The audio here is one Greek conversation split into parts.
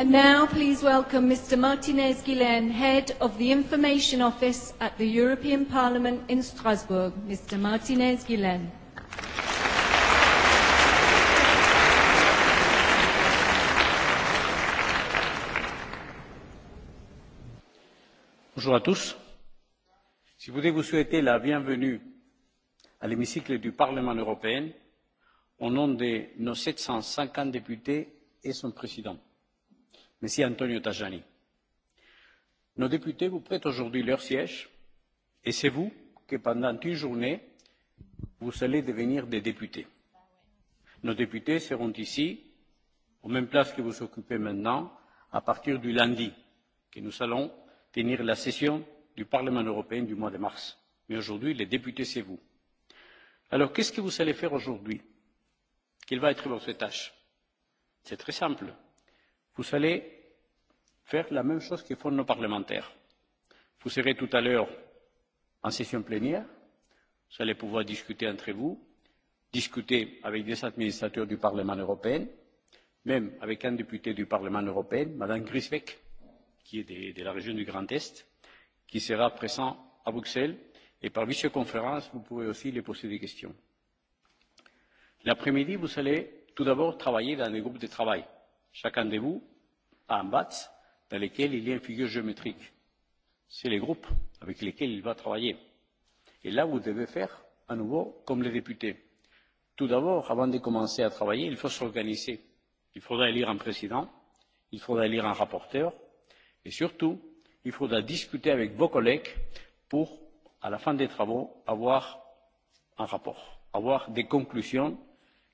And now please welcome Mr. Martinez Guillain, Head of the Information Office at the European Parliament in Strasbourg. Mr. Martinez Guillain. Bonjour à tous. Je voudrais vous souhaiter la bienvenue à l'hémicycle du Parlement européen au nom de nos 750 députés et son président Monsieur Antonio Tajani. Nos députés vous prêtent aujourd'hui leur siège et c'est vous que pendant une journée, vous allez devenir des députés. Nos députés seront ici, aux mêmes places que vous occupez maintenant, à partir du lundi, que nous allons tenir la session du Parlement européen du mois de mars. Mais aujourd'hui, les députés, c'est vous. Alors, qu'est-ce que vous allez faire aujourd'hui Quelle va être votre tâche C'est très simple. Vous allez faire la même chose que font nos parlementaires. Vous serez tout à l'heure en session plénière, vous allez pouvoir discuter entre vous, discuter avec des administrateurs du Parlement européen, même avec un député du Parlement européen, Madame Grisbeck, qui est de la région du Grand Est, qui sera présent à Bruxelles, et par visioconférence, vous pouvez aussi lui poser des questions. L'après-midi, vous allez tout d'abord travailler dans des groupes de travail. Chacun de vous a un BATS dans lesquels il y a une figure géométrique. C'est les groupes avec lesquels il va travailler. Et là, vous devez faire à nouveau comme les députés. Tout d'abord, avant de commencer à travailler, il faut s'organiser. Il faudra élire un président, il faudra élire un rapporteur, et surtout, il faudra discuter avec vos collègues pour, à la fin des travaux, avoir un rapport, avoir des conclusions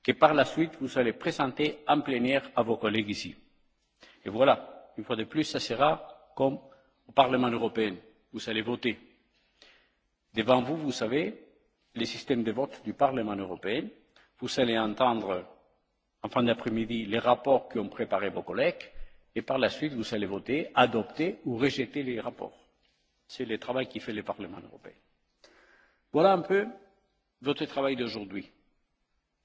que par la suite vous allez présenter en plénière à vos collègues ici. Et voilà, une fois de plus, ça sera comme au Parlement européen. Vous allez voter. Devant vous, vous savez, le système de vote du Parlement européen. Vous allez entendre, en fin d'après-midi, les rapports ont préparé vos collègues. Et par la suite, vous allez voter, adopter ou rejeter les rapports. C'est le travail qui fait le Parlement européen. Voilà un peu votre travail d'aujourd'hui.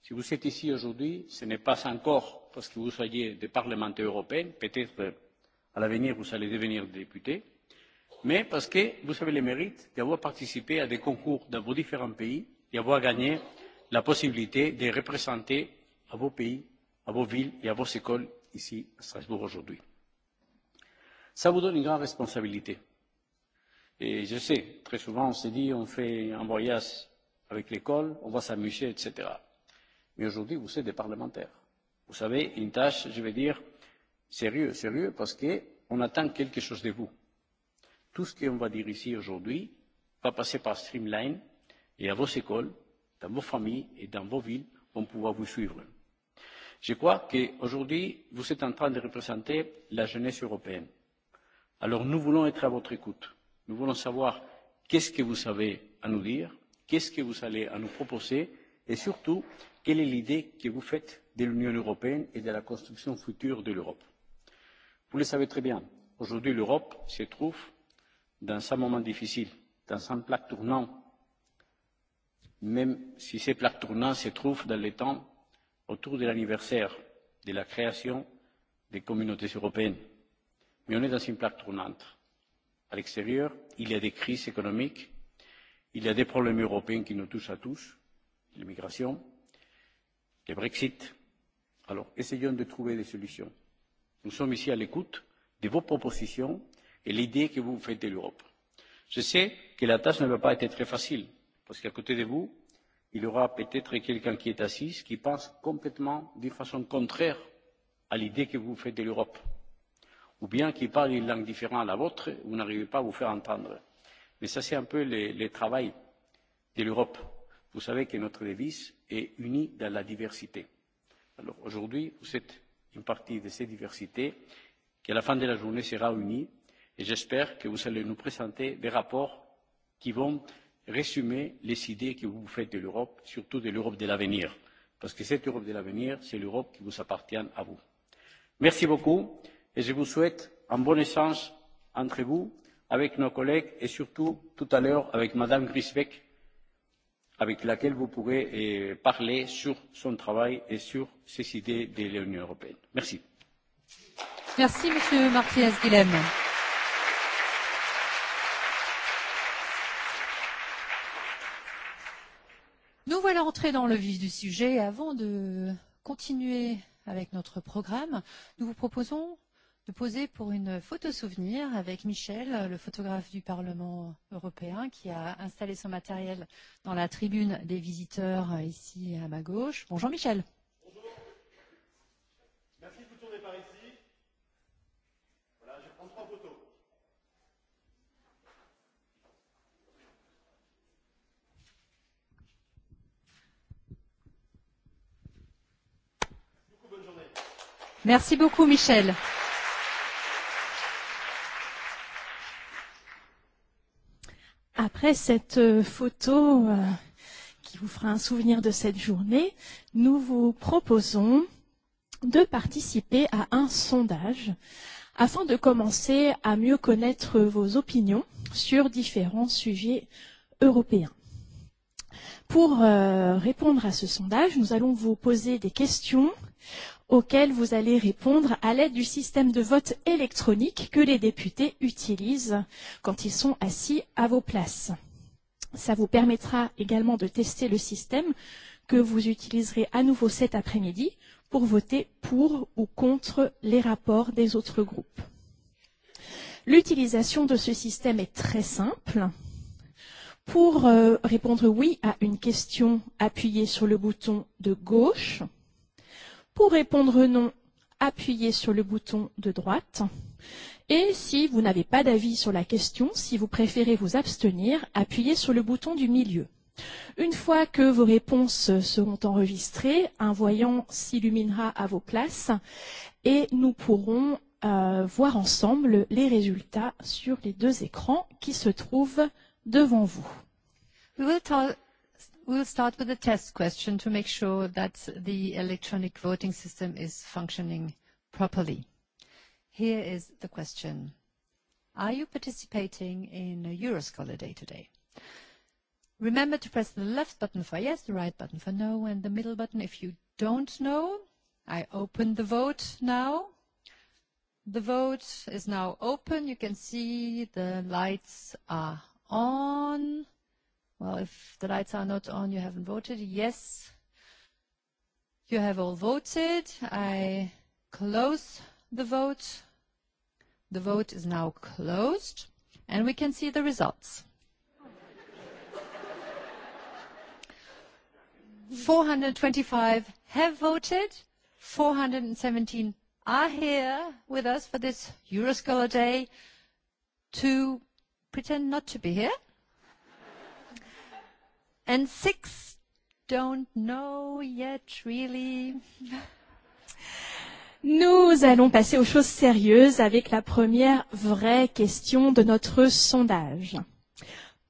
Si vous êtes ici aujourd'hui, ce n'est pas encore parce que vous soyez des parlementaires européens, peut-être à l'avenir vous allez devenir député, mais parce que vous avez le mérite d'avoir participé à des concours dans vos différents pays et d'avoir gagné la possibilité de représenter à vos pays, à vos villes et à vos écoles ici à Strasbourg aujourd'hui. Ça vous donne une grande responsabilité. Et je sais, très souvent on se dit on fait un voyage avec l'école, on va s'amuser, etc. Mais aujourd'hui vous êtes des parlementaires. Vous savez, une tâche, je vais dire, Sérieux, sérieux, parce qu'on attend quelque chose de vous. Tout ce qu'on va dire ici aujourd'hui va passer par Streamline et à vos écoles, dans vos familles et dans vos villes on pourra vous suivre. Je crois qu'aujourd'hui, vous êtes en train de représenter la jeunesse européenne. Alors nous voulons être à votre écoute. Nous voulons savoir qu'est-ce que vous avez à nous dire, qu'est-ce que vous allez à nous proposer et surtout, quelle est l'idée que vous faites de l'Union européenne et de la construction future de l'Europe. Vous le savez très bien, aujourd'hui l'Europe se trouve dans un moment difficile, dans un plat tournant, même si ces plat tournant se trouve dans les temps autour de l'anniversaire de la création des communautés européennes. Mais on est dans une plaque tournante. À l'extérieur, il y a des crises économiques, il y a des problèmes européens qui nous touchent à tous, l'immigration, le Brexit. Alors, essayons de trouver des solutions Nous sommes ici à l'écoute de vos propositions et l'idée que vous faites de l'Europe. Je sais que la tâche ne va pas être très facile, parce qu'à côté de vous, il y aura peut-être quelqu'un qui est assis, qui pense complètement d'une façon contraire à l'idée que vous faites de l'Europe, ou bien qui parle une langue différente à la vôtre, vous n'arrivez pas à vous faire entendre. Mais ça, c'est un peu le travail de l'Europe. Vous savez que notre devise est unie dans la diversité. Alors aujourd'hui, vous êtes une partie de ces diversités, qu'à la fin de la journée sera unie et j'espère que vous allez nous présenter des rapports qui vont résumer les idées que vous faites de l'Europe, surtout de l'Europe de l'avenir, parce que cette Europe de l'avenir, c'est l'Europe qui vous appartient à vous. Merci beaucoup et je vous souhaite un bon échange entre vous, avec nos collègues et surtout tout à l'heure avec Madame Grisbeck avec laquelle vous pourrez parler sur son travail et sur ses idées de l'Union européenne. Merci. Merci, Monsieur Martinez Guilhem. Nous voilà entrés dans le vif du sujet. Avant de continuer avec notre programme, nous vous proposons de poser pour une photo souvenir avec Michel, le photographe du Parlement européen, qui a installé son matériel dans la tribune des visiteurs ici à ma gauche. Bonjour Michel. Bonjour. Merci de vous tourner par ici. Voilà, je prends trois photos. Merci beaucoup Michel. Après cette photo qui vous fera un souvenir de cette journée, nous vous proposons de participer à un sondage afin de commencer à mieux connaître vos opinions sur différents sujets européens. Pour répondre à ce sondage, nous allons vous poser des questions auxquelles vous allez répondre à l'aide du système de vote électronique que les députés utilisent quand ils sont assis à vos places. Ça vous permettra également de tester le système que vous utiliserez à nouveau cet après-midi pour voter pour ou contre les rapports des autres groupes. L'utilisation de ce système est très simple. Pour répondre oui à une question, appuyez sur le bouton de gauche Pour répondre non, appuyez sur le bouton de droite. Et si vous n'avez pas d'avis sur la question, si vous préférez vous abstenir, appuyez sur le bouton du milieu. Une fois que vos réponses seront enregistrées, un voyant s'illuminera à vos places et nous pourrons voir ensemble les résultats sur les deux écrans qui se trouvent devant vous. We'll start with a test question to make sure that the electronic voting system is functioning properly. Here is the question. Are you participating in a Euroscholar Day today? Remember to press the left button for yes, the right button for no, and the middle button if you don't know. I open the vote now. The vote is now open. You can see the lights are on. Well, if the lights are not on, you haven't voted. Yes, you have all voted. I close the vote. The vote is now closed, and we can see the results. 425 have voted. 417 are here with us for this Euroscholar Day to pretend not to be here And six don't know yet really. Nous allons passer aux choses sérieuses avec la première vraie question de notre sondage.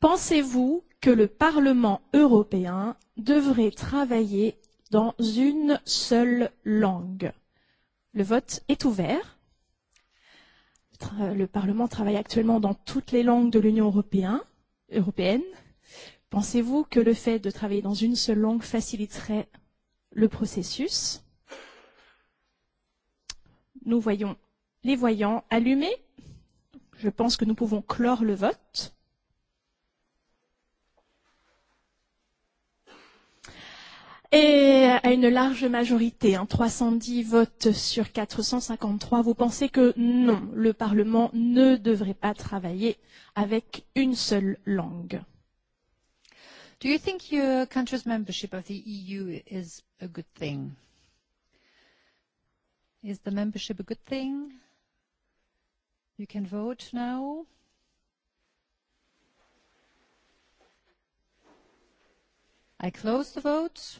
Pensez-vous que le Parlement européen devrait travailler dans une seule langue Le vote est ouvert. Le Parlement travaille actuellement dans toutes les langues de l'Union européenne. Pensez-vous que le fait de travailler dans une seule langue faciliterait le processus Nous voyons les voyants allumés. Je pense que nous pouvons clore le vote. Et à une large majorité, 310 votes sur 453, vous pensez que non, le Parlement ne devrait pas travailler avec une seule langue. Do you think your country's membership of the EU is a good thing? Is the membership a good thing? You can vote now. I close the vote.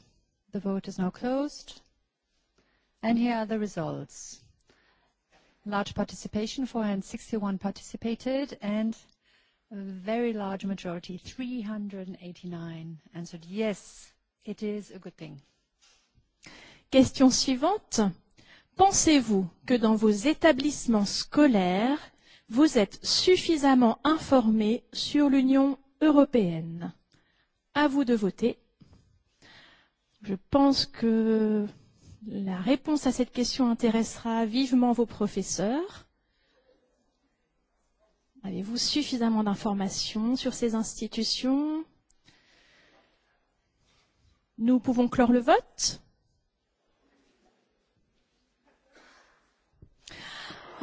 The vote is now closed. And here are the results. Large participation, 461 participated, and A very large majority, 389, answered yes, it is a good thing. Question suivante. Pensez-vous que dans vos établissements scolaires, vous êtes suffisamment informés sur l'Union européenne À vous de voter. Je pense que la réponse à cette question intéressera vivement vos professeurs. Avez-vous suffisamment d'informations sur ces institutions Nous pouvons clore le vote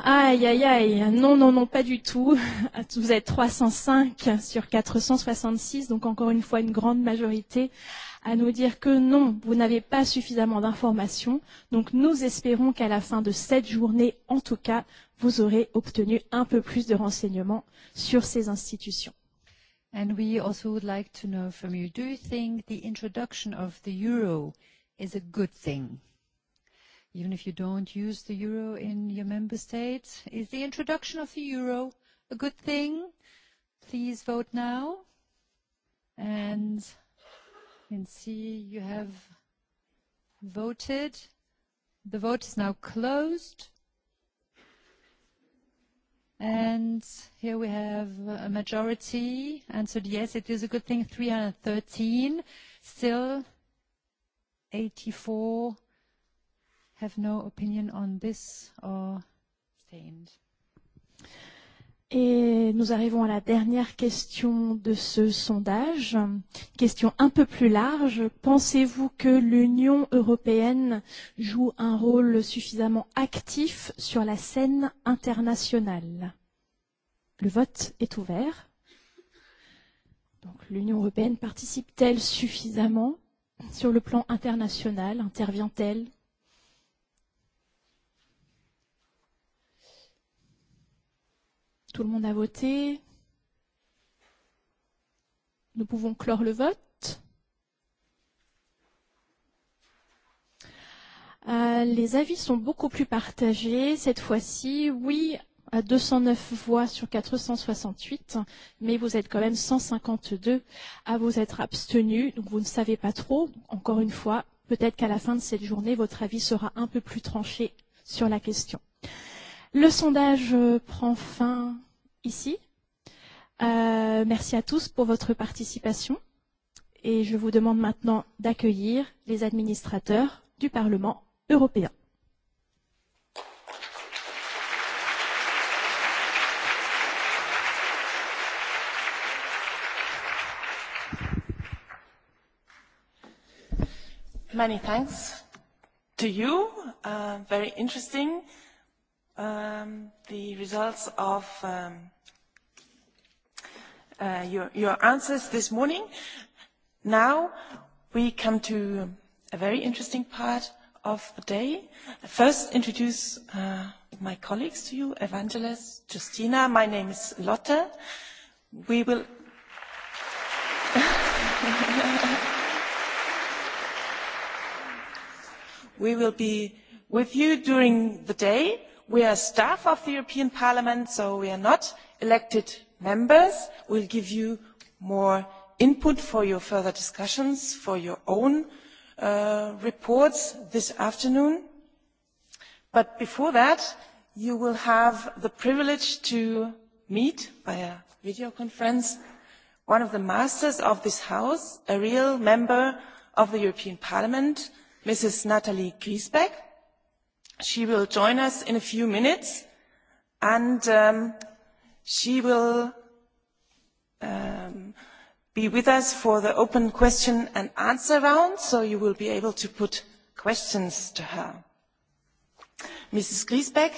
Aïe, aïe, aïe. Non, non, non, pas du tout. Vous êtes 305 sur 466, donc encore une fois une grande majorité à nous dire que non, vous n'avez pas suffisamment d'informations. Donc nous espérons qu'à la fin de cette journée, en tout cas, vous aurez obtenu un peu plus de renseignements sur ces institutions. And we also would like to know from you, do you think the introduction of the euro is a good thing? even if you don't use the euro in your member states, Is the introduction of the euro a good thing? Please vote now. And you can see you have voted. The vote is now closed. And here we have a majority answered yes, it is a good thing, 313. Still, 84 have no opinion on this or Et nous arrivons à la dernière question de ce sondage, question un peu plus large. Pensez-vous que l'Union européenne joue un rôle suffisamment actif sur la scène internationale Le vote est ouvert. Donc l'Union européenne participe-t-elle suffisamment sur le plan international Intervient-elle Tout le monde a voté. Nous pouvons clore le vote. Les avis sont beaucoup plus partagés cette fois-ci. Oui, à 209 voix sur 468, mais vous êtes quand même 152 à vous être abstenus. Donc vous ne savez pas trop. Encore une fois, peut-être qu'à la fin de cette journée, votre avis sera un peu plus tranché sur la question. Le sondage prend fin ici. Merci à tous pour votre participation et je vous demande maintenant d'accueillir les administrateurs du Parlement européen. Many thanks to you. Very interesting, the results of your answers this morning. Now we come to a very interesting part of the day. First, introduce my colleagues to you, Evangelist, Justina. My name is Lotte. We will. We will be with you during the day. We are staff of the European Parliament, so we are not elected members will give you more input for your further discussions, for your own reports this afternoon. But before that, you will have the privilege to meet via video conference one of the masters of this house, a real member of the European Parliament, Mrs. Natalie Griesbeck. She will join us in a few minutes and She will be with us for the open question and answer round, so you will be able to put questions to her. Mrs. Griesbeck,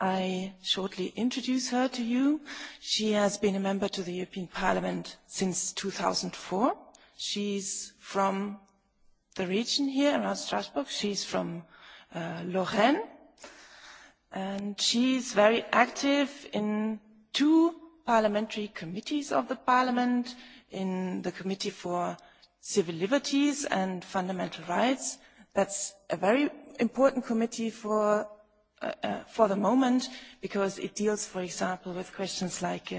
I shortly introduce her to you. She has been a member to the European Parliament since 2004. She's from the region here around Strasbourg. She's from Lorraine. And she's very active in two parliamentary committees of the Parliament, in the Committee for Civil Liberties and Fundamental Rights. That's a very important committee for the moment because it deals, for example, with questions like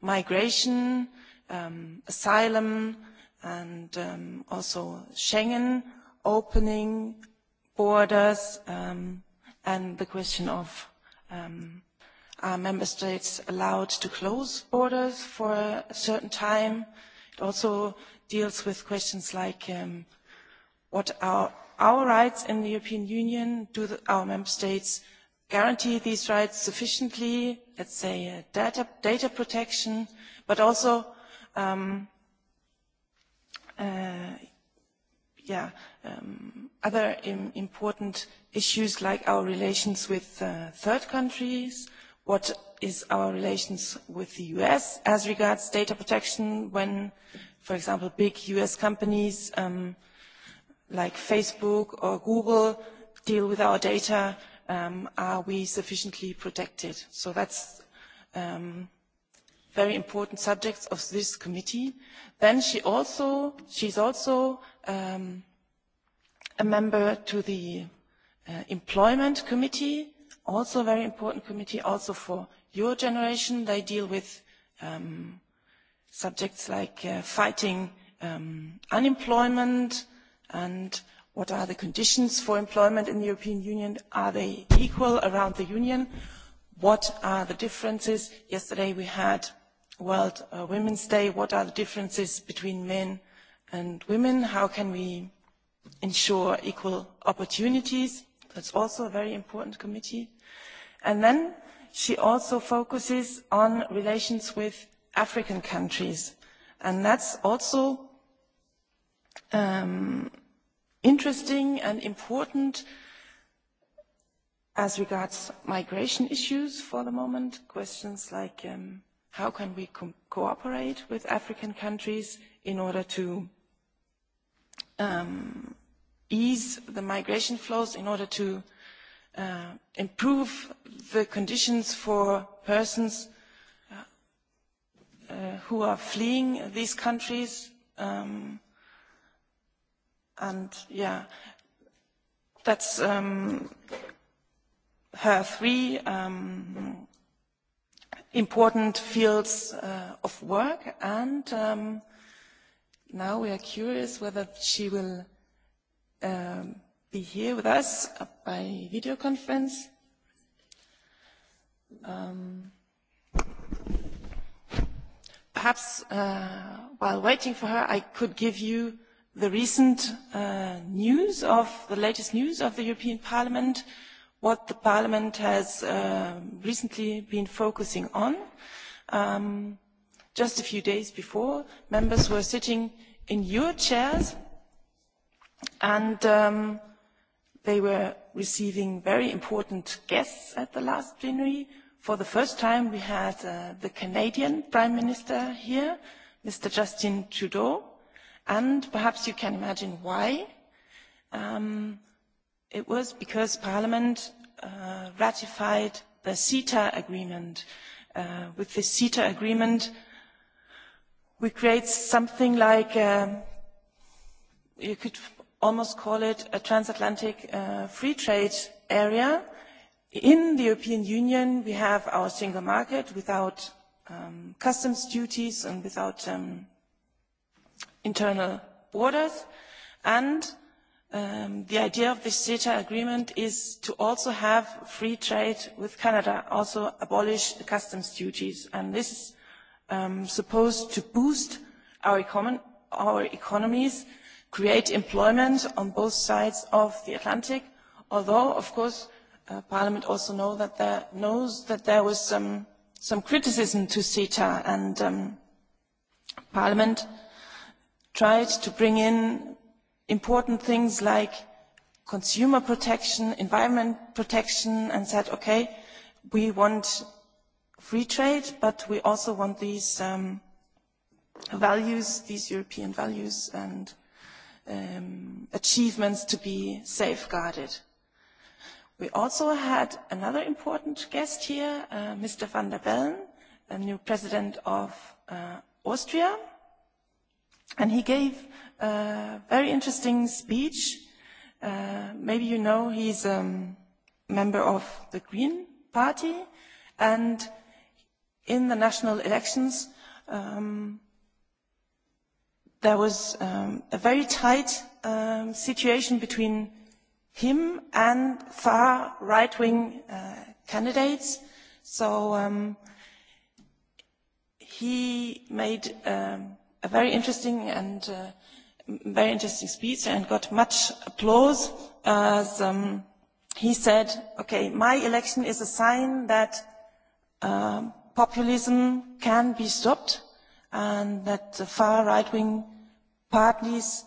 migration, asylum, and also Schengen, opening borders, and the question of Are member states allowed to close borders for a certain time? It also deals with questions like what are our rights in the European Union? Do our member states guarantee these rights sufficiently? Let's say data protection, but also yeah, other important issues like our relations with third countries what is our relations with the US as regards data protection when, for example, big US companies like Facebook or Google deal with our data, are we sufficiently protected? So that's very important subjects of this committee. Then she also, she's also a member to the Employment Committee also a very important committee also for your generation. They deal with subjects like fighting unemployment and what are the conditions for employment in the European Union. Are they equal around the Union? What are the differences? Yesterday we had World Women's Day. What are the differences between men and women? How can we ensure equal opportunities? That's also a very important committee. And then she also focuses on relations with African countries. And that's also interesting and important as regards migration issues for the moment, questions like how can we cooperate with African countries in order to ease the migration flows, in order to improve the conditions for persons who are fleeing these countries and yeah that's her three important fields of work and now we are curious whether she will be here with us by video conference. perhaps while waiting for her, I could give you the recent news of the latest news of the European Parliament, what the Parliament has recently been focusing on. just a few days before, members were sitting in your chairs and They were receiving very important guests at the last plenary. For the first time, we had the Canadian Prime Minister here, Mr. Justin Trudeau, and perhaps you can imagine why. It was because Parliament ratified the CETA agreement. With the CETA agreement, we create something like, you could almost call it a transatlantic free trade area. In the European Union, we have our single market without customs duties and without internal borders. And the idea of this CETA agreement is to also have free trade with Canada, also abolish the customs duties. And this is supposed to boost our our economies create employment on both sides of the Atlantic, although, of course, Parliament also knows that there was some criticism to CETA, and Parliament tried to bring in important things like consumer protection, environment protection, and said, okay, we want free trade, but we also want these values, these European values, and achievements to be safeguarded. We also had another important guest here, Mr. van der Bellen, a new president of Austria, and he gave a very interesting speech. Maybe you know he's a member of the Green Party, and in the national elections, um there was a very tight situation between him and far right-wing candidates. So he made a very interesting and very interesting speech and got much applause as he said, okay, my election is a sign that populism can be stopped and that the far right-wing parties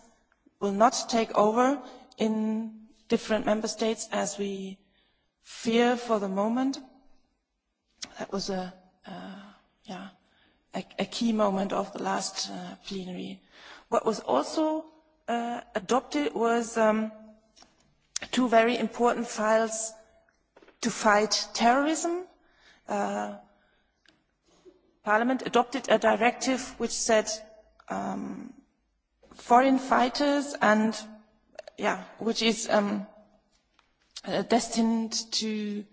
will not take over in different member states as we fear for the moment. That was a yeah a key moment of the last plenary. What was also adopted was two very important files to fight terrorism. Parliament adopted a directive which said foreign fighters and yeah which is destined to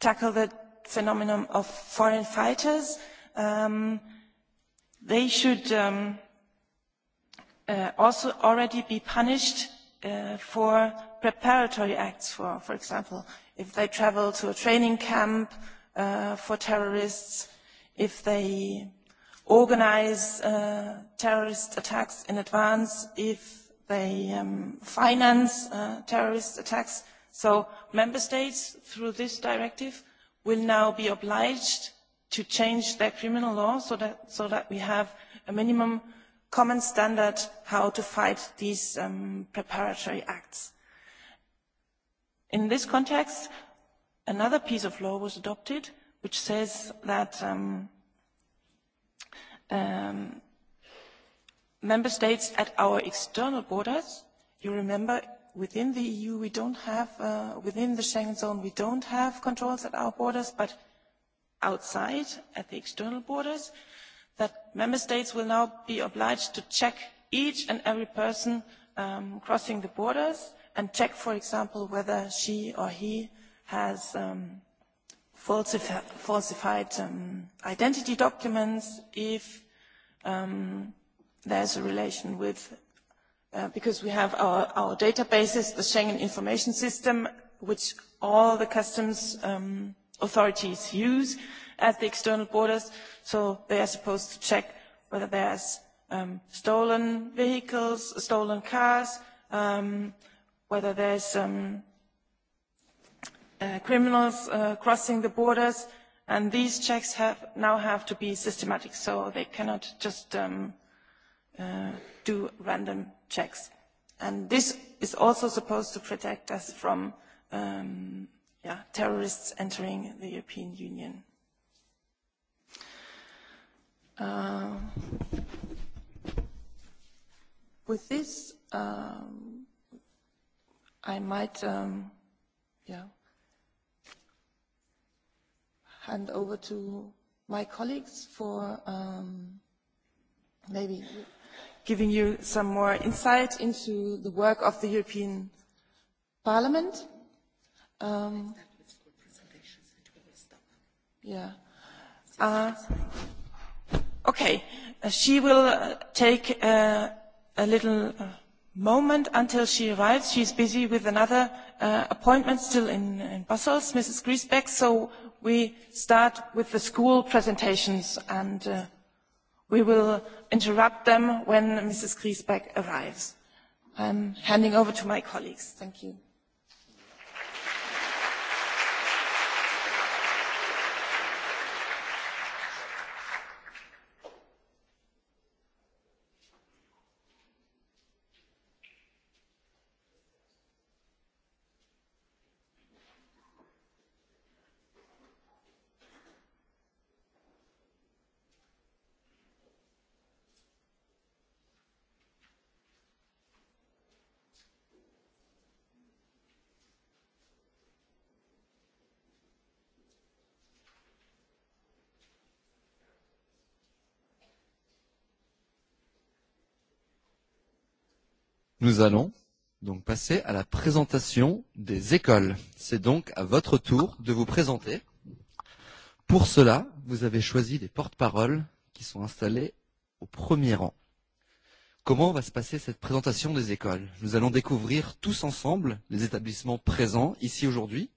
tackle the phenomenon of foreign fighters they should also already be punished for preparatory acts for for example if they travel to a training camp for terrorists if they organize terrorist attacks in advance, if they finance terrorist attacks. So member states, through this directive, will now be obliged to change their criminal law so that we have a minimum common standard how to fight these preparatory acts. In this context, another piece of law was adopted which says that member states at our external borders. You remember, within the EU we don't have, within the Schengen zone we don't have controls at our borders, but outside, at the external borders, that member states will now be obliged to check each and every person crossing the borders and check, for example, whether she or he has falsified identity documents if there's a relation with because we have our databases the Schengen information system which all the customs authorities use at the external borders so they are supposed to check whether there's stolen vehicles stolen cars whether there's criminals crossing the borders and these checks have now have to be systematic so they cannot just do random checks. And this is also supposed to protect us from yeah terrorists entering the European Union. With this, um I might, yeah hand over to my colleagues for um maybe giving you some more insight into the work of the European Parliament. Um, Yeah. Okay. She will take a little moment until she arrives. She's busy with another appointment still in Brussels, Mrs. Griesbeck, so we start with the school presentations and we will interrupt them when Mrs. Griesbeck arrives. I'm handing over to my colleagues. Thank you. Nous allons donc passer à la présentation des écoles. C'est donc à votre tour de vous présenter. Pour cela, vous avez choisi des porte-paroles qui sont installés au premier rang. Comment va se passer cette présentation des écoles Nous allons découvrir tous ensemble les établissements présents ici aujourd'hui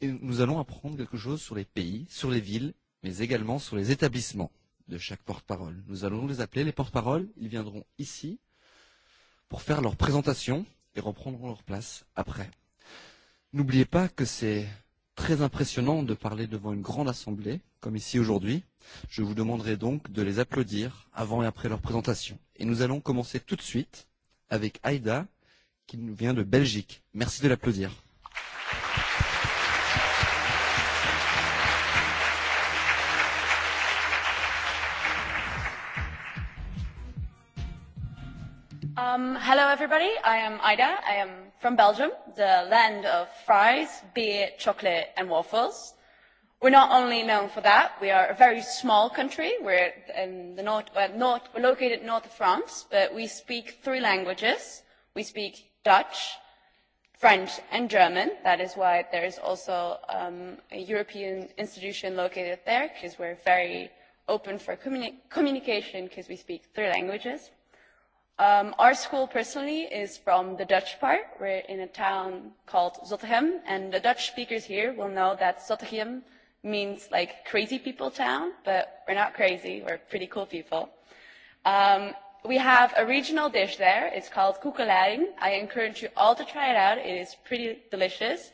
et nous allons apprendre quelque chose sur les pays, sur les villes, mais également sur les établissements de chaque porte-parole. Nous allons les appeler les porte-paroles, ils viendront ici pour faire leur présentation et reprendront leur place après. N'oubliez pas que c'est très impressionnant de parler devant une grande assemblée, comme ici aujourd'hui. Je vous demanderai donc de les applaudir avant et après leur présentation. Et nous allons commencer tout de suite avec Aïda, qui nous vient de Belgique. Merci de l'applaudir. hello, everybody. I am Ida. I am from Belgium, the land of fries, beer, chocolate, and waffles. We're not only known for that, we are a very small country. We're, in the north, north, we're located north of France, but we speak three languages. We speak Dutch, French, and German. That is why there is also um, a European institution located there, because we're very open for communication, because we speak three languages Um, our school personally is from the Dutch part. We're in a town called Zottegem, and the Dutch speakers here will know that Zottegem means like crazy people town, but we're not crazy. We're pretty cool people. Um, we have a regional dish there. It's called koekelaring. I encourage you all to try it out. It is pretty delicious.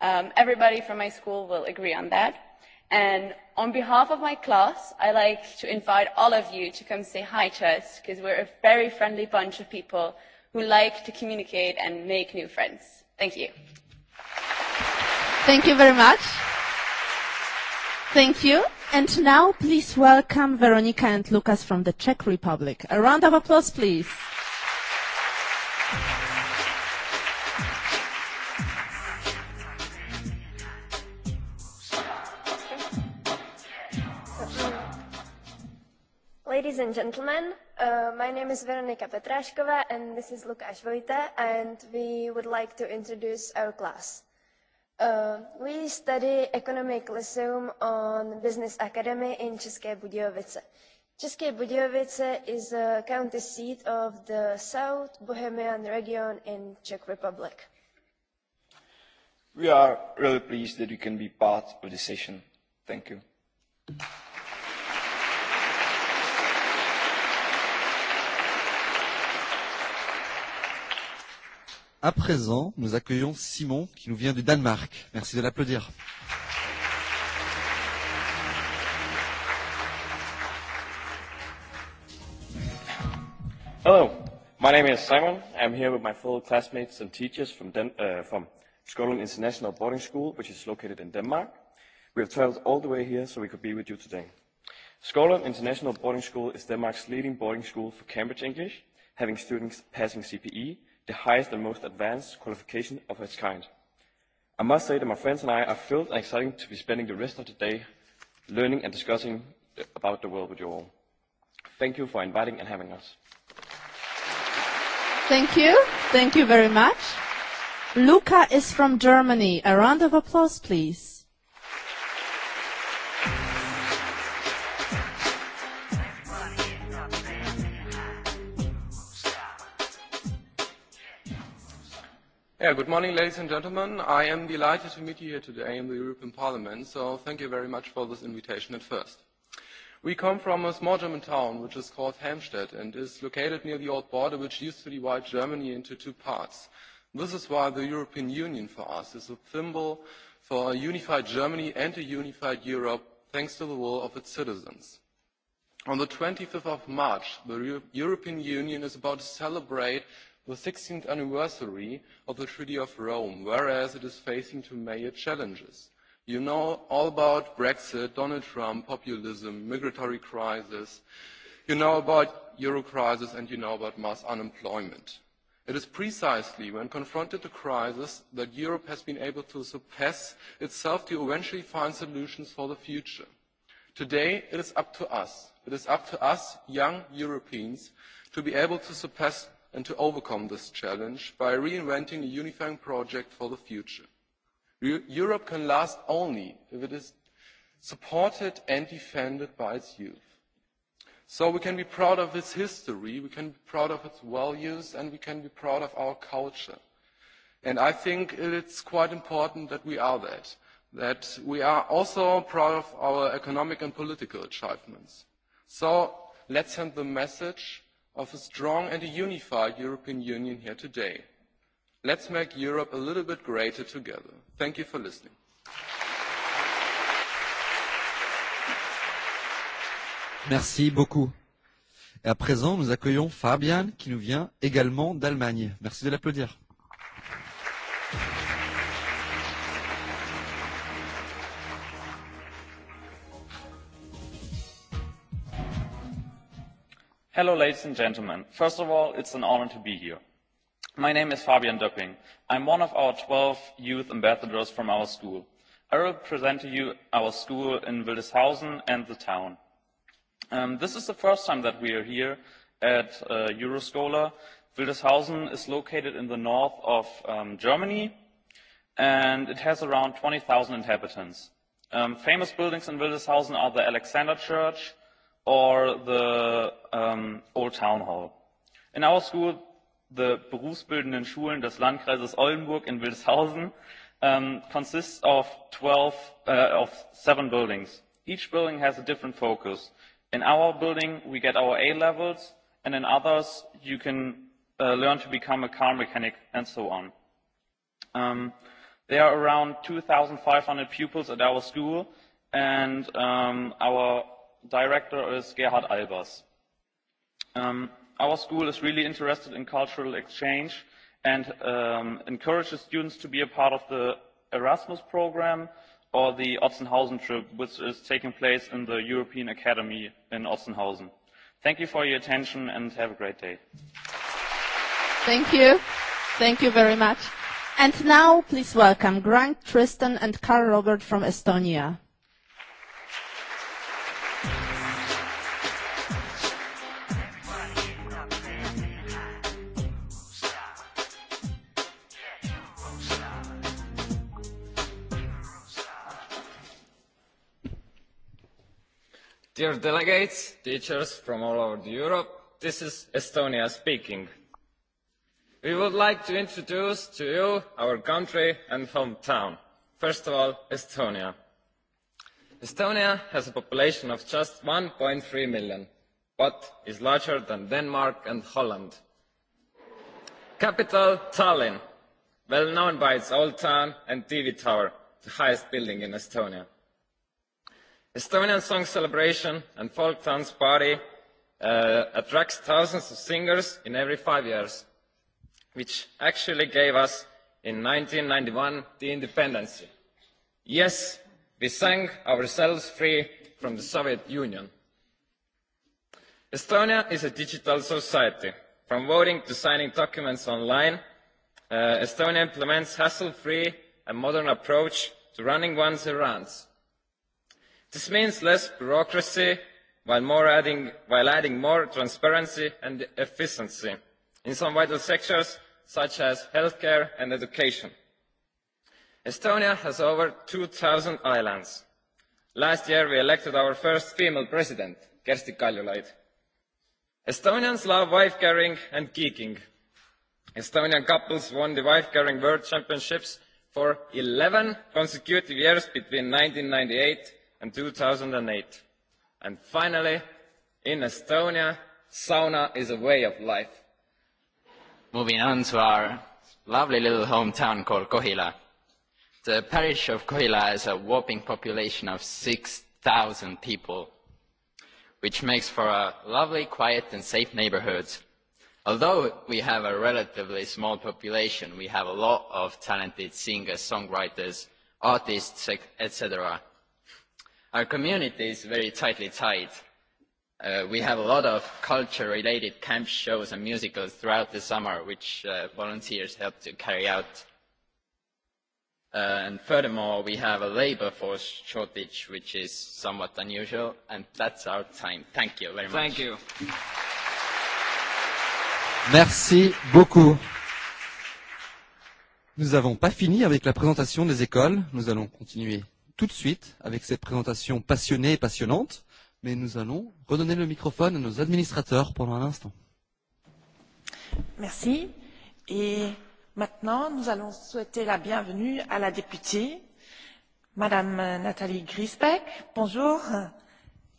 Um, everybody from my school will agree on that. And on behalf of my class, I like to invite all of you to come say hi to us because we're a very friendly bunch of people who like to communicate and make new friends. Thank you. Thank you very much. Thank you. And now please welcome Veronika and Lukas from the Czech Republic. A round of applause, please. Ladies and gentlemen, my name is Veronika Petrashkova and this is Lukáš Vojta and we would like to introduce our class. We study economic lyceum on Business Academy in České Budějovice. České Budějovice is a county seat of the South Bohemian region in Czech Republic. We are really pleased that you can be part of this session. Thank you. À présent, nous accueillons Simon qui nous vient du Danemark. Merci de l'applaudir. Hello, my name is Simon. I'm here with my fellow classmates and teachers from from International Boarding School, which is located in Denmark. We have traveled all the way here so we could be with you today. Skolen International Boarding School is Denmark's leading boarding school for Cambridge English, having students passing CPE the highest and most advanced qualification of its kind. I must say that my friends and I are thrilled and excited to be spending the rest of the day learning and discussing about the world with you all. Thank you for inviting and having us. Thank you. Thank you very much. Luca is from Germany. A round of applause, please. Good morning, ladies and gentlemen. I am delighted to meet you here today in the European Parliament, so thank you very much for this invitation at first. We come from a small German town which is called Helmstedt and is located near the old border which used to divide Germany into two parts. This is why the European Union for us is a symbol for a unified Germany and a unified Europe thanks to the will of its citizens. On the 25th of March, the European Union is about to celebrate the 16th anniversary of the Treaty of Rome, whereas it is facing two major challenges. You know all about Brexit, Donald Trump, populism, migratory crisis. You know about euro crisis and you know about mass unemployment. It is precisely when confronted to crisis that Europe has been able to surpass itself to eventually find solutions for the future. Today, it is up to us. It is up to us, young Europeans, to be able to surpass and to overcome this challenge by reinventing a unifying project for the future. Europe can last only if it is supported and defended by its youth. So we can be proud of its history, we can be proud of its values, and we can be proud of our culture. And I think it's quite important that we are that, that we are also proud of our economic and political achievements. So let's send the message of a strong and a unified European Union here today. Let's make Europe a little bit greater together. Thank you for listening. Merci beaucoup. Et à présent, nous accueillons Fabian qui nous vient également d'Allemagne. Merci de l'applaudir. Hello, ladies and gentlemen. First of all, it's an honor to be here. My name is Fabian Döpping. I'm one of our 12 youth ambassadors from our school. I will present to you our school in Wildeshausen and the town. Um, this is the first time that we are here at uh, Euroscola. Wildeshausen is located in the north of um, Germany, and it has around 20,000 inhabitants. Um, famous buildings in Wildeshausen are the Alexander Church, or the um, Old Town Hall. In our school, the berufsbildenden Schulen des Landkreises Oldenburg in Wilshausen um, consists of 12, uh, of seven buildings. Each building has a different focus. In our building, we get our A levels, and in others, you can uh, learn to become a car mechanic and so on. Um, there are around 2,500 pupils at our school, and um, our director is Gerhard Albers. Our school is really interested in cultural exchange and encourages students to be a part of the Erasmus program or the Otzenhausen trip, which is taking place in the European Academy in Otzenhausen. Thank you for your attention and have a great day. Thank you. Thank you very much. And now please welcome Grant Tristan and Karl Robert from Estonia. Dear delegates, teachers from all over Europe, this is Estonia speaking. We would like to introduce to you our country and hometown. First of all, Estonia. Estonia has a population of just 1.3 million, but is larger than Denmark and Holland. Capital, Tallinn, well known by its old town and TV tower, the highest building in Estonia. Estonian Song Celebration and Folk Dance Party attracts thousands of singers in every five years, which actually gave us in 1991 the independence. Yes, we sang ourselves free from the Soviet Union. Estonia is a digital society. From voting to signing documents online, Estonia implements hassle-free and modern approach to running one's errands. This means less bureaucracy while adding more transparency and efficiency in some vital sectors such as healthcare and education. Estonia has over 2,000 islands. Last year we elected our first female president, Kersti Kaljulaid. Estonians love wife carrying and geeking. Estonian couples won the wife carrying world championships for eleven consecutive years between ninety eight and 2008. And finally, in Estonia, sauna is a way of life. Moving on to our lovely little hometown called Kohila. The parish of Kohila has a whopping population of 6,000 people, which makes for a lovely, quiet and safe neighborhood. Although we have a relatively small population, we have a lot of talented singers, songwriters, artists, etc Our community is very tightly tied. We have a lot of culture-related camp shows and musicals throughout the summer, which volunteers help to carry out. And furthermore, we have a labor force shortage, which is somewhat unusual, and that's our time. Thank you very much. Thank you. Merci beaucoup. Nous n'avons pas fini avec la présentation des écoles. Nous allons continuer tout de suite avec cette présentation passionnée et passionnante, mais nous allons redonner le microphone à nos administrateurs pendant un instant. Merci. Et maintenant, nous allons souhaiter la bienvenue à la députée, Madame Nathalie Grisbeck. Bonjour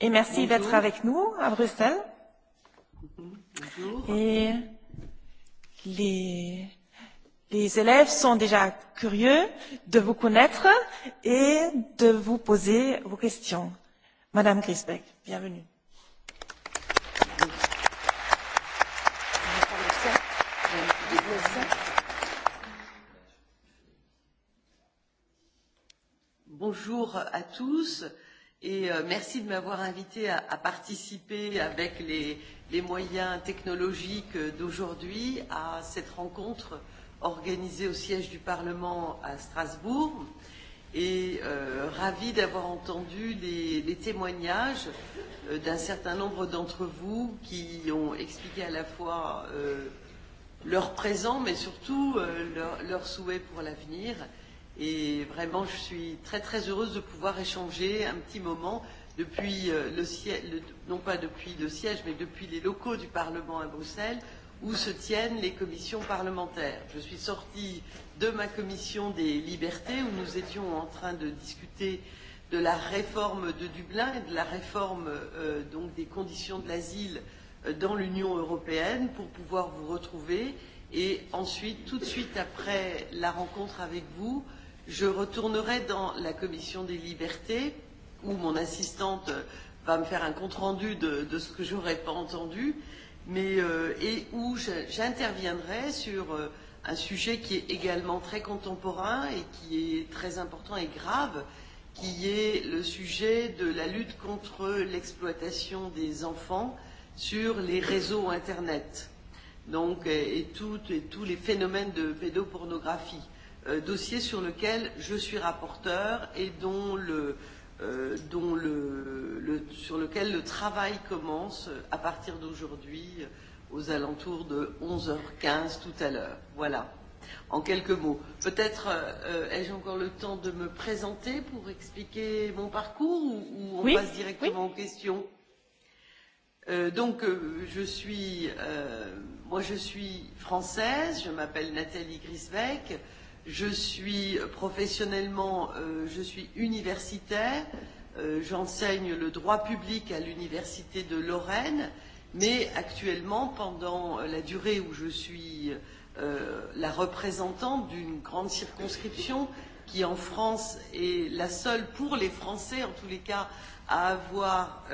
et merci d'être avec nous à Bruxelles. Et les Les élèves sont déjà curieux de vous connaître et de vous poser vos questions. Madame Grisbeck, bienvenue. Bonjour à tous et merci de m'avoir invité à participer avec les moyens technologiques d'aujourd'hui à cette rencontre organisée au siège du Parlement à Strasbourg et ravie d'avoir entendu les témoignages d'un certain nombre d'entre vous qui ont expliqué à la fois leur présent mais surtout leur souhait pour l'avenir. Et vraiment, je suis très très heureuse de pouvoir échanger un petit moment depuis le non pas depuis le siège, mais depuis les locaux du Parlement à Bruxelles, où se tiennent les commissions parlementaires. Je suis sortie de ma commission des libertés où nous étions en train de discuter de la réforme de Dublin et de la réforme donc des conditions de l'asile dans l'Union européenne pour pouvoir vous retrouver et ensuite tout de suite après la rencontre avec vous je retournerai dans la commission des libertés où mon assistante va me faire un compte rendu de de ce que je n'aurais pas entendu mais et où j'interviendrai sur un sujet qui est également très contemporain et qui est très important et grave, qui est le sujet de la lutte contre l'exploitation des enfants sur les réseaux Internet donc et tous les phénomènes de pédopornographie, dossier sur lequel je suis rapporteur et dont le dont le, le, sur lequel le travail commence à partir d'aujourd'hui aux alentours de 11h15 tout à l'heure. Voilà, en quelques mots. Peut-être ai-je encore le temps de me présenter pour expliquer mon parcours ou, ou on passe directement oui. aux questions donc je suis moi je suis française, je m'appelle Nathalie Grisbeck, Je suis professionnellement, je suis universitaire, j'enseigne le droit public à l'université de Lorraine, mais actuellement, pendant la durée où je suis la représentante d'une grande circonscription qui en France est la seule pour les Français en tous les cas à avoir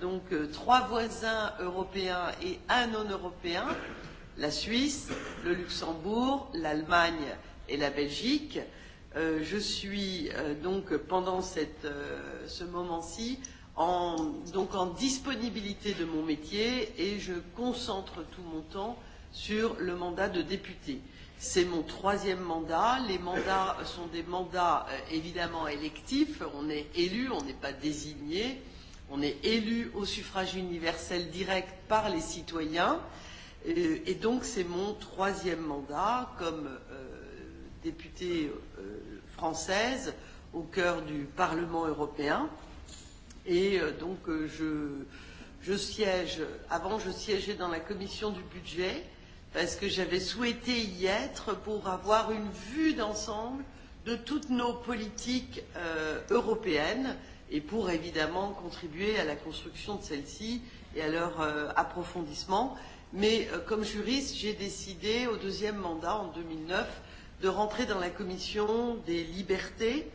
donc trois voisins européens et un non européen, la Suisse, le Luxembourg, l'Allemagne et la Belgique. Je suis donc pendant cette ce moment-ci donc en disponibilité de mon métier et je concentre tout mon temps sur le mandat de député. C'est mon troisième mandat. Les mandats sont des mandats évidemment électifs. On est élu, on n'est pas désigné. On est élu au suffrage universel direct par les citoyens. Et donc c'est mon troisième mandat comme députée française au cœur du Parlement européen. Et donc, je, je siège, avant je siégeais dans la commission du budget, parce que j'avais souhaité y être pour avoir une vue d'ensemble de toutes nos politiques européennes et pour évidemment contribuer à la construction de celles-ci et à leur approfondissement. Mais comme juriste, j'ai décidé au deuxième mandat en 2009 de rentrer dans la commission des libertés,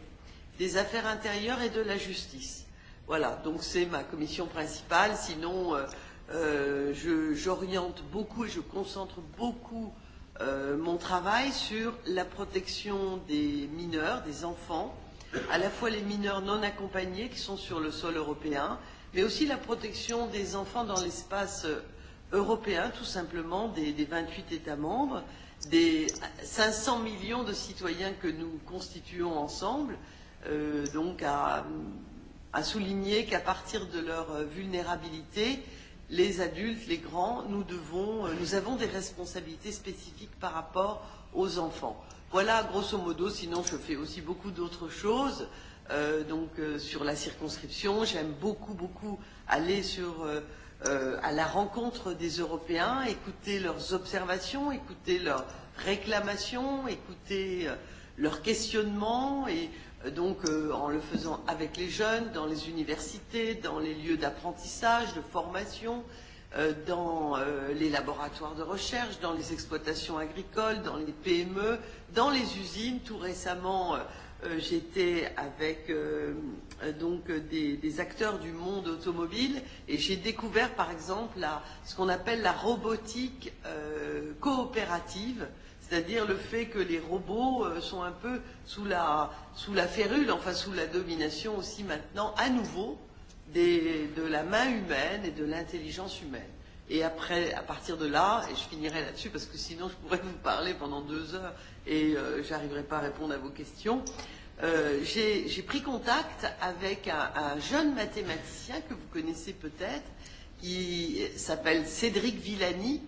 des affaires intérieures et de la justice. Voilà, donc c'est ma commission principale. Sinon, euh, j'oriente beaucoup et je concentre beaucoup euh, mon travail sur la protection des mineurs, des enfants, à la fois les mineurs non accompagnés qui sont sur le sol européen, mais aussi la protection des enfants dans l'espace européen, tout simplement, des, des 28 États membres des 500 millions de citoyens que nous constituons ensemble, donc à souligner qu'à partir de leur vulnérabilité, les adultes, les grands, nous devons, nous avons des responsabilités spécifiques par rapport aux enfants. Voilà, grosso modo, sinon je fais aussi beaucoup d'autres choses. Donc sur la circonscription, j'aime beaucoup, beaucoup aller sur à la rencontre des Européens, écouter leurs observations, écouter leurs réclamations, écouter leurs questionnements et donc en le faisant avec les jeunes, dans les universités, dans les lieux d'apprentissage, de formation, dans les laboratoires de recherche, dans les exploitations agricoles, dans les PME, dans les usines. Tout récemment, j'étais avec donc des, des acteurs du monde automobile et j'ai découvert par exemple la, ce qu'on appelle la robotique euh, coopérative, c'est-à-dire le fait que les robots sont un peu sous la, sous la férule, enfin sous la domination aussi maintenant à nouveau des, de la main humaine et de l'intelligence humaine. Et après, à partir de là, et je finirai là-dessus parce que sinon je pourrais vous parler pendant deux heures et euh, j'arriverai pas à répondre à vos questions j'ai pris contact avec un jeune mathématicien que vous connaissez peut-être, qui s'appelle Cédric Villani,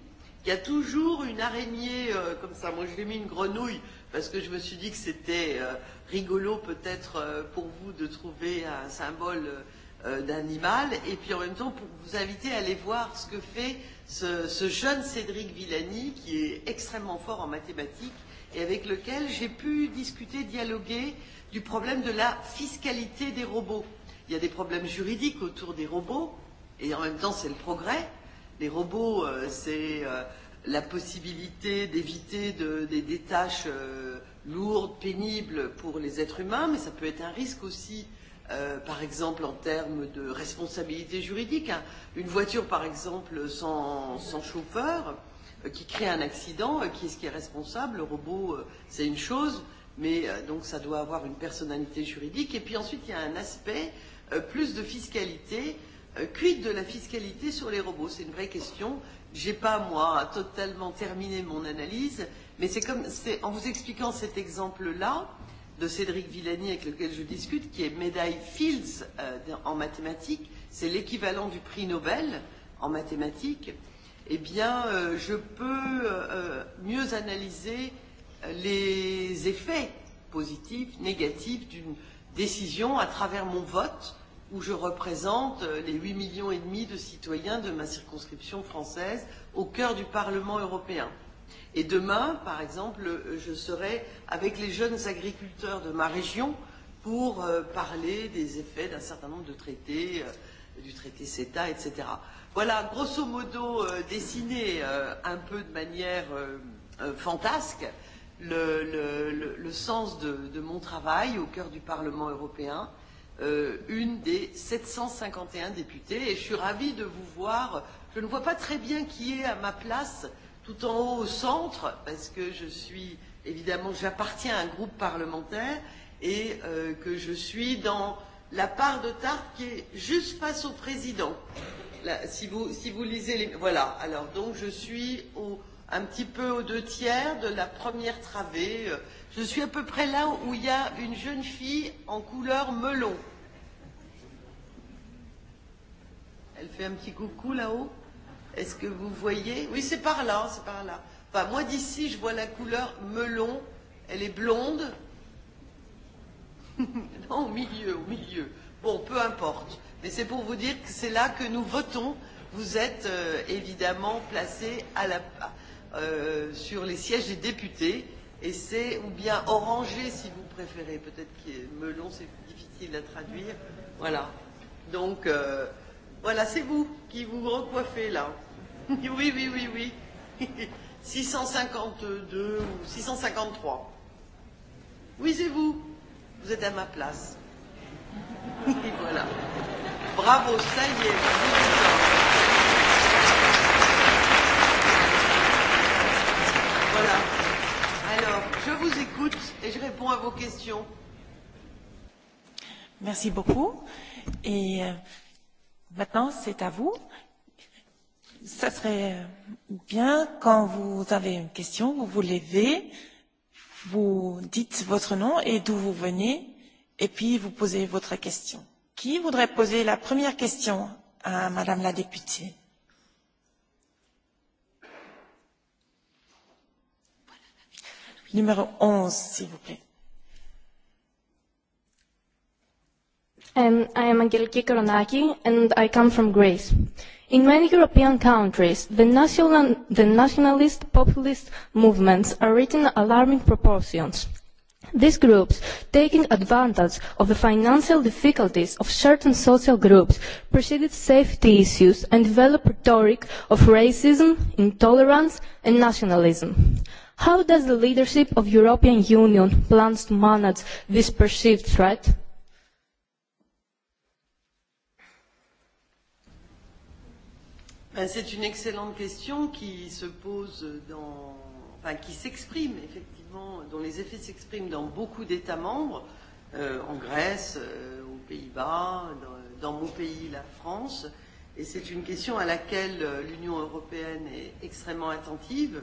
qui a toujours une araignée comme ça. Moi, je lui ai mis une grenouille parce que je me suis dit que c'était rigolo peut-être pour vous de trouver un symbole d'animal et puis en même temps pour vous inviter à aller voir ce que fait ce, ce jeune Cédric Villani qui est extrêmement fort en mathématiques et avec lequel j'ai pu discuter, dialoguer du problème de la fiscalité des robots. Il y a des problèmes juridiques autour des robots, et en même temps c'est le progrès. Les robots, c'est la possibilité d'éviter des tâches lourdes, pénibles pour les êtres humains, mais ça peut être un risque aussi, par exemple, en termes de responsabilité juridique. Une voiture, par exemple, sans chauffeur, qui crée un accident, qui est-ce qui est responsable Le robot, c'est une chose mais donc ça doit avoir une personnalité juridique. Et puis ensuite, il y a un aspect, plus de fiscalité. Quid de la fiscalité sur les robots C'est une vraie question. Je n'ai pas, moi, totalement terminé mon analyse, mais c'est comme en vous expliquant cet exemple-là, de Cédric Villani avec lequel je discute, qui est médaille Fields en mathématiques, c'est l'équivalent du prix Nobel en mathématiques, eh bien, je peux mieux analyser les effets positifs, négatifs d'une décision à travers mon vote où je représente les 8 millions et demi de citoyens de ma circonscription française au cœur du Parlement européen. Et demain, par exemple, je serai avec les jeunes agriculteurs de ma région pour parler des effets d'un certain nombre de traités, du traité CETA, etc. Voilà, grosso modo, dessiné un peu de manière fantasque le, le, sens de, de mon travail au cœur du Parlement européen, euh, une des 751 députés. Et je suis ravie de vous voir. Je ne vois pas très bien qui est à ma place, tout en haut au centre, parce que je suis, évidemment, j'appartiens à un groupe parlementaire et euh, que je suis dans la part de tarte qui est juste face au président. Là, si, vous, si vous lisez les... Voilà, alors donc je suis au, un petit peu aux deux tiers de la première travée. Je suis à peu près là où il y a une jeune fille en couleur melon. Elle fait un petit coucou là-haut. Est-ce que vous voyez Oui, c'est par là, c'est par là. Enfin, moi d'ici, je vois la couleur melon. Elle est blonde. non, au milieu, au milieu. Bon, peu importe. Mais c'est pour vous dire que c'est là que nous votons. Vous êtes évidemment placés à la, sur les sièges des députés et c'est ou bien orangé si vous préférez peut-être que melon c'est difficile à traduire voilà donc voilà c'est vous qui vous recoiffez là oui oui oui oui 652 ou 653 oui c'est vous vous êtes à ma place et voilà bravo ça y est Voilà. Alors, je vous écoute et je réponds à vos questions. Merci beaucoup. Et maintenant, c'est à vous. Ça serait bien quand vous avez une question, vous vous levez, vous dites votre nom et d'où vous venez, et puis vous posez votre question. Qui voudrait poser la première question à Madame la députée Numéro 11, I am Angeliki Koronaki, and I come from Greece. In many European countries, the nationalist populist movements are reaching alarming proportions. These groups, taking advantage of the financial difficulties of certain social groups, preceded safety issues and developed rhetoric of racism, intolerance, and nationalism. How does the leadership of European Union plans to manage this perceived threat? C'est une excellente question qui se pose dans, enfin, qui s'exprime effectivement, dont les effets s'expriment dans beaucoup d'États membres, en Grèce, aux Pays-Bas, dans, mon pays, la France. Et c'est une question à laquelle l'Union européenne est extrêmement attentive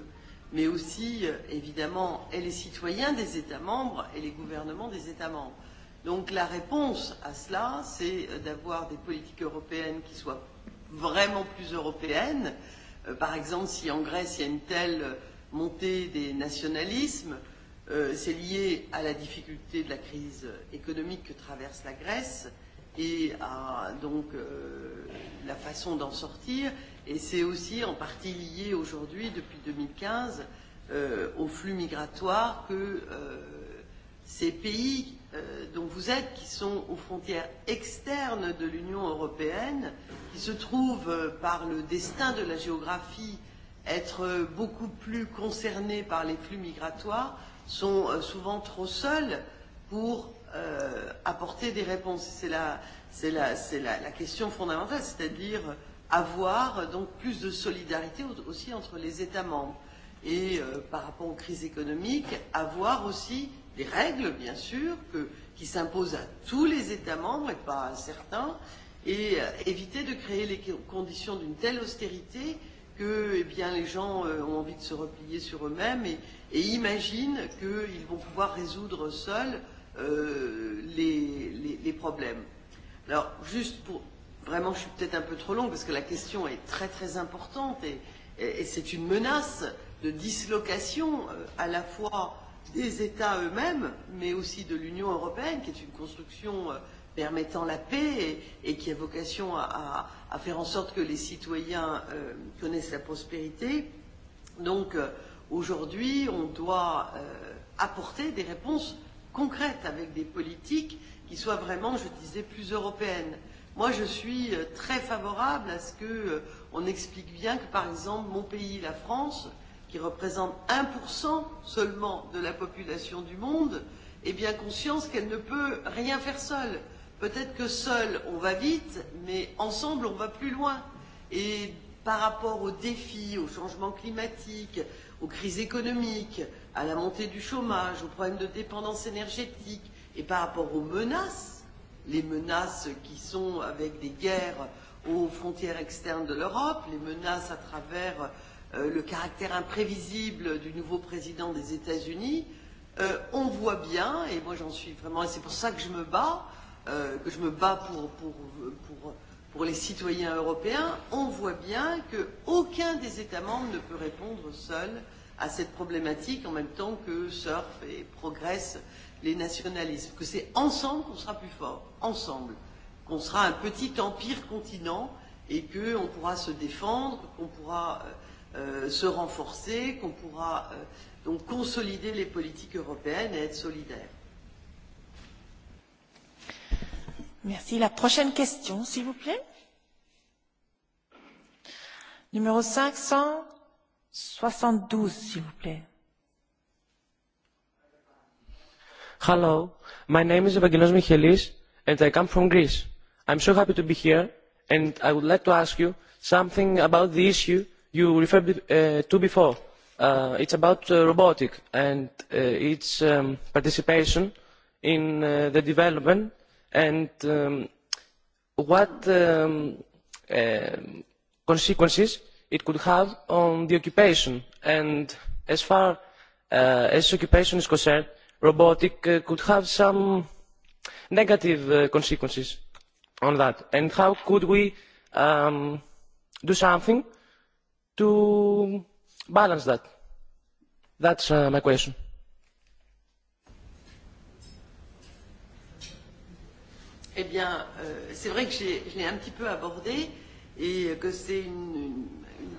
mais aussi, évidemment, et les citoyens des États membres et les gouvernements des États membres. Donc la réponse à cela, c'est d'avoir des politiques européennes qui soient vraiment plus européennes. Par exemple, si en Grèce, il y a une telle montée des nationalismes, c'est lié à la difficulté de la crise économique que traverse la Grèce et à donc la façon d'en sortir Et c'est aussi en partie lié aujourd'hui, depuis 2015, au flux migratoires que ces pays dont vous êtes, qui sont aux frontières externes de l'Union européenne, qui se trouvent par le destin de la géographie être beaucoup plus concernés par les flux migratoires, sont souvent trop seuls pour apporter des réponses. C'est la question fondamentale, c'est-à-dire avoir donc plus de solidarité aussi entre les États membres et par rapport aux crises économiques, avoir aussi des règles, bien sûr, que, qui s'imposent à tous les États membres et pas à certains, et éviter de créer les conditions d'une telle austérité que eh bien, les gens ont envie de se replier sur eux-mêmes et, et imaginent qu'ils vont pouvoir résoudre seuls euh, les, les, les problèmes. Alors, juste pour, vraiment, je suis peut-être un peu trop longue parce que la question est très très importante et c'est une menace de dislocation à la fois des États eux-mêmes, mais aussi de l'Union européenne, qui est une construction permettant la paix et qui a vocation à faire en sorte que les citoyens connaissent la prospérité. Donc, aujourd'hui, on doit apporter des réponses concrètes avec des politiques qui soient vraiment, je disais, plus européennes Moi, je suis très favorable à ce que on explique bien que, par exemple, mon pays, la France, qui représente 1% seulement de la population du monde, ait bien conscience qu'elle ne peut rien faire seule. Peut-être que seule, on va vite, mais ensemble, on va plus loin. Et par rapport aux défis, aux changements climatiques, aux crises économiques, à la montée du chômage, aux problèmes de dépendance énergétique, et par rapport aux menaces les menaces qui sont avec des guerres aux frontières externes de l'Europe, les menaces à travers le caractère imprévisible du nouveau président des États-Unis, on voit bien, et moi j'en suis vraiment, et c'est pour ça que je me bats, que je me bats pour, pour, pour, pour les citoyens européens, on voit bien qu'aucun des États membres ne peut répondre seul à cette problématique en même temps que surfent et progressent les nationalismes, que c'est ensemble qu'on sera plus fort, ensemble, qu'on sera un petit empire continent et qu'on pourra se défendre, qu'on pourra se renforcer, qu'on pourra donc consolider les politiques européennes et être solidaires. Merci. La prochaine question, s'il vous plaît. Numéro 572, s'il vous plaît. Hello, my name is Evangelos Michelis and I come from Greece. I'm so happy to be here and I would like to ask you something about the issue you referred to before. It's about robotic and its participation in the development and what consequences it could have on the occupation. And as far as occupation is concerned, robotic could have some negative consequences on that. And how could we do something to balance that? That's my question. Eh bien, c'est vrai que je l'ai un petit peu abordé et que c'est une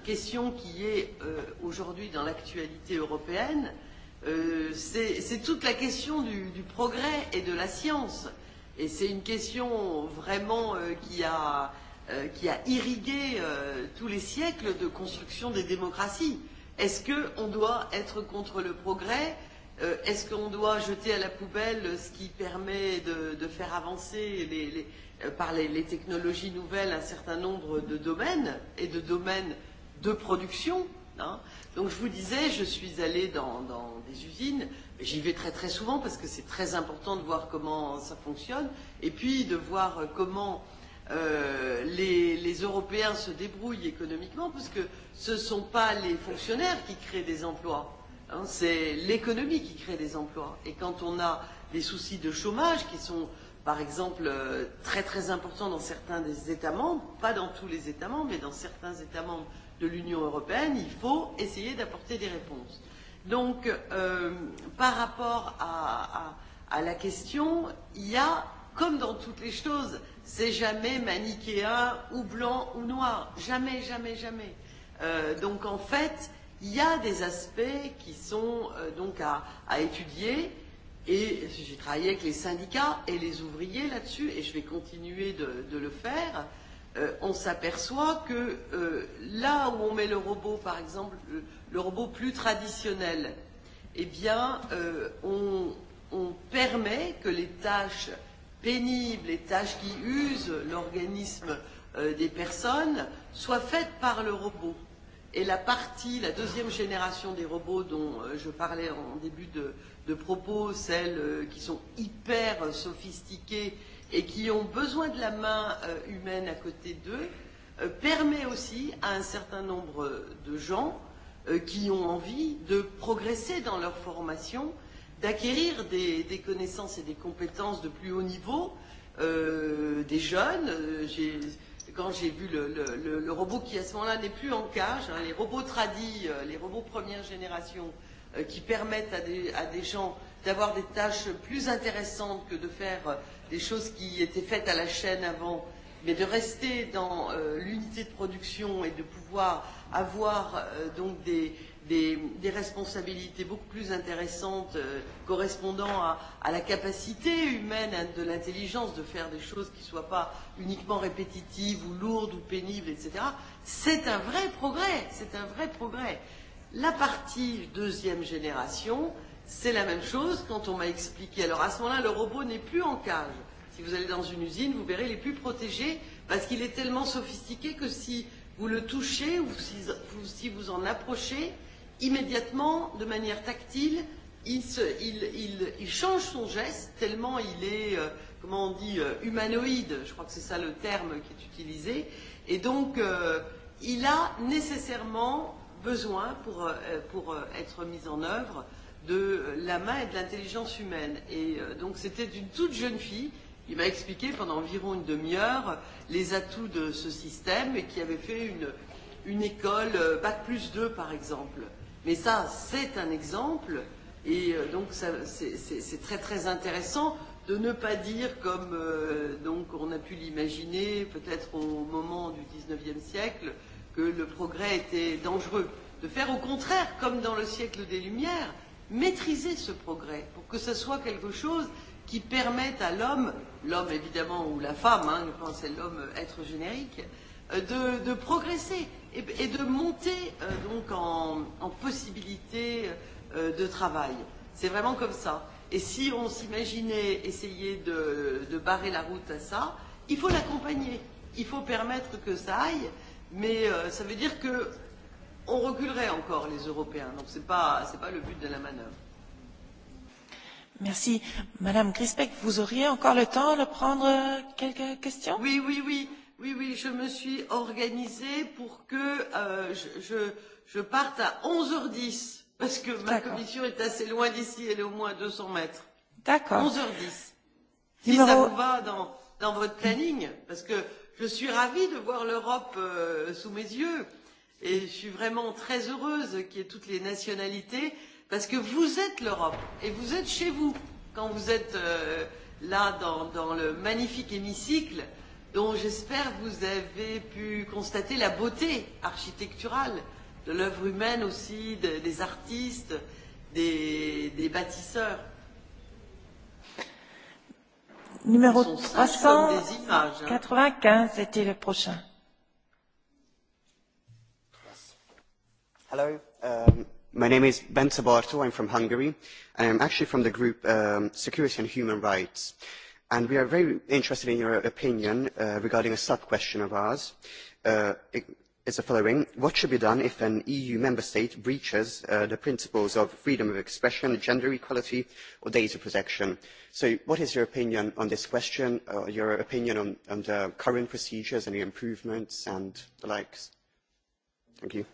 question qui est aujourd'hui dans l'actualité européenne c'est toute la question du progrès et de la science et c'est une question vraiment qui a qui a irrigué tous les siècles de construction des démocraties. Est-ce qu'on doit être contre le progrès Est-ce qu'on doit jeter à la poubelle ce qui permet de faire avancer par les technologies nouvelles un certain nombre de domaines et de domaines de production Donc je vous disais, je suis allée dans, dans des usines, j'y vais très très souvent parce que c'est très important de voir comment ça fonctionne et puis de voir comment euh, les, les Européens se débrouillent économiquement parce que ce ne sont pas les fonctionnaires qui créent des emplois, hein, c'est l'économie qui crée des emplois. Et quand on a des soucis de chômage qui sont par exemple très très importants dans certains des États membres, pas dans tous les États membres, mais dans certains États membres de l'Union européenne, il faut essayer d'apporter des réponses. Donc, par rapport à, à, à la question, il y a, comme dans toutes les choses, c'est jamais manichéen ou blanc ou noir. Jamais, jamais, jamais. Euh, donc, en fait, il y a des aspects qui sont donc à, à étudier. Et j'ai travaillé avec les syndicats et les ouvriers là-dessus, et je vais continuer de, de le faire on s'aperçoit que là où on met le robot, par exemple, le robot plus traditionnel, eh bien, on, on permet que les tâches pénibles, les tâches qui usent l'organisme des personnes, soient faites par le robot. Et la partie, la deuxième génération des robots dont je parlais en début de, de propos, celles qui sont hyper sophistiquées et qui ont besoin de la main humaine à côté d'eux permet aussi à un certain nombre de gens qui ont envie de progresser dans leur formation, d'acquérir des, des connaissances et des compétences de plus haut niveau, euh, des jeunes. J'ai, quand j'ai vu le, le, le, le robot qui à ce moment-là n'est plus en cage, hein, les robots tradis, les robots première génération, qui permettent à des, à des gens d'avoir des tâches plus intéressantes que de faire des choses qui étaient faites à la chaîne avant, mais de rester dans l'unité de production et de pouvoir avoir donc des des des responsabilités beaucoup plus intéressantes correspondant à à la capacité humaine de l'intelligence de faire des choses qui ne soient pas uniquement répétitives ou lourdes ou pénibles etc c'est un vrai progrès c'est un vrai progrès la partie deuxième génération C'est la même chose quand on m'a expliqué. Alors à ce moment-là, le robot n'est plus en cage. Si vous allez dans une usine, vous verrez, il est plus protégé parce qu'il est tellement sophistiqué que si vous le touchez ou si vous si vous en approchez, immédiatement, de manière tactile, il, se, il, il, il change son geste tellement il est, comment on dit, humanoïde, je crois que c'est ça le terme qui est utilisé, et donc il a nécessairement besoin pour, pour être mis en œuvre de la main et de l'intelligence humaine. Et donc c'était une toute jeune fille qui m'a expliqué pendant environ une demi-heure les atouts de ce système et qui avait fait une, une école Bac plus 2 par exemple. Mais ça, c'est un exemple et donc c'est très très intéressant de ne pas dire comme donc on a pu l'imaginer peut-être au moment du 19e siècle que le progrès était dangereux. De faire au contraire comme dans le siècle des Lumières maîtriser ce progrès, pour que ce soit quelque chose qui permette à l'homme, l'homme évidemment ou la femme, hein, je pense c'est l'homme être générique, de, de progresser et, et de monter donc en, en possibilité de travail. C'est vraiment comme ça. Et si on s'imaginait essayer de, de barrer la route à ça, il faut l'accompagner, il faut permettre que ça aille, mais ça veut dire que on reculerait encore les Européens. Donc ce n'est pas, pas le but de la manœuvre. Merci. Madame Grisbeck, vous auriez encore le temps de prendre quelques questions Oui, oui, oui. Oui, oui, je me suis organisée pour que je, je, parte à 11h10, parce que ma commission est assez loin d'ici, elle est au moins à 200 mètres. D'accord. 11h10. Si ça vous va dans, votre planning, parce que je suis ravie de voir l'Europe sous mes yeux et je suis vraiment très heureuse qu'il y ait toutes les nationalités parce que vous êtes l'Europe et vous êtes chez vous quand vous êtes là dans le magnifique hémicycle dont j'espère vous avez pu constater la beauté architecturale de l'œuvre humaine aussi, des artistes, des bâtisseurs. Numéro 395 était le prochain. Hello, my name is Bence Bartó, I'm from Hungary, and I'm actually from the group Security and Human Rights. And we are very interested in your opinion regarding a sub-question of ours. It's the following. What should be done if an EU member state breaches the principles of freedom of expression, gender equality, or data protection? So what is your opinion on this question, your opinion on the current procedures and the improvements and the likes? Thank you.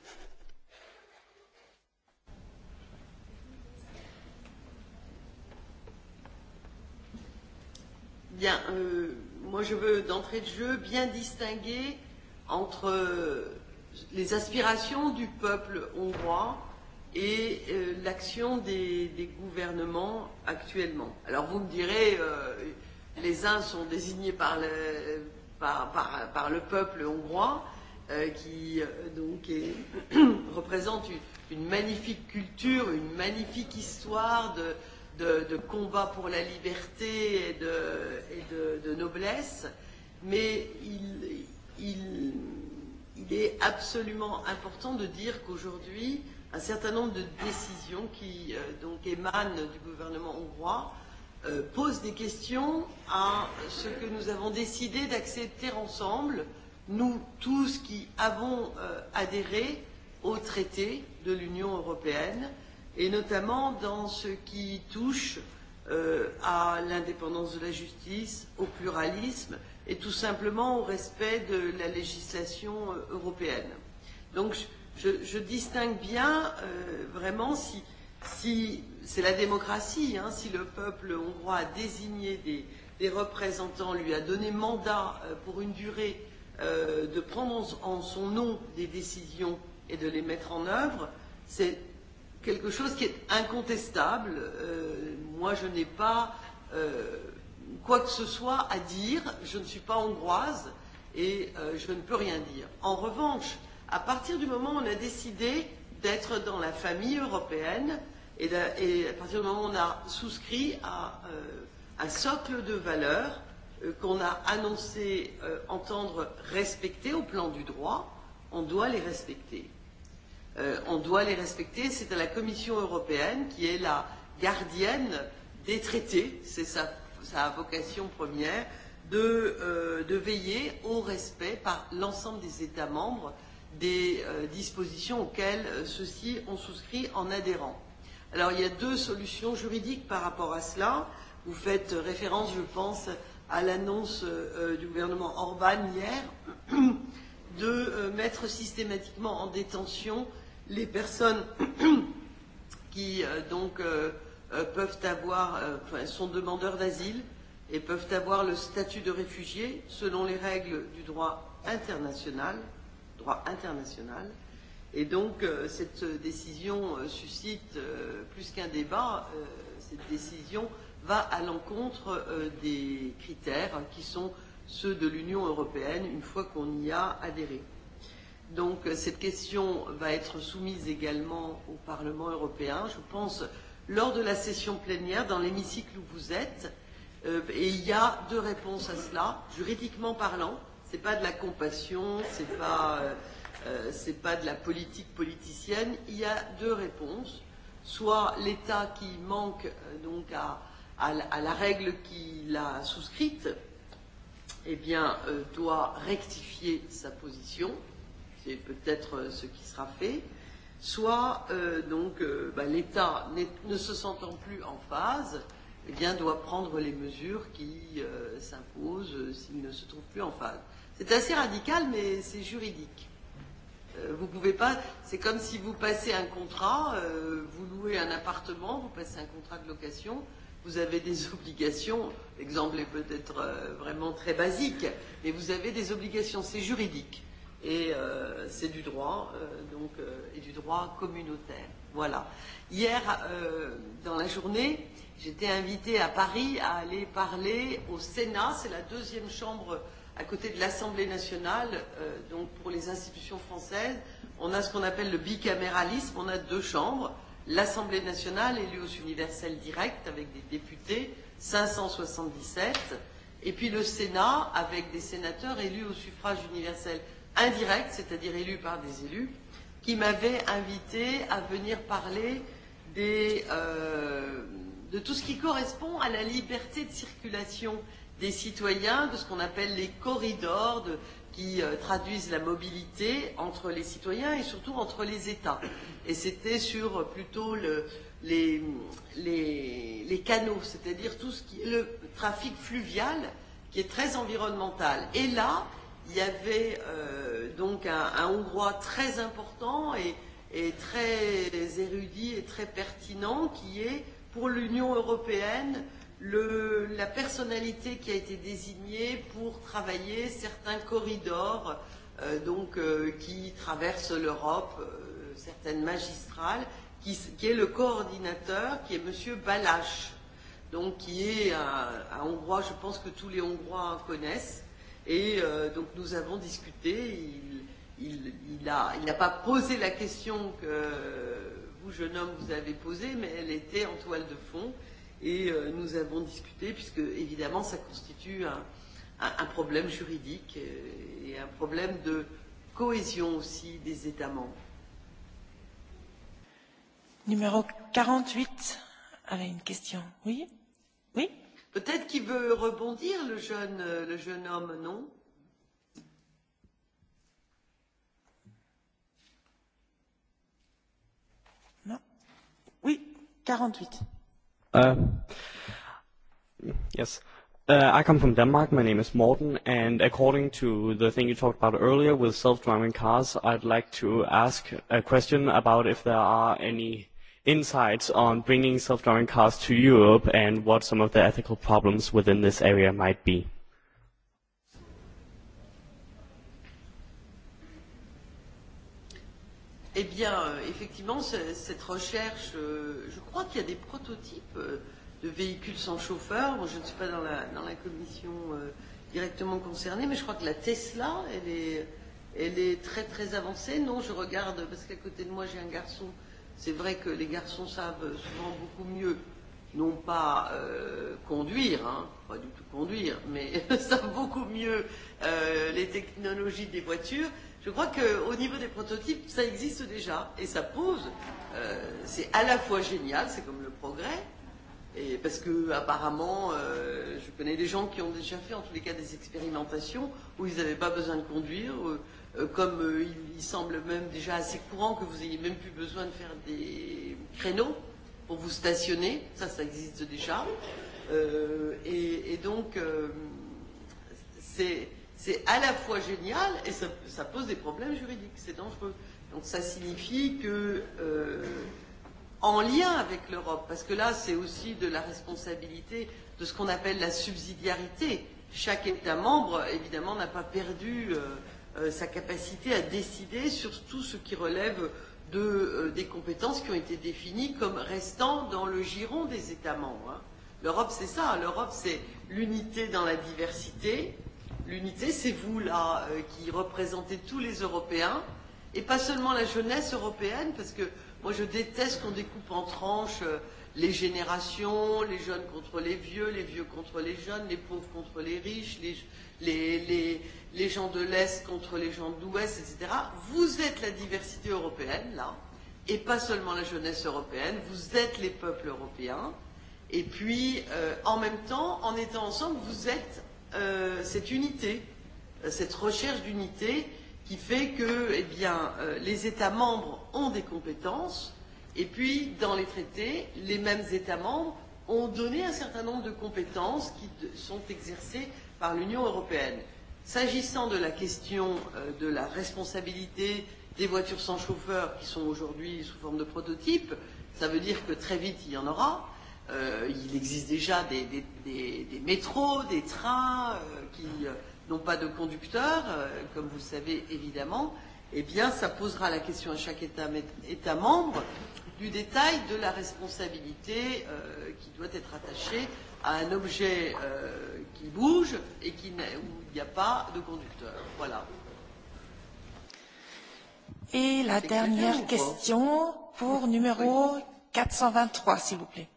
Bien, moi je veux d'entrée de jeu bien distinguer entre les aspirations du peuple hongrois et l'action des, des gouvernements actuellement. Alors vous me direz, les uns sont désignés par le, par, par, par le peuple hongrois, qui donc représente une, une magnifique culture, une magnifique histoire de, de combat pour la liberté et de et de noblesse mais il il il est absolument important de dire qu'aujourd'hui un certain nombre de décisions qui donc émanent du gouvernement hongrois posent des questions à ce que nous avons décidé d'accepter ensemble nous tous qui avons adhéré au traité de l'Union européenne et notamment dans ce qui touche à l'indépendance de la justice, au pluralisme et tout simplement au respect de la législation européenne. Donc je, je distingue bien vraiment si, si c'est la démocratie, hein, si le peuple hongrois a désigné des, des représentants, lui a donné mandat pour une durée de prendre en son nom des décisions et de les mettre en œuvre, c'est quelque chose qui est incontestable. Moi, je n'ai pas quoi que ce soit à dire. Je ne suis pas hongroise et je ne peux rien dire. En revanche, à partir du moment où on a décidé d'être dans la famille européenne et à partir du moment où on a souscrit à un socle de valeurs qu'on a annoncé entendre respecter au plan du droit, on doit les respecter on doit les respecter. C'est à la Commission européenne qui est la gardienne des traités, c'est sa, sa vocation première, de, de veiller au respect par l'ensemble des États membres des dispositions auxquelles ceux-ci ont souscrit en adhérant. Alors il y a deux solutions juridiques par rapport à cela. Vous faites référence, je pense, à l'annonce du gouvernement Orban hier de mettre systématiquement en détention les personnes qui donc peuvent avoir sont demandeurs d'asile et peuvent avoir le statut de réfugié selon les règles du droit international droit international et donc cette décision suscite plus qu'un débat cette décision va à l'encontre des critères qui sont ceux de l'Union européenne une fois qu'on y a adhéré Donc cette question va être soumise également au Parlement européen, je pense, lors de la session plénière, dans l'hémicycle où vous êtes. Et il y a deux réponses à cela, juridiquement parlant. Ce n'est pas de la compassion, ce n'est pas, pas de la politique politicienne. Il y a deux réponses. Soit l'État qui manque donc à, à, la règle qu'il a souscrite, eh bien, doit rectifier sa position C'est peut-être ce qui sera fait, soit donc l'État ne se sentant plus en phase, eh bien doit prendre les mesures qui s'imposent s'il ne se trouve plus en phase. C'est assez radical, mais c'est juridique. Vous pouvez pas, c'est comme si vous passez un contrat, vous louez un appartement, vous passez un contrat de location, vous avez des obligations, l'exemple est peut-être vraiment très basique, mais vous avez des obligations, c'est juridique et c'est du droit donc et du droit communautaire voilà hier dans la journée j'étais invitée à Paris à aller parler au Sénat c'est la deuxième chambre à côté de l'Assemblée nationale donc pour les institutions françaises on a ce qu'on appelle le bicaméralisme on a deux chambres l'Assemblée nationale élue aux universels direct avec des députés 577 et puis le Sénat avec des sénateurs élus au suffrage universel indirect, c'est-à-dire élu par des élus, qui m'avait invité à venir parler des, de tout ce qui correspond à la liberté de circulation des citoyens, de ce qu'on appelle les corridors, de, qui traduisent la mobilité entre les citoyens et surtout entre les États. Et c'était sur plutôt le, les, les, les canaux, c'est-à-dire tout ce qui est le trafic fluvial qui est très environnemental. Et là, il y avait donc un hongrois très important et très érudit et très pertinent qui est pour l'Union européenne le la personnalité qui a été désignée pour travailler certains corridors donc qui traversent l'Europe certaines magistrales qui qui est le coordinateur qui est M Balache donc qui est un hongrois je pense que tous les hongrois connaissent Et donc nous avons discuté, il n'a il, il pas posé la question que vous, jeune homme, vous avez posée, mais elle était en toile de fond. Et nous avons discuté, puisque évidemment ça constitue un, un, un problème juridique et un problème de cohésion aussi des États membres. Numéro 48 avait une question. Oui Oui Peut-être qu'il veut rebondir, le jeune, le jeune homme, non Non. Oui, 48. Uh, yes. Uh, I come from Denmark. My name is Morten. And according to the thing you talked about earlier with self-driving cars, I'd like to ask a question about if there are any insights on bringing self-driving cars to Europe and what some of the ethical problems within this area might be. Eh bien, effectivement, cette recherche, je crois qu'il y a des prototypes de véhicules sans chauffeur. Moi, je ne suis pas dans la, dans la commission directement concernée, mais je crois que la Tesla, elle est, elle est très, très avancée. Non, je regarde, parce qu'à côté de moi, j'ai un garçon C'est vrai que les garçons savent souvent beaucoup mieux, non pas conduire, hein, pas du tout conduire, mais savent beaucoup mieux les technologies des voitures. Je crois qu'au niveau des prototypes, ça existe déjà et ça pose. C'est à la fois génial, c'est comme le progrès, et parce que apparemment, je connais des gens qui ont déjà fait en tous les cas des expérimentations où ils n'avaient pas besoin de conduire comme il semble même déjà assez courant que vous ayez même plus besoin de faire des créneaux pour vous stationner, ça, ça existe déjà. Et donc, c'est à la fois génial et ça pose des problèmes juridiques, c'est dangereux. Donc ça signifie que, en lien avec l'Europe, parce que là, c'est aussi de la responsabilité de ce qu'on appelle la subsidiarité. Chaque État membre, évidemment, n'a pas perdu sa capacité à décider sur tout ce qui relève de, des compétences qui ont été définies comme restant dans le giron des États membres. L'Europe, c'est ça. L'Europe, c'est l'unité dans la diversité. L'unité, c'est vous, là, qui représentez tous les Européens, et pas seulement la jeunesse européenne, parce que moi, je déteste qu'on découpe en tranches les générations, les jeunes contre les vieux, les vieux contre les jeunes, les pauvres contre les riches, les, les, les, gens de l'Est contre les gens de l'Ouest, etc. Vous êtes la diversité européenne, là, et pas seulement la jeunesse européenne, vous êtes les peuples européens, et puis en même temps, en étant ensemble, vous êtes cette unité, cette recherche d'unité qui fait que eh bien, les États membres ont des compétences, Et puis, dans les traités, les mêmes États membres ont donné un certain nombre de compétences qui sont exercées par l'Union européenne. S'agissant de la question de la responsabilité des voitures sans chauffeur qui sont aujourd'hui sous forme de prototype, ça veut dire que très vite il y en aura. Il existe déjà des, des, des, des métros, des trains qui n'ont pas de conducteur, comme vous le savez évidemment. Eh bien, ça posera la question à chaque État, État membre du détail de la responsabilité qui doit être attachée à un objet qui bouge et qui, où il n'y a pas de conducteur. Voilà. Et la dernière question pour numéro 423, s'il vous plaît.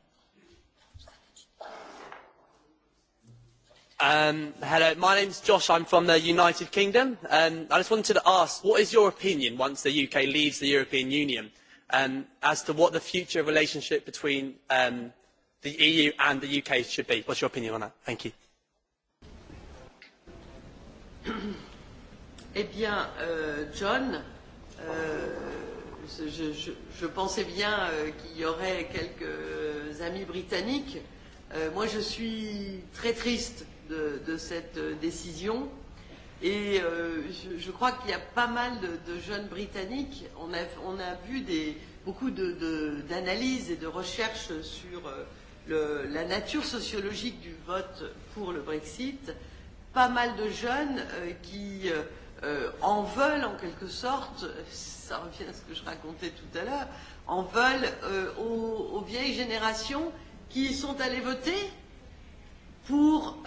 Um, hello, my is Josh. I'm from the United Kingdom. Um, I just wanted to ask, what is your opinion once the UK leaves the European Union? as to what the future relationship between the EU and the UK should be. What's your opinion on that? Thank you. Eh bien, John, je pensais bien qu'il y aurait quelques amis britanniques. Moi, je suis très triste de cette décision Et je crois qu'il y a pas mal de jeunes Britanniques. On a vu des beaucoup d'analyses et de recherches sur la nature sociologique du vote pour le Brexit. Pas mal de jeunes qui en veulent en quelque sorte, ça revient à ce que je racontais tout à l'heure, en veulent aux vieilles générations qui sont allées voter pour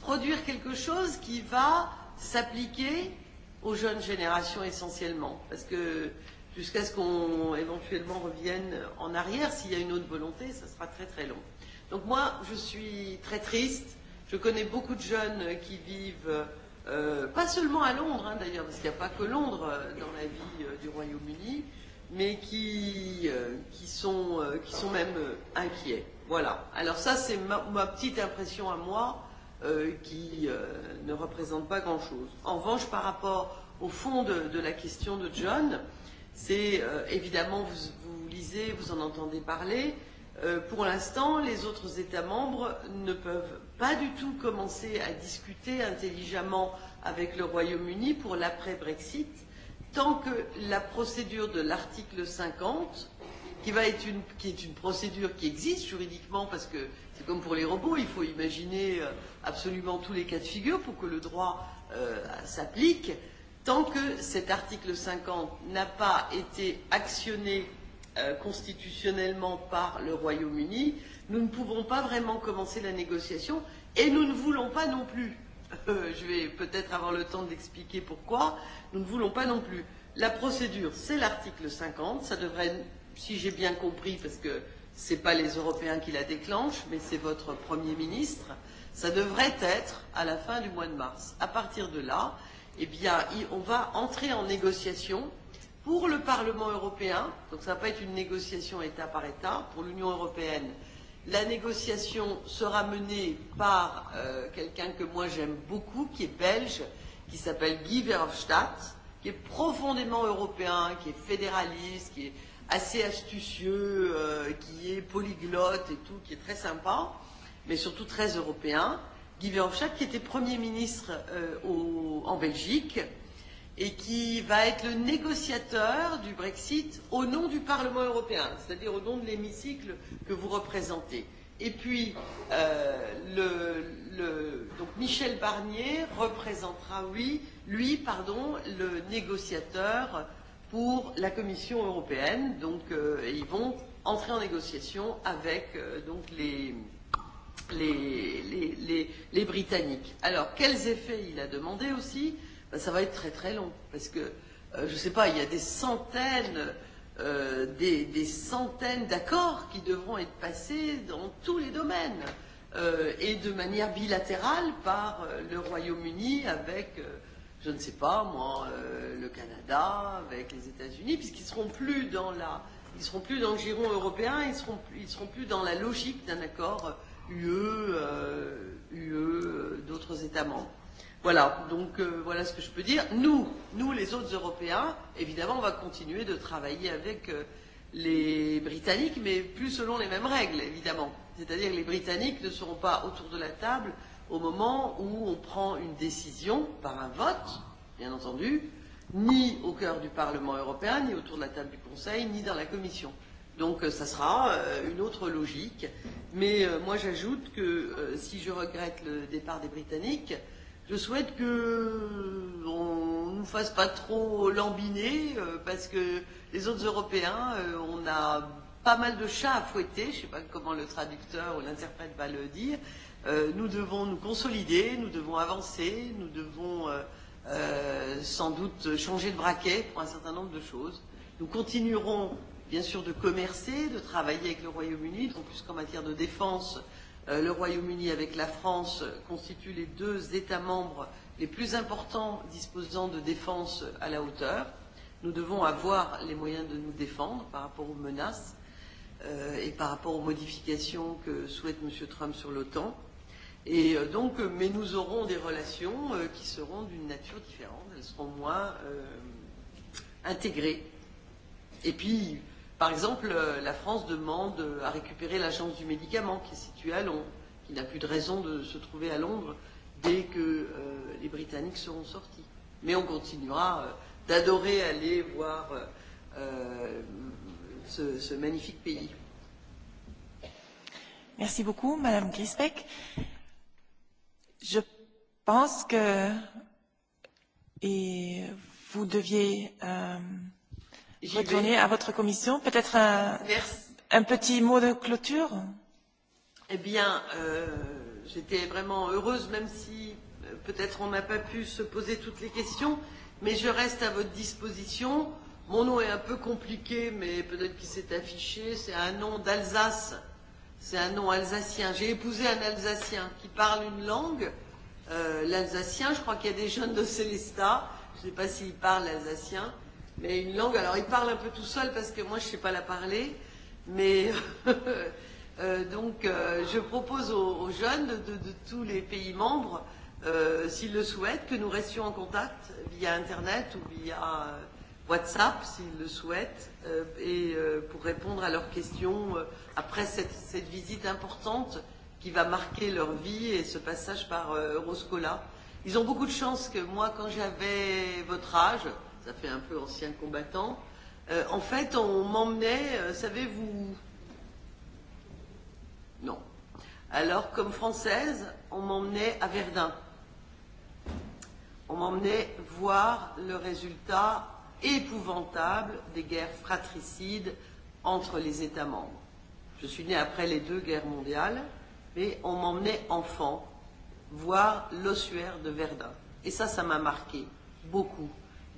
produire quelque chose qui va s'appliquer aux jeunes générations essentiellement. Parce que jusqu'à ce qu'on éventuellement revienne en arrière, s'il y a une autre volonté, ça sera très très long. Donc moi, je suis très triste. Je connais beaucoup de jeunes qui vivent, pas seulement à Londres hein, d'ailleurs, parce qu'il n'y a pas que Londres dans la vie du Royaume-Uni, mais qui, qui, sont, qui sont même inquiets. Voilà. Alors ça, c'est ma, ma petite impression à moi qui ne représente pas grand-chose. En revanche, par rapport au fond de la question de John, c'est évidemment, vous lisez, vous en entendez parler, pour l'instant, les autres États membres ne peuvent pas du tout commencer à discuter intelligemment avec le Royaume-Uni pour l'après-Brexit, tant que la procédure de l'article 50, qui est une procédure qui existe juridiquement parce que comme pour les robots, il faut imaginer absolument tous les cas de figure pour que le droit s'applique. Tant que cet article 50 n'a pas été actionné constitutionnellement par le Royaume-Uni, nous ne pouvons pas vraiment commencer la négociation et nous ne voulons pas non plus. Je vais peut-être avoir le temps d'expliquer pourquoi. Nous ne voulons pas non plus. La procédure, c'est l'article 50. Ça devrait, si j'ai bien compris, parce que ce n'est pas les Européens qui la déclenchent, mais c'est votre Premier ministre, ça devrait être à la fin du mois de mars. À partir de là, eh bien, on va entrer en négociation pour le Parlement européen, donc ça ne va pas être une négociation État par État, pour l'Union européenne, la négociation sera menée par quelqu'un que moi j'aime beaucoup, qui est belge, qui s'appelle Guy Verhofstadt, qui est profondément européen, qui est fédéraliste, qui est assez astucieux, qui est polyglotte et tout, qui est très sympa, mais surtout très européen, Guy Verhofstadt, qui était Premier ministre en Belgique et qui va être le négociateur du Brexit au nom du Parlement européen, c'est-à-dire au nom de l'hémicycle que vous représentez. Et puis, le, le, donc Michel Barnier représentera, oui, lui, pardon, le négociateur pour la Commission européenne. Donc, ils vont entrer en négociation avec donc les, les, les, les, Britanniques. Alors, quels effets il a demandé aussi Ça va être très très long, parce que, je ne sais pas, il y a des centaines des, des centaines d'accords qui devront être passés dans tous les domaines, et de manière bilatérale par le Royaume-Uni avec je ne sais pas, moi, le Canada, avec les États-Unis, puisqu'ils seront plus dans la, ils seront plus dans le giron européen, ils seront, ils seront plus dans la logique d'un accord UE, UE d'autres États membres. Voilà, donc voilà ce que je peux dire. Nous, nous les autres Européens, évidemment, on va continuer de travailler avec les Britanniques, mais plus selon les mêmes règles, évidemment. C'est-à-dire que les Britanniques ne seront pas autour de la table au moment où on prend une décision par un vote, bien entendu, ni au cœur du Parlement européen, ni autour de la table du Conseil, ni dans la Commission. Donc ça sera une autre logique. Mais moi j'ajoute que si je regrette le départ des Britanniques, je souhaite que on ne nous fasse pas trop lambiner parce que les autres Européens, on a pas mal de chats à fouetter, je ne sais pas comment le traducteur ou l'interprète va le dire, nous devons nous consolider, nous devons avancer, nous devons sans doute changer de braquet pour un certain nombre de choses. Nous continuerons bien sûr de commercer, de travailler avec le Royaume-Uni, en plus qu'en matière de défense, le Royaume-Uni avec la France constituent les deux États membres les plus importants disposant de défense à la hauteur. Nous devons avoir les moyens de nous défendre par rapport aux menaces et par rapport aux modifications que souhaite M. Trump sur l'OTAN. Et donc, mais nous aurons des relations qui seront d'une nature différente, elles seront moins intégrées. Et puis, par exemple, la France demande à récupérer l'agence du médicament qui est située à Londres, qui n'a plus de raison de se trouver à Londres dès que les Britanniques seront sortis. Mais on continuera d'adorer aller voir ce, ce magnifique pays. Merci beaucoup, Madame Grisbeck. Je pense que et vous deviez euh, retourner à votre commission. Peut-être un, un petit mot de clôture Eh bien, euh, j'étais vraiment heureuse, même si peut-être on n'a pas pu se poser toutes les questions, mais je reste à votre disposition. Mon nom est un peu compliqué, mais peut-être qu'il s'est affiché. C'est un nom d'Alsace c'est un nom alsacien. J'ai épousé un Alsacien qui parle une langue, euh, l'alsacien, je crois qu'il y a des jeunes de Célestat, je ne sais pas s'ils parlent l'alsacien, mais une langue, alors il parle un peu tout seul parce que moi je ne sais pas la parler, mais euh, donc je propose aux, aux jeunes de, de, de tous les pays membres, euh, s'ils le souhaitent, que nous restions en contact via Internet ou via WhatsApp, s'ils le souhaitent, et pour répondre à leurs questions après cette visite importante qui va marquer leur vie et ce passage par Euroscola. Ils ont beaucoup de chance que moi, quand j'avais votre âge, ça fait un peu ancien combattant, en fait, on m'emmenait, savez-vous, non. Alors, comme française, on m'emmenait à Verdun. On m'emmenait voir le résultat épouvantable des guerres fratricides entre les États membres. Je suis née après les deux guerres mondiales, mais on m'emmenait enfant voir l'ossuaire de Verdun. Et ça, ça m'a marqué beaucoup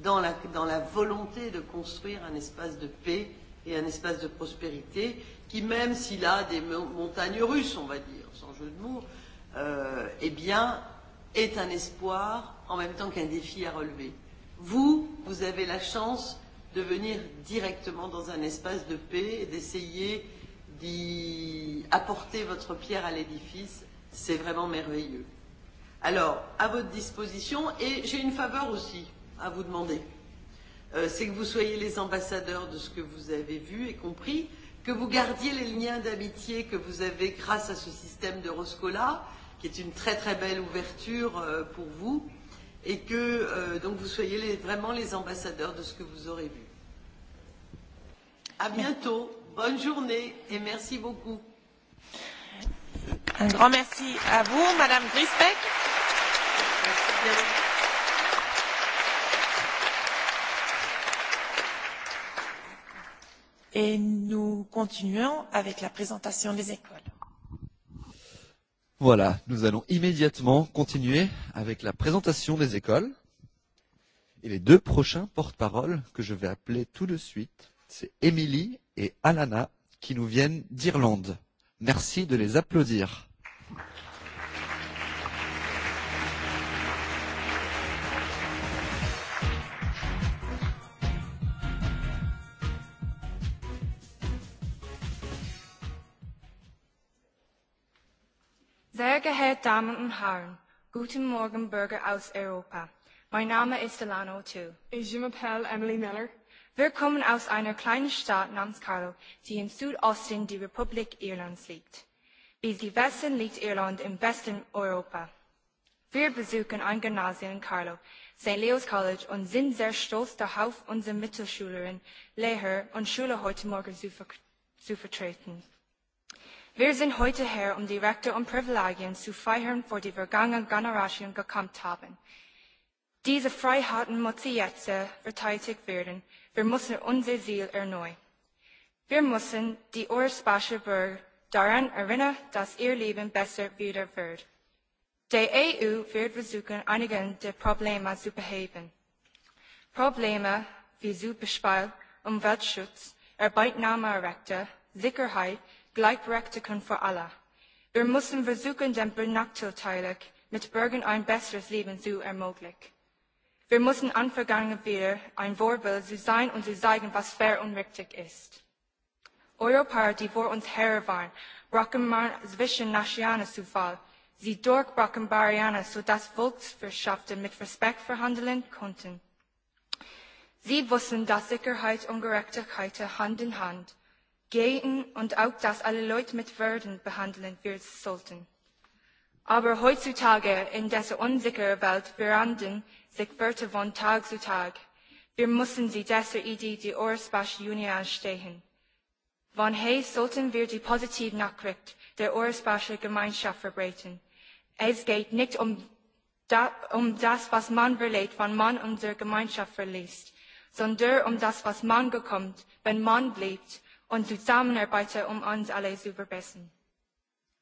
dans la, dans la volonté de construire un espace de paix et un espace de prospérité qui, même s'il a des montagnes russes, on va dire, sans jeu de mots, euh, eh bien, est un espoir en même temps qu'un défi à relever. Vous, vous avez la chance de venir directement dans un espace de paix et d'essayer d'y apporter votre pierre à l'édifice. C'est vraiment merveilleux. Alors, à votre disposition, et j'ai une faveur aussi à vous demander. C'est que vous soyez les ambassadeurs de ce que vous avez vu et compris, que vous gardiez les liens d'amitié que vous avez grâce à ce système de Roscola, qui est une très très belle ouverture pour vous et que donc vous soyez les, vraiment les ambassadeurs de ce que vous aurez vu. À bientôt, bonne journée et merci beaucoup. Un grand merci à vous, Madame Grisbeck. Et nous continuons avec la présentation des écoles. Voilà, nous allons immédiatement continuer avec la présentation des écoles. Et les deux prochains porte-paroles que je vais appeler tout de suite, c'est Émilie et Alana qui nous viennent d'Irlande. Merci de les applaudir. Sehr geehrte Damen und Herren, guten Morgen Bürger aus Europa. Mein Name ist Delano Tu. Je m'appelle Emily Miller. Wir kommen aus einer kleinen Stadt namens Carlo, die im Südosten der Republik Irlands liegt. Wie Sie wissen, liegt Irland im Westen Europa. Wir besuchen ein Gymnasium in Carlo, St. Leo's College und sind sehr stolz darauf, unsere Mittelschülerinnen, Lehrer und Schüler heute Morgen zu vertreten. Wir sind heute her, um die Rechte und Privilegien zu feiern, für die vergangenen Generationen gekämpft haben. Diese Freiheiten müssen jetzt verteidigt werden. Wir müssen unser Ziel erneuern. Wir müssen die ursprüngliche Bürger daran erinnern, dass ihr Leben besser wieder wird. Die EU wird versuchen, einige der Probleme zu beheben. Probleme wie Superspiel, Umweltschutz, Arbeitnahmerrechte, Sicherheit Gleichberechtigung für alle. Wir müssen versuchen, den Benachteiligten mit Bürgern ein besseres Leben zu ermöglichen. Wir müssen anfangen, wieder ein Vorbild zu sein und zu zeigen, was fair und richtig ist. Europa, die vor uns her waren, brachen man zwischen Nationen zu Fall. Sie durchbrachen Barrieren, sodass Volkswirtschaften mit Respekt verhandeln konnten. Sie wussten, dass Sicherheit und Gerechtigkeit Hand in Hand gehen und auch, dass alle Leute mit Würden behandeln wir sollten. Aber heutzutage in dieser unsicheren Welt verändern sich Wörter von Tag zu Tag. Wir müssen sie dieser Idee die Union stehen. Von hey sollten wir die positive Nachricht der Eurospace Gemeinschaft verbreiten. Es geht nicht um, da, um das, was man verlegt, wenn man unsere Gemeinschaft verliest, sondern um das, was man bekommt, wenn man bleibt und zusammenarbeiten, um uns alle zu verbessern.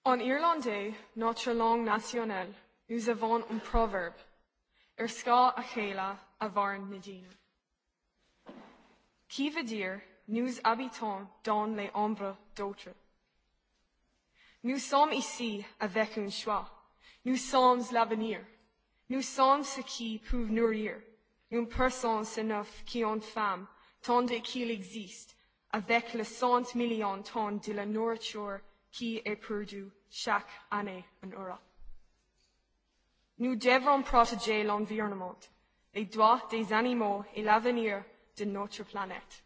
En irlandais, notre langue nationale, nous avons un proverbe. Er ska a chéla a Qui veut dire nous habitons dans les ombres d'autres. Nous sommes ici avec un choix. Nous sommes l'avenir. Nous sommes ce qui peut nourrir une personne, c'est neuf qui ont femme, tandis qu'il existe avec les 100 millions de tonnes de la nourriture qui est perdue chaque année en Europe. Nous devons protéger l'environnement, les droits des animaux et l'avenir de notre planète.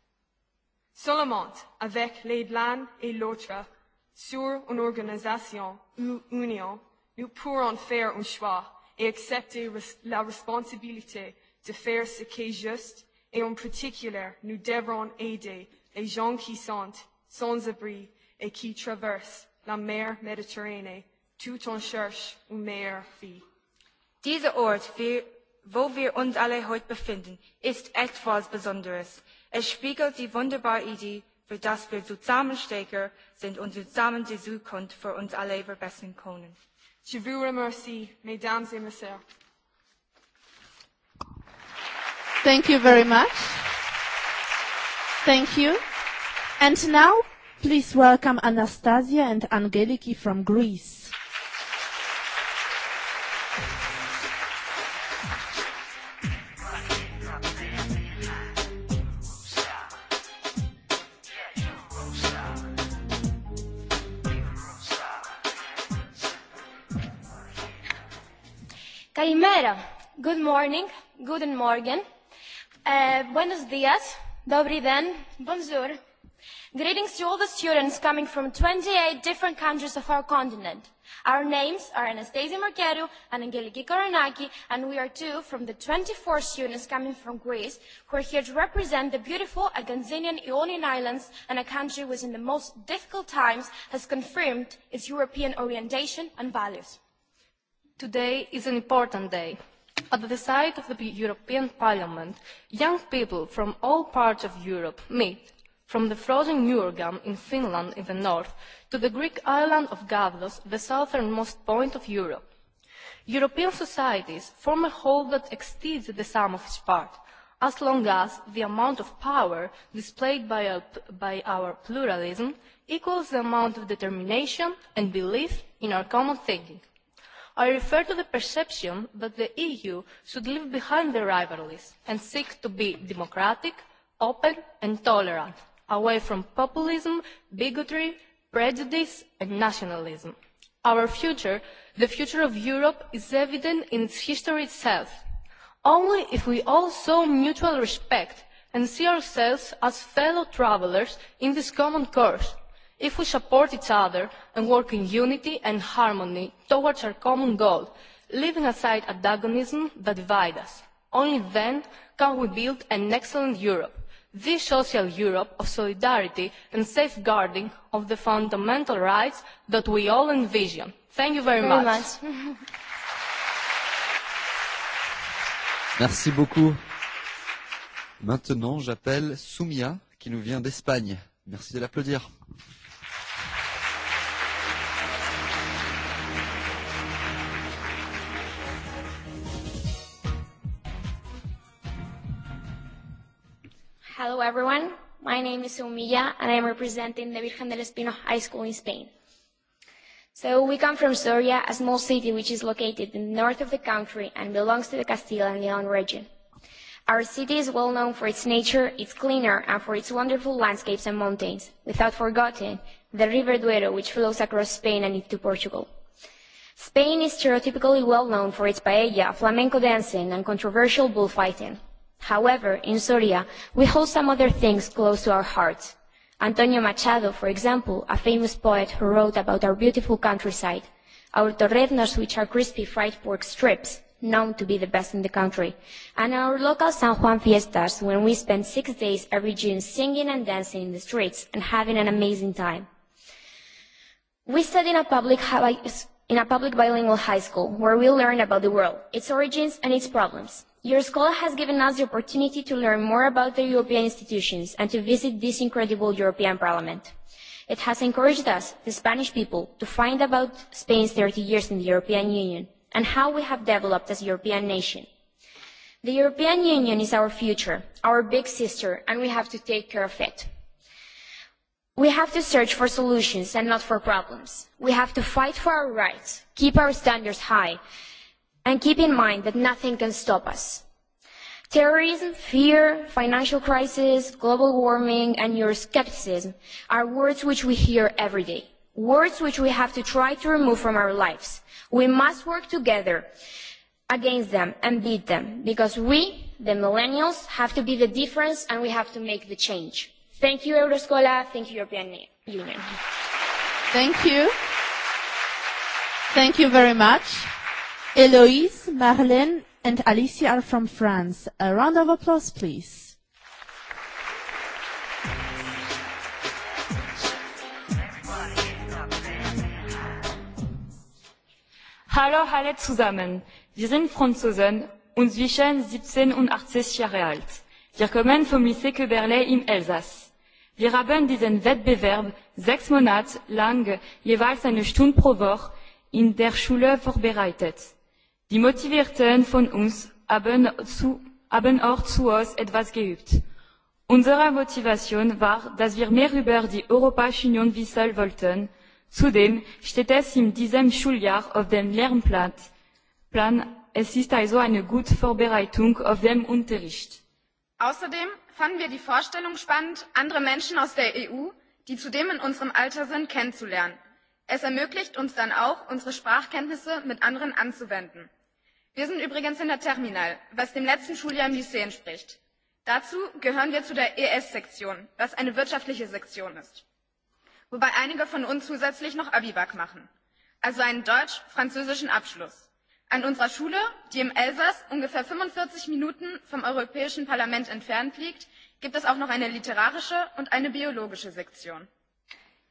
Seulement avec l'aide l'un et l'autre sur une organisation ou union, nous pourrons faire un choix et accepter la responsabilité de faire ce qui est juste et en particulier nous devrons aider et gens qui sont sans abri et qui traversent la mer Méditerranée tout en cherche une meilleure vie. Dieser Ort, wo wir uns alle heute befinden, ist etwas Besonderes. Es spiegelt die wunderbare Idee, für das wir zusammenstecken sind und zusammen die Zukunft für uns alle verbessern können. Je vous remercie, mesdames et messieurs. Thank you very much. Thank you. And now, please welcome Anastasia and Angeliki from Greece. Καλημέρα. Good morning. Good morning. Buenos días. Dobri den, bonjour. Greetings to all the students coming from 28 different countries of our continent. Our names are Anastasia Markeru and Angeliki Koronaki, and we are two from the 24 students coming from Greece who are here to represent the beautiful Aganzinian Ionian Islands and a country which in the most difficult times has confirmed its European orientation and values. Today is an important day At the site of the European Parliament, young people from all parts of Europe meet, from the frozen Jurgam in Finland in the north to the Greek island of Gavdos, the southernmost point of Europe. European societies form a whole that exceeds the sum of its parts, as long as the amount of power displayed by our pluralism equals the amount of determination and belief in our common thinking. I refer to the perception that the EU should leave behind the rivalries and seek to be democratic, open and tolerant, away from populism, bigotry, prejudice and nationalism. Our future, the future of Europe, is evident in its history itself. Only if we all show mutual respect and see ourselves as fellow travellers in this common course if we support each other and work in unity and harmony towards our common goal, leaving aside antagonism that divides us. Only then can we build an excellent Europe, the social Europe of solidarity and safeguarding of the fundamental rights that we all envision. Thank you very much. Merci beaucoup. Maintenant, j'appelle Soumia qui nous vient d'Espagne. Merci de l'applaudir. Hello everyone, my name is Umilla and I am representing the Virgen del Espino High School in Spain. So we come from Soria, a small city which is located in the north of the country and belongs to the Castilla and León region. Our city is well known for its nature, its cleaner and for its wonderful landscapes and mountains, without forgetting the River Duero which flows across Spain and into Portugal. Spain is stereotypically well known for its paella, flamenco dancing and controversial bullfighting. However, in Soria, we hold some other things close to our hearts. Antonio Machado, for example, a famous poet who wrote about our beautiful countryside, our torreznos, which are crispy fried pork strips, known to be the best in the country, and our local San Juan fiestas, when we spend six days every June singing and dancing in the streets and having an amazing time. We study in a public in a public bilingual high school where we learn about the world, its origins and its problems. Your school has given us the opportunity to learn more about the European institutions and to visit this incredible European Parliament. It has encouraged us, the Spanish people, to find about Spain's 30 years in the European Union and how we have developed as a European nation. The European Union is our future, our big sister, and we have to take care of it. We have to search for solutions and not for problems. We have to fight for our rights, keep our standards high, and keep in mind that nothing can stop us. Terrorism, fear, financial crisis, global warming, and your skepticism are words which we hear every day, words which we have to try to remove from our lives. We must work together against them and beat them, because we, the millennials, have to be the difference and we have to make the change. Thank you, Euroscola. Thank you, European Union. Thank you. Thank you very much. Eloise, Marlène, and Alicia are from France. A round of applause, please. Hallo alle zusammen. Wir sind Franzosen und zwischen 17 und 80 Jahre alt. Wir kommen vom Lycée Köberley im Elsass. Wir haben diesen Wettbewerb sechs Monate lang jeweils eine Stunde pro Woche in der Schule vorbereitet. Die motivierten von uns haben, zu, haben auch zu uns etwas geübt. Unsere Motivation war, dass wir mehr über die Europäische Union wissen wollten. Zudem steht es in diesem Schuljahr auf dem Lernplan. es ist also eine gute Vorbereitung auf den Unterricht. Außerdem fanden wir die Vorstellung spannend, andere Menschen aus der EU, die zudem in unserem Alter sind, kennenzulernen. Es ermöglicht uns dann auch, unsere Sprachkenntnisse mit anderen anzuwenden. Wir sind übrigens in der Terminal, was dem letzten Schuljahr im Lycée entspricht. Dazu gehören wir zu der ES-Sektion, was eine wirtschaftliche Sektion ist. Wobei einige von uns zusätzlich noch Abibak machen. Also einen deutsch-französischen Abschluss. An unserer Schule, die im Elsass ungefähr 45 Minuten vom Europäischen Parlament entfernt liegt, gibt es auch noch eine literarische und eine biologische Sektion.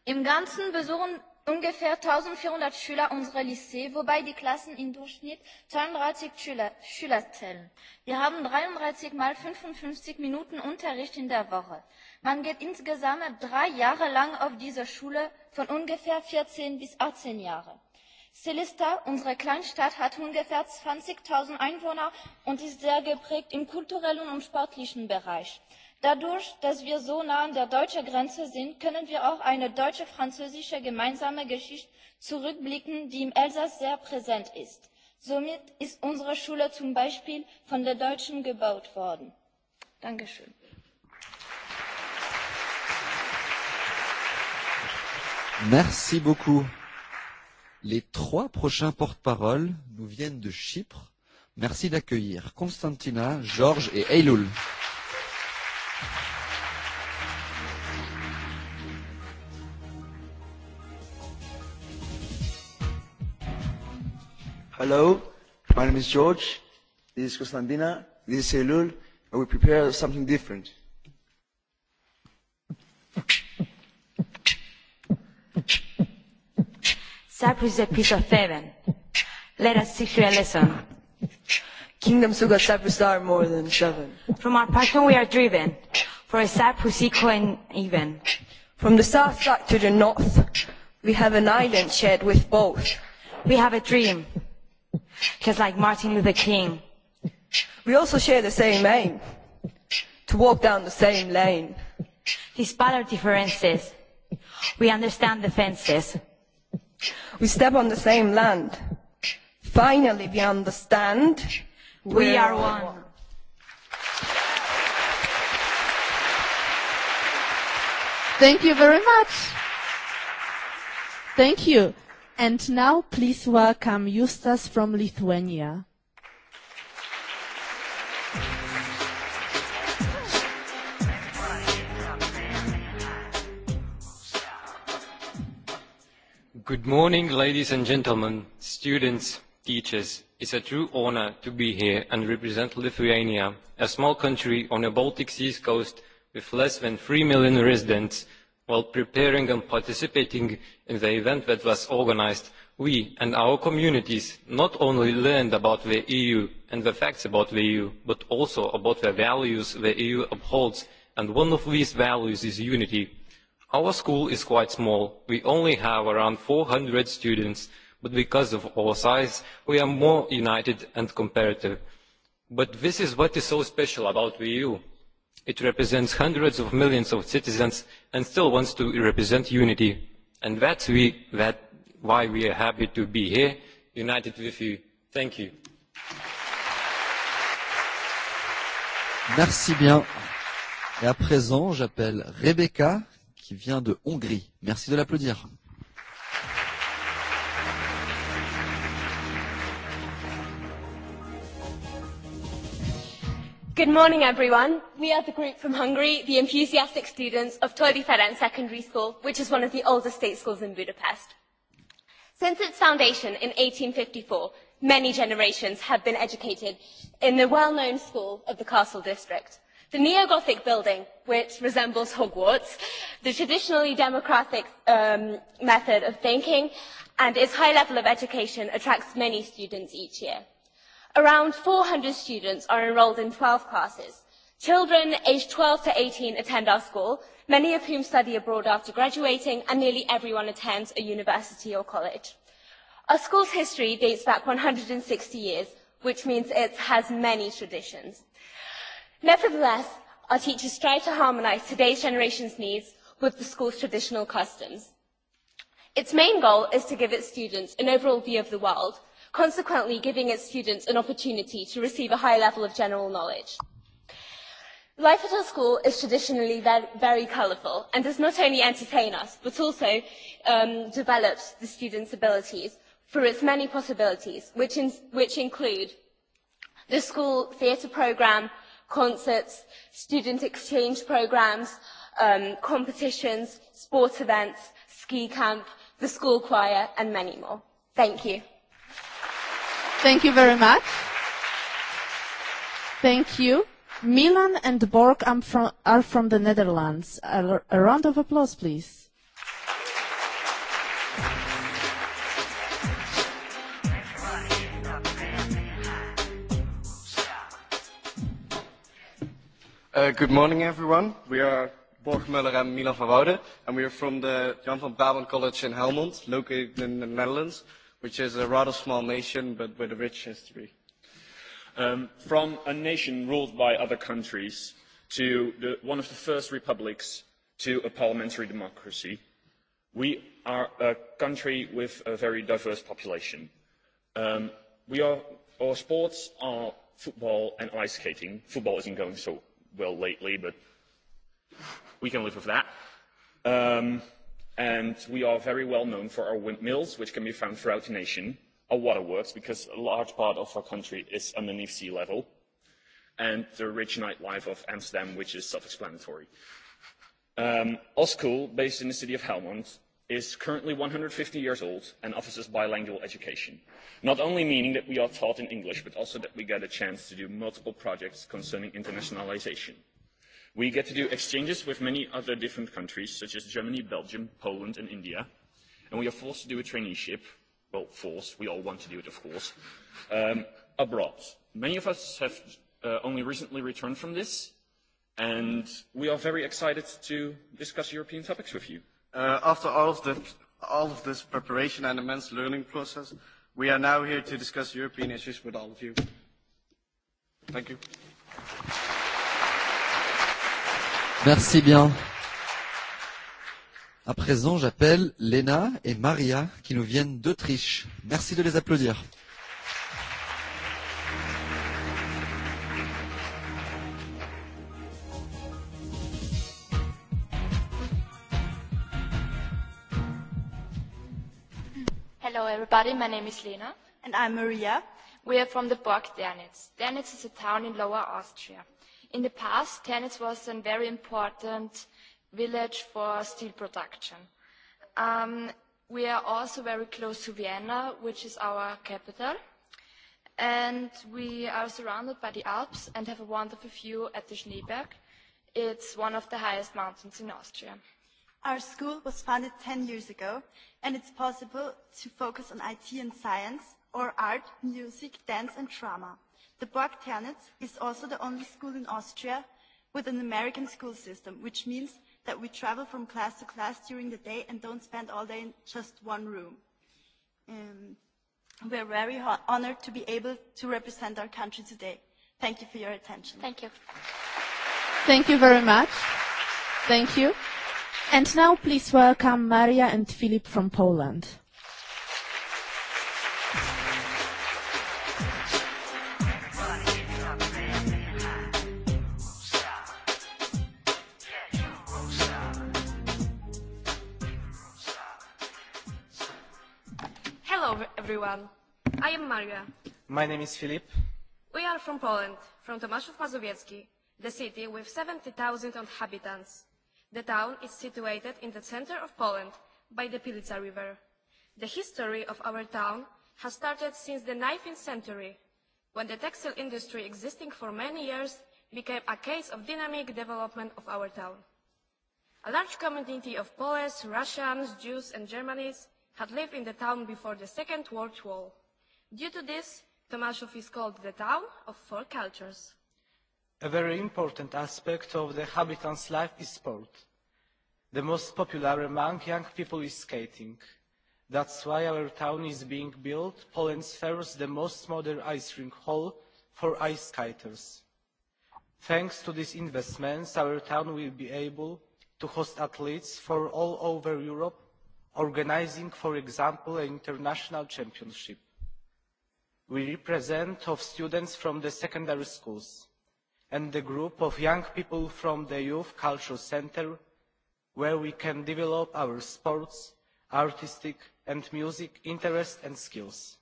Im Ganzen besuchen Ungefähr 1400 Schüler unserer Lycée, wobei die Klassen im Durchschnitt 32 Schüler zählen. Wir haben 33 mal 55 Minuten Unterricht in der Woche. Man geht insgesamt drei Jahre lang auf diese Schule von ungefähr 14 bis 18 Jahre. Celesta, unsere Kleinstadt, hat ungefähr 20.000 Einwohner und ist sehr geprägt im kulturellen und sportlichen Bereich. Dadurch, dass wir so nah an der deutschen Grenze sind, können wir auch eine deutsche-französische gemeinsame Geschichte zurückblicken, die im Elsass sehr präsent ist. Somit ist unsere Schule zum Beispiel von den Deutschen gebaut worden. Dankeschön. Merci beaucoup. Les trois prochains porte parole nous viennent de Chypre. Merci d'accueillir Constantina, Georges et Eiloul. Hello, my name is George. This is Constantina. This is Elul. And we prepare something different. Cyprus is a piece of heaven. Let us teach you a lesson. Kingdoms of Cyprus are more than seven. From our passion we are driven, for a Cyprus equal and even. From the south side to the north, we have an island shared with both. We have a dream just like Martin Luther King. We also share the same aim, to walk down the same lane. Despite our differences, we understand the fences. We step on the same land. Finally, we understand. We are one. Thank you very much. Thank you. And now please welcome Justas from Lithuania. Good morning, ladies and gentlemen, students, teachers. It's a true honor to be here and represent Lithuania, a small country on the Baltic Sea coast with less than 3 million residents, while preparing and participating In the event that was organised, we and our communities not only learned about the EU and the facts about the EU, but also about the values the EU upholds, and one of these values is unity. Our school is quite small. We only have around 400 students, but because of our size, we are more united and comparative. But this is what is so special about the EU. It represents hundreds of millions of citizens and still wants to represent unity And that's we, that why we are happy to be here, united with you. Thank you. Merci bien. Et à présent, j'appelle Rebecca, qui vient de Hongrie. Merci de l'applaudir. Good morning, everyone. We are the group from Hungary, the enthusiastic students of Tori Ferenc Secondary School, which is one of the oldest state schools in Budapest. Since its foundation in 1854, many generations have been educated in the well-known school of the Castle District. The neo-Gothic building, which resembles Hogwarts, the traditionally democratic method of thinking, and its high level of education attracts many students each year. Around 400 students are enrolled in 12 classes. Children aged 12 to 18 attend our school, many of whom study abroad after graduating, and nearly everyone attends a university or college. Our school's history dates back 160 years, which means it has many traditions. Nevertheless, our teachers strive to harmonise today's generation's needs with the school's traditional customs. Its main goal is to give its students an overall view of the world consequently giving its students an opportunity to receive a high level of general knowledge. Life at our school is traditionally very colourful and does not only entertain us but also develops the students' abilities for its many possibilities which include the school theatre programme, concerts, student exchange programmes, competitions, sports events, ski camp, the school choir and many more. Thank you. Thank you very much. Thank you. Milan and Borg are from the Netherlands. A round of applause, please. Good morning, everyone. We are Borg Muller and Milan van Woude, and we are from the Jan van Brabant College in Helmond, located in the Netherlands which is a rather small nation but with a rich history. From a nation ruled by other countries to the one of the first republics to a parliamentary democracy, we are a country with a very diverse population. Um we Our sports are football and ice skating. Football isn't going so well lately, but we can live with that Um and we are very well known for our windmills, which can be found throughout the nation, our waterworks, because a large part of our country is underneath sea level, and the rich nightlife of Amsterdam, which is self-explanatory. Um, school, based in the city of Helmond, is currently 150 years old and offers bilingual education, not only meaning that we are taught in English, but also that we get a chance to do multiple projects concerning internationalization. We get to do exchanges with many other different countries, such as Germany, Belgium, Poland, and India. And we are forced to do a traineeship. Well, forced. We all want to do it, of course. Um, abroad. Many of us have only recently returned from this, and we are very excited to discuss European topics with you. After all of, the, all of this preparation and immense learning process, we are now here to discuss European issues with all of you. Thank you. Merci bien. À présent, j'appelle Lena et Maria qui nous viennent d'Autriche. Merci de les applaudir. Hello everybody, my name is Lena. And I'm Maria. We are from the Burg Dernitz. Dernitz is a town in Lower Austria. In the past, Tennis was a very important village for steel production. We are also very close to Vienna, which is our capital, and we are surrounded by the Alps and have a wonderful view at the Schneeberg. It's one of the highest mountains in Austria. Our school was founded 10 years ago, and it's possible to focus on IT and science, or art, music, dance and drama. The Borg Ternitz is also the only school in Austria with an American school system, which means that we travel from class to class during the day and don't spend all day in just one room. We are very honored to be able to represent our country today. Thank you for your attention. Thank you. Thank you very much. Thank you. And now please welcome Maria and Filip from Poland. Maria. My name is Filip. We are from Poland, from Tomaszów Mazowiecki, the city with 70,000 inhabitants. The town is situated in the center of Poland, by the Pilica River. The history of our town has started since the 19th century, when the textile industry existing for many years became a case of dynamic development of our town. A large community of Poles, Russians, Jews and Germans had lived in the town before the Second World War. Due to this, Tomaszów is called the town of four cultures. A very important aspect of the habitant's life is sport. The most popular among young people is skating. That's why our town is being built, Poland's first, the most modern ice rink hall for ice skaters. Thanks to these investments, our town will be able to host athletes from all over Europe, organizing, for example, an international championship we represent of students from the secondary schools and the group of young people from the Youth Cultural Centre where we can develop our sports, artistic and music interests and skills.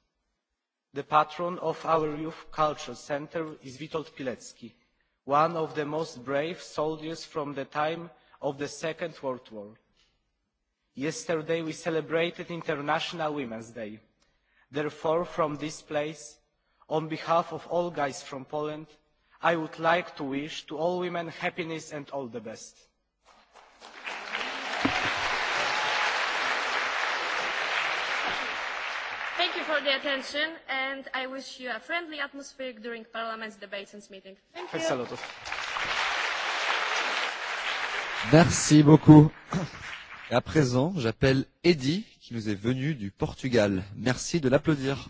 The patron of our Youth Cultural center is Witold Pilecki, one of the most brave soldiers from the time of the Second World War. Yesterday we celebrated International Women's Day Therefore, from this place, on behalf of all guys from Poland, I would like to wish to all women happiness and all the best. Thank you for the attention and I wish you a friendly atmosphere during Parliament's debates and meetings. Thank you. Et à présent, j'appelle Eddy, qui nous est venu du Portugal. Merci de l'applaudir.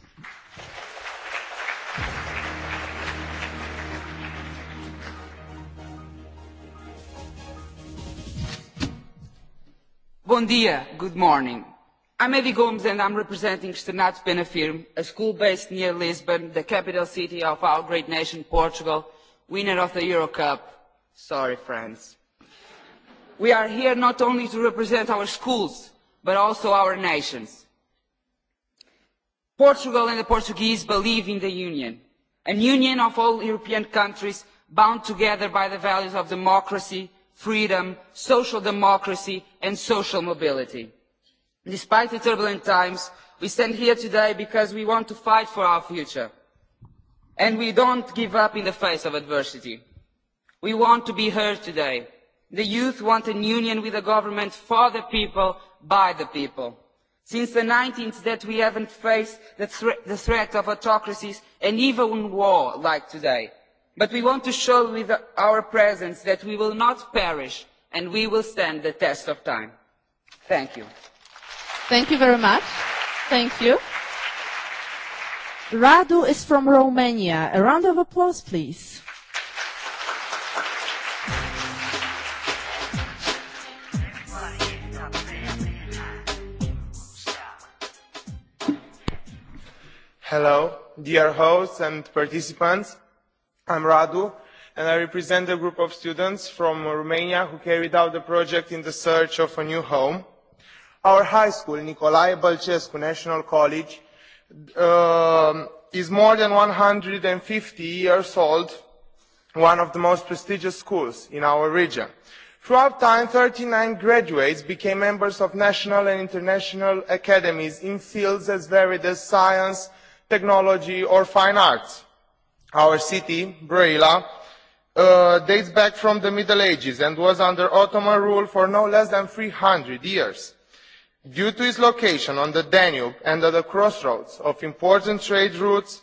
Bom dia, good morning. I'm Eddie Gomes and I'm representing Sternat Benafirme, a school based near Lisbon, the capital city of our great nation, Portugal, winner of the Euro Cup. Sorry, France we are here not only to represent our schools but also our nations. portugal and the portuguese believe in the union a union of all european countries bound together by the values of democracy freedom social democracy and social mobility. despite the turbulent times we stand here today because we want to fight for our future and we don't give up in the face of adversity. we want to be heard today The youth want a union with a government for the people, by the people. Since the 19th that we haven't faced the threat of autocracies and even war like today. But we want to show with our presence that we will not perish and we will stand the test of time. Thank you. Thank you very much. Thank you. Radu is from Romania. A round of applause, please. Hello, dear hosts and participants. I'm Radu, and I represent a group of students from Romania who carried out the project in the search of a new home. Our high school, Nicolae Bălcescu National College, is more than 150 years old, one of the most prestigious schools in our region. Throughout time, 39 graduates became members of national and international academies in fields as varied as science, technology or fine arts. Our city, Brăila, dates back from the Middle Ages and was under Ottoman rule for no less than 300 years. Due to its location on the Danube and at the crossroads of important trade routes,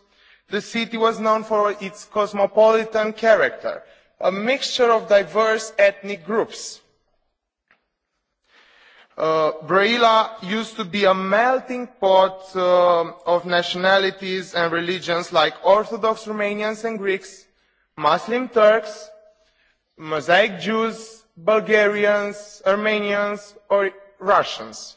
the city was known for its cosmopolitan character, a mixture of diverse ethnic groups Braila used to be a melting pot of nationalities and religions like Orthodox Romanians and Greeks, Muslim Turks, Mosaic Jews, Bulgarians, Armenians or Russians.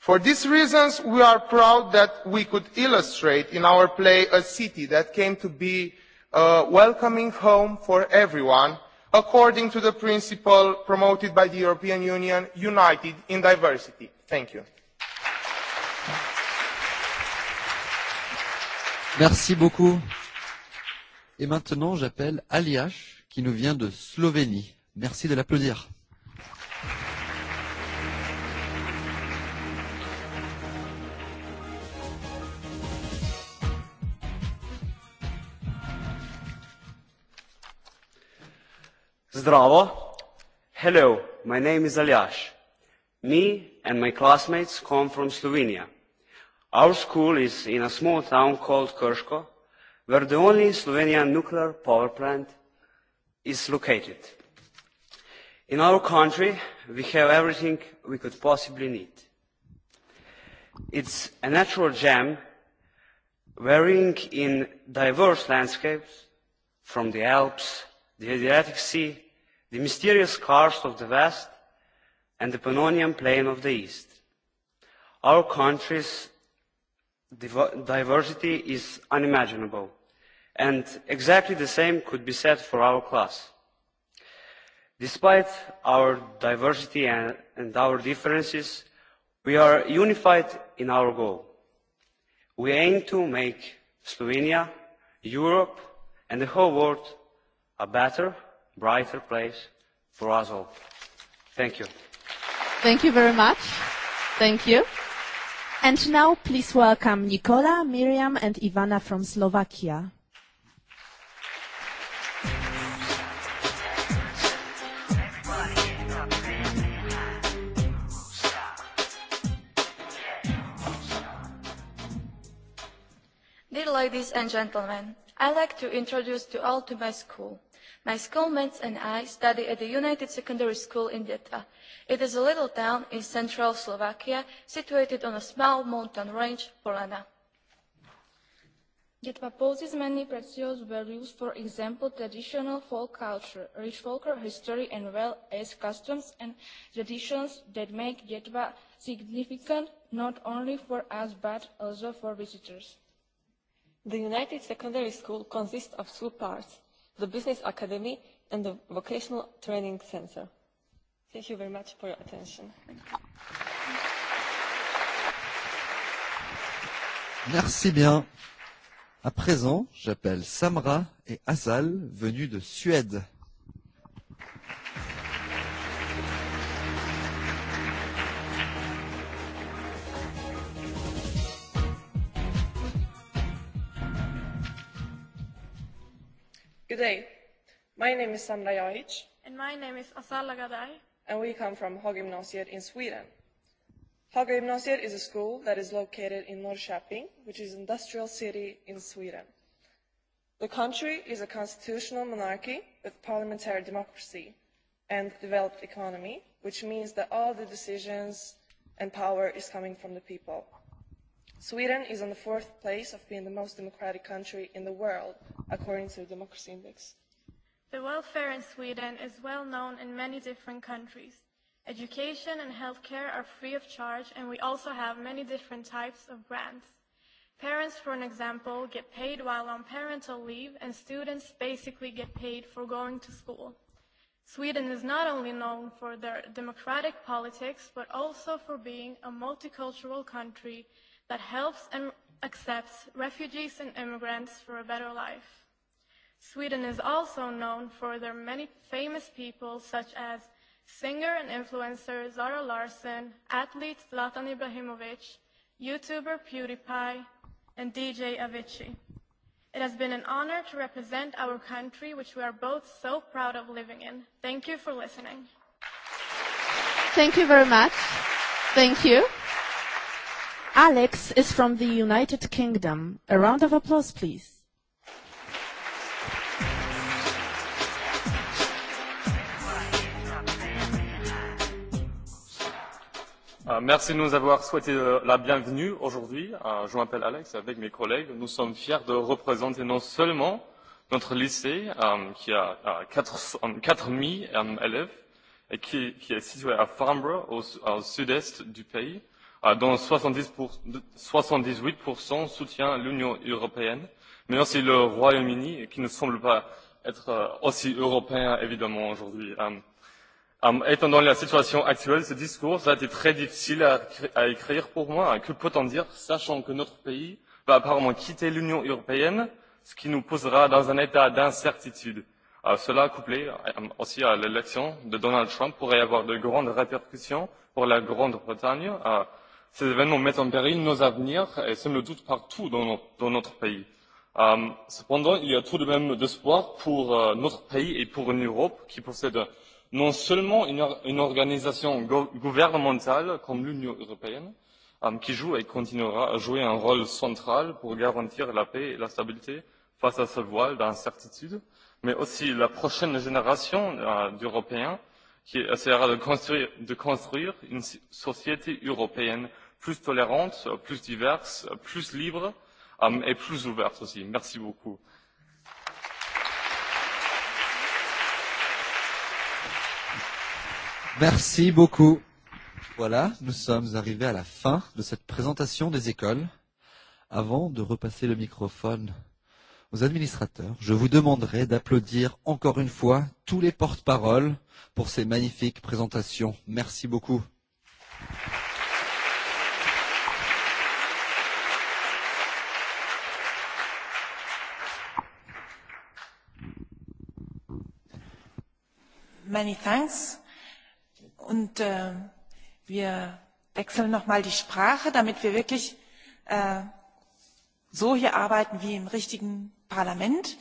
For these reasons, we are proud that we could illustrate in our play a city that came to be a welcoming home for everyone according to the principle promoted by the European Union, united in diversity. Thank you. Merci beaucoup. Et maintenant, j'appelle Aliash, qui nous vient de Slovénie. Merci de l'applaudir. Zdravo. Hello, my name is Aljaš. Me and my classmates come from Slovenia. Our school is in a small town called Krško, where the only Slovenian nuclear power plant is located. In our country, we have everything we could possibly need. It's a natural gem, varying in diverse landscapes, from the Alps the Adriatic Sea, the mysterious cars of the West, and the Pannonian Plain of the East. Our country's diversity is unimaginable, and exactly the same could be said for our class. Despite our diversity and our differences, we are unified in our goal. We aim to make Slovenia, Europe, and the whole world a better, brighter place for us all. Thank you. Thank you very much. Thank you. And now please welcome Nicola, Miriam and Ivana from Slovakia. Dear ladies and gentlemen, I'd like to introduce you all to my school. My schoolmates and I study at the United Secondary School in Detva. It is a little town in central Slovakia, situated on a small mountain range, Polana. Detva poses many precious values, for example, traditional folk culture, rich folklore history, and well as customs and traditions that make Detva significant not only for us but also for visitors. The United Secondary School consists of two parts the Business Academy, and the Vocational Training Center. Thank you very much for your attention. Merci bien. À présent, j'appelle Samra et Asal, venus de Suède. Good day. My name is Sandra Jajic. And my name is Asala Gadai. And we come from Hagymnasiet in Sweden. Hagymnasiet is a school that is located in Norrköping, which is an industrial city in Sweden. The country is a constitutional monarchy with parliamentary democracy and developed economy, which means that all the decisions and power is coming from the people. Sweden is on the fourth place of being the most democratic country in the world, according to the Democracy Index. The welfare in Sweden is well known in many different countries. Education and healthcare are free of charge, and we also have many different types of grants. Parents, for example, get paid while on parental leave, and students basically get paid for going to school. Sweden is not only known for their democratic politics, but also for being a multicultural country that helps and accepts refugees and immigrants for a better life. Sweden is also known for their many famous people such as singer and influencer Zara Larsson, athlete Zlatan Ibrahimovic, YouTuber PewDiePie, and DJ Avicii. It has been an honor to represent our country, which we are both so proud of living in. Thank you for listening. Thank you very much. Thank you. Alex is from the United Kingdom. A round of applause, please. Merci de nous avoir souhaité la bienvenue aujourd'hui. Je m'appelle Alex avec mes collègues. Nous sommes fiers de représenter non seulement notre lycée qui a 4000 élèves et qui est situé à Farnborough au sud-est du pays, dont 78% soutient l'Union européenne, mais aussi le Royaume-Uni, qui ne semble pas être aussi européen, évidemment, aujourd'hui. Étant dans la situation actuelle, ce discours a été très difficile à écrire pour moi. Que peut-on dire, sachant que notre pays va apparemment quitter l'Union européenne, ce qui nous posera dans un état d'incertitude. Cela, couplé aussi à l'élection de Donald Trump, pourrait avoir de grandes répercussions pour la Grande-Bretagne Ces événements mettent en péril nos avenirs et sèment le doute partout dans notre pays. Cependant, il y a tout de même d'espoir pour notre pays et pour une Europe qui possède non seulement une organisation gouvernementale comme l'Union européenne, qui joue et continuera à jouer un rôle central pour garantir la paix et la stabilité face à ce voile d'incertitude, mais aussi la prochaine génération d'Européens qui essaiera de construire, de construire une société européenne plus tolérante, plus diverse, plus libre et plus ouverte aussi. Merci beaucoup. Merci beaucoup. Voilà, nous sommes arrivés à la fin de cette présentation des écoles. Avant de repasser le microphone aux administrateurs, je vous demanderai d'applaudir encore une fois tous les porte-paroles pour ces magnifiques présentations. Merci beaucoup. Many thanks. Und äh, wir wechseln noch nochmal die Sprache, damit wir wirklich äh, so hier arbeiten wie im richtigen Parlament.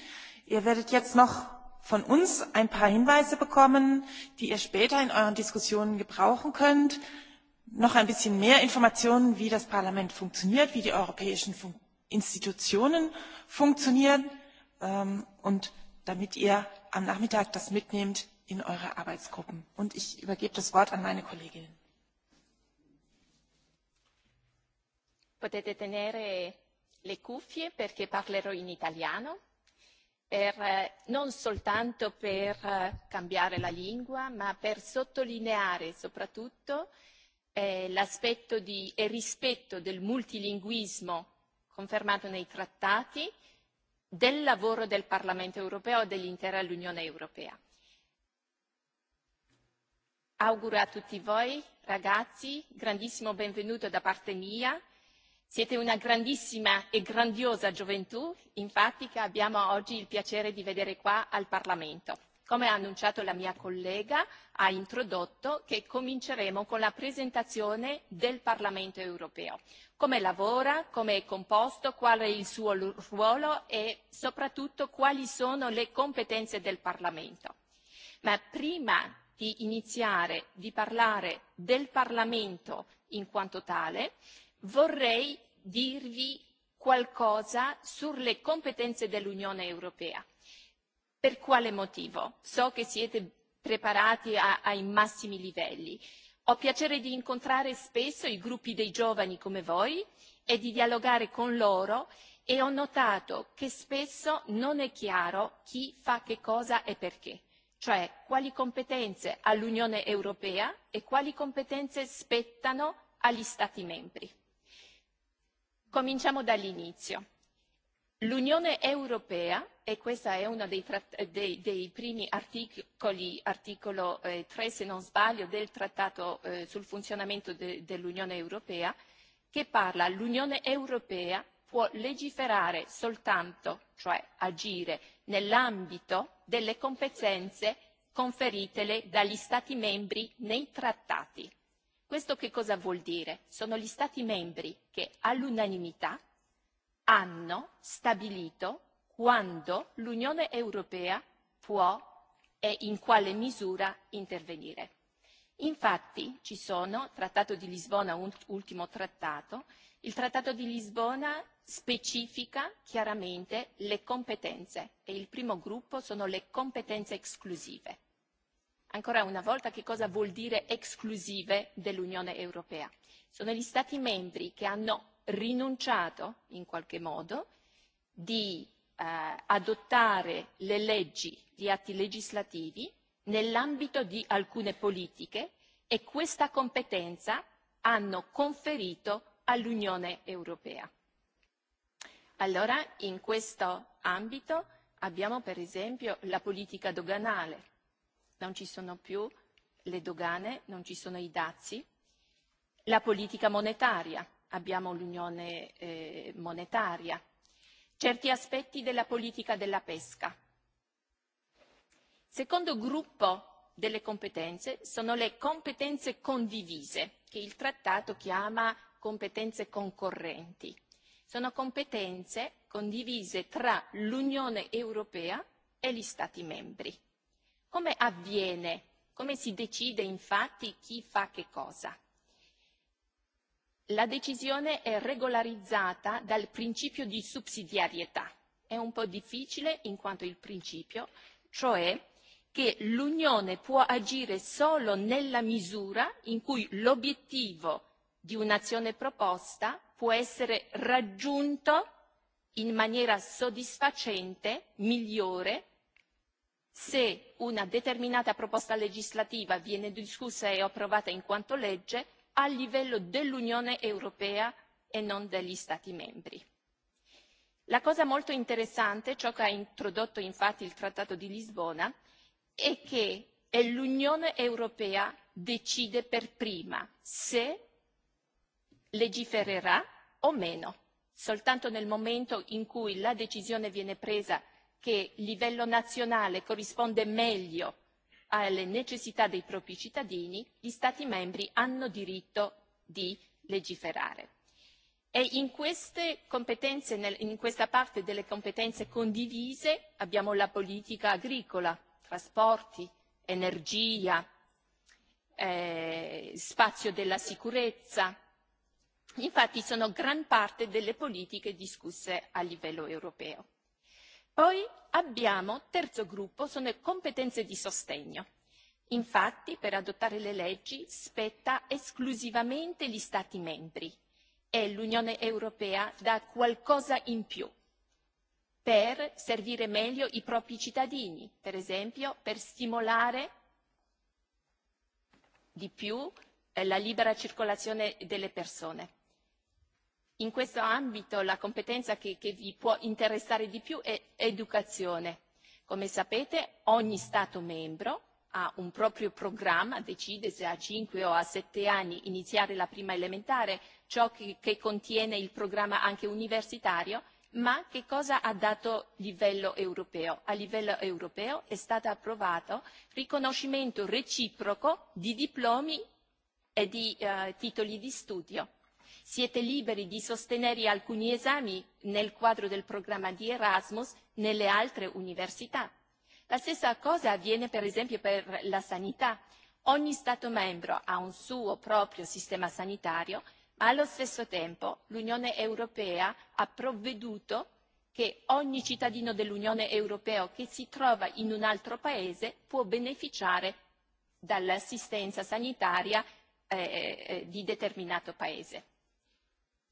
Ihr werdet jetzt noch von uns ein paar Hinweise bekommen, die ihr später in euren Diskussionen gebrauchen könnt. Noch ein bisschen mehr Informationen, wie das Parlament funktioniert, wie die europäischen Institutionen funktionieren und damit ihr am Nachmittag das mitnehmt in eure Arbeitsgruppen. Und ich übergebe das Wort an meine Kollegin. Potete le cuffie perché parlerò in italiano, per, non soltanto per cambiare la lingua, ma per sottolineare soprattutto l'aspetto di e rispetto del multilinguismo confermato nei trattati, del lavoro del Parlamento europeo e dell'intera Unione europea. Auguro a tutti voi, ragazzi, grandissimo benvenuto da parte mia Siete una grandissima e grandiosa gioventù, infatti, che abbiamo oggi il piacere di vedere qua al Parlamento. Come ha annunciato la mia collega, ha introdotto che cominceremo con la presentazione del Parlamento europeo. Come lavora, come è composto, qual è il suo ruolo e soprattutto quali sono le competenze del Parlamento. Ma prima di iniziare di parlare del Parlamento in quanto tale, vorrei dirvi qualcosa sulle competenze dell'Unione Europea. Per quale motivo? So che siete preparati ai massimi livelli. Ho piacere di incontrare spesso i gruppi dei giovani come voi e di dialogare con loro e ho notato che spesso non è chiaro chi fa che cosa e perché, cioè quali competenze ha l'Unione Europea e quali competenze spettano agli Stati membri Cominciamo dall'inizio. L'Unione Europea, e questo è uno dei primi articoli, articolo 3 se non sbaglio, del Trattato sul funzionamento dell'Unione Europea, che parla l'Unione Europea può legiferare soltanto, cioè agire, nell'ambito delle competenze conferitele dagli Stati membri nei trattati. Questo che cosa vuol dire? Sono gli Stati membri che all'unanimità hanno stabilito quando l'Unione Europea può e in quale misura intervenire. Infatti ci sono Trattato di Lisbona, ultimo trattato, il Trattato di Lisbona specifica chiaramente le competenze e il primo gruppo sono le competenze esclusive ancora una volta che cosa vuol dire esclusive dell'Unione Europea. Sono gli Stati membri che hanno rinunciato, in qualche modo, di adottare le leggi, gli atti legislativi, nell'ambito di alcune politiche e questa competenza hanno conferito all'Unione Europea. Allora, in questo ambito abbiamo per esempio la politica doganale non ci sono più le dogane, non ci sono i dazi, la politica monetaria, abbiamo l'unione monetaria, certi aspetti della politica della pesca. Secondo gruppo delle competenze sono le competenze condivise, che il trattato chiama competenze concorrenti. Sono competenze condivise tra l'Unione Europea e gli Stati membri. Come avviene? Come si decide infatti chi fa che cosa? La decisione è regolarizzata dal principio di sussidiarietà. È un po' difficile in quanto il principio, cioè che l'Unione può agire solo nella misura in cui l'obiettivo di un'azione proposta può essere raggiunto in maniera soddisfacente, migliore se una determinata proposta legislativa viene discussa e approvata in quanto legge a livello dell'Unione Europea e non degli Stati membri. La cosa molto interessante, ciò che ha introdotto infatti il Trattato di Lisbona, è che è l'Unione Europea decide per prima se legifererà o meno. Soltanto nel momento in cui la decisione viene presa che il livello nazionale corrisponde meglio alle necessità dei propri cittadini, gli Stati membri hanno diritto di legiferare. E in queste competenze, in questa parte delle competenze condivise, abbiamo la politica agricola, trasporti, energia, spazio della sicurezza. Infatti sono gran parte delle politiche discusse a livello europeo. Poi abbiamo, terzo gruppo, sono le competenze di sostegno. Infatti, per adottare le leggi spetta esclusivamente gli Stati membri e l'Unione Europea dà qualcosa in più per servire meglio i propri cittadini, per esempio per stimolare di più la libera circolazione delle persone in questo ambito la competenza che vi può interessare di più è educazione. Come sapete ogni Stato membro ha un proprio programma, decide se a 5 o a 7 anni iniziare la prima elementare, ciò che contiene il programma anche universitario, ma che cosa ha dato livello europeo? A livello europeo è stato approvato riconoscimento reciproco di diplomi e di titoli di studio Siete liberi di sostenere alcuni esami nel quadro del programma di Erasmus nelle altre università. La stessa cosa avviene per esempio per la sanità. Ogni Stato membro ha un suo proprio sistema sanitario, ma allo stesso tempo l'Unione Europea ha provveduto che ogni cittadino dell'Unione Europea che si trova in un altro paese può beneficiare dall'assistenza sanitaria di determinato paese.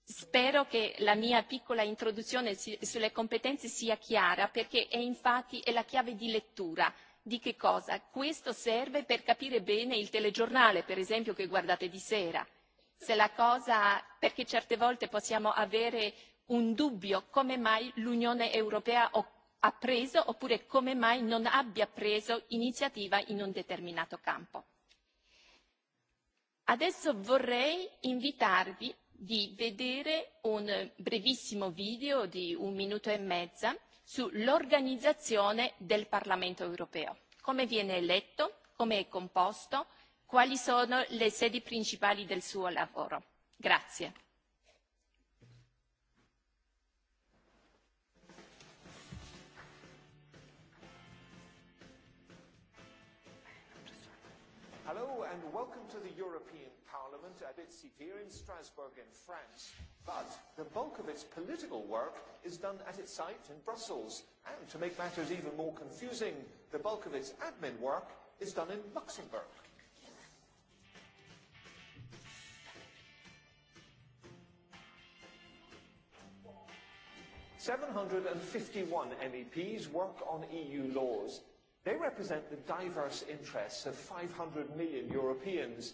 Spero che la mia piccola introduzione sulle competenze sia chiara perché è infatti è la chiave di lettura di che cosa questo serve per capire bene il telegiornale, per esempio, che guardate di sera. Se la cosa perché certe volte possiamo avere un dubbio come mai l'Unione Europea ha preso oppure come mai non abbia preso iniziativa in un determinato campo. Adesso vorrei invitarvi di vedere un brevissimo video di un minuto e mezza sull'organizzazione del Parlamento europeo, come viene eletto, come è composto, quali sono le sedi principali del suo lavoro. Grazie. Hello and welcome it's here in Strasbourg in France, but the bulk of its political work is done at its site in Brussels. And to make matters even more confusing, the bulk of its admin work is done in Luxembourg. Seven hundred and fifty one MEPs work on EU laws. They represent the diverse interests of hundred million Europeans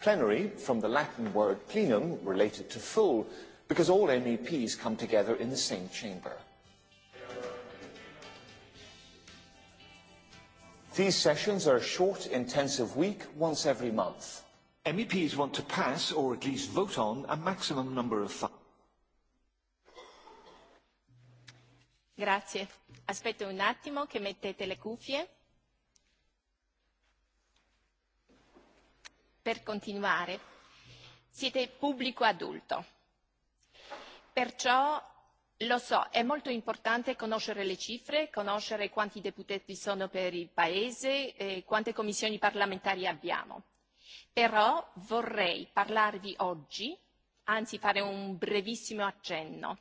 Plenary, from the Latin word plenum, related to full, because all MEPs come together in the same chamber. These sessions are a short, intensive week, once every month. MEPs want to pass, or at least vote on, a maximum number of funds. Grazie. Aspetto un attimo che mettete le cuffie. per continuare siete pubblico adulto. Perciò lo so, è molto importante conoscere le cifre, conoscere quanti deputati sono per il Paese e quante commissioni parlamentari abbiamo. Però vorrei parlarvi oggi, anzi fare un brevissimo accenno,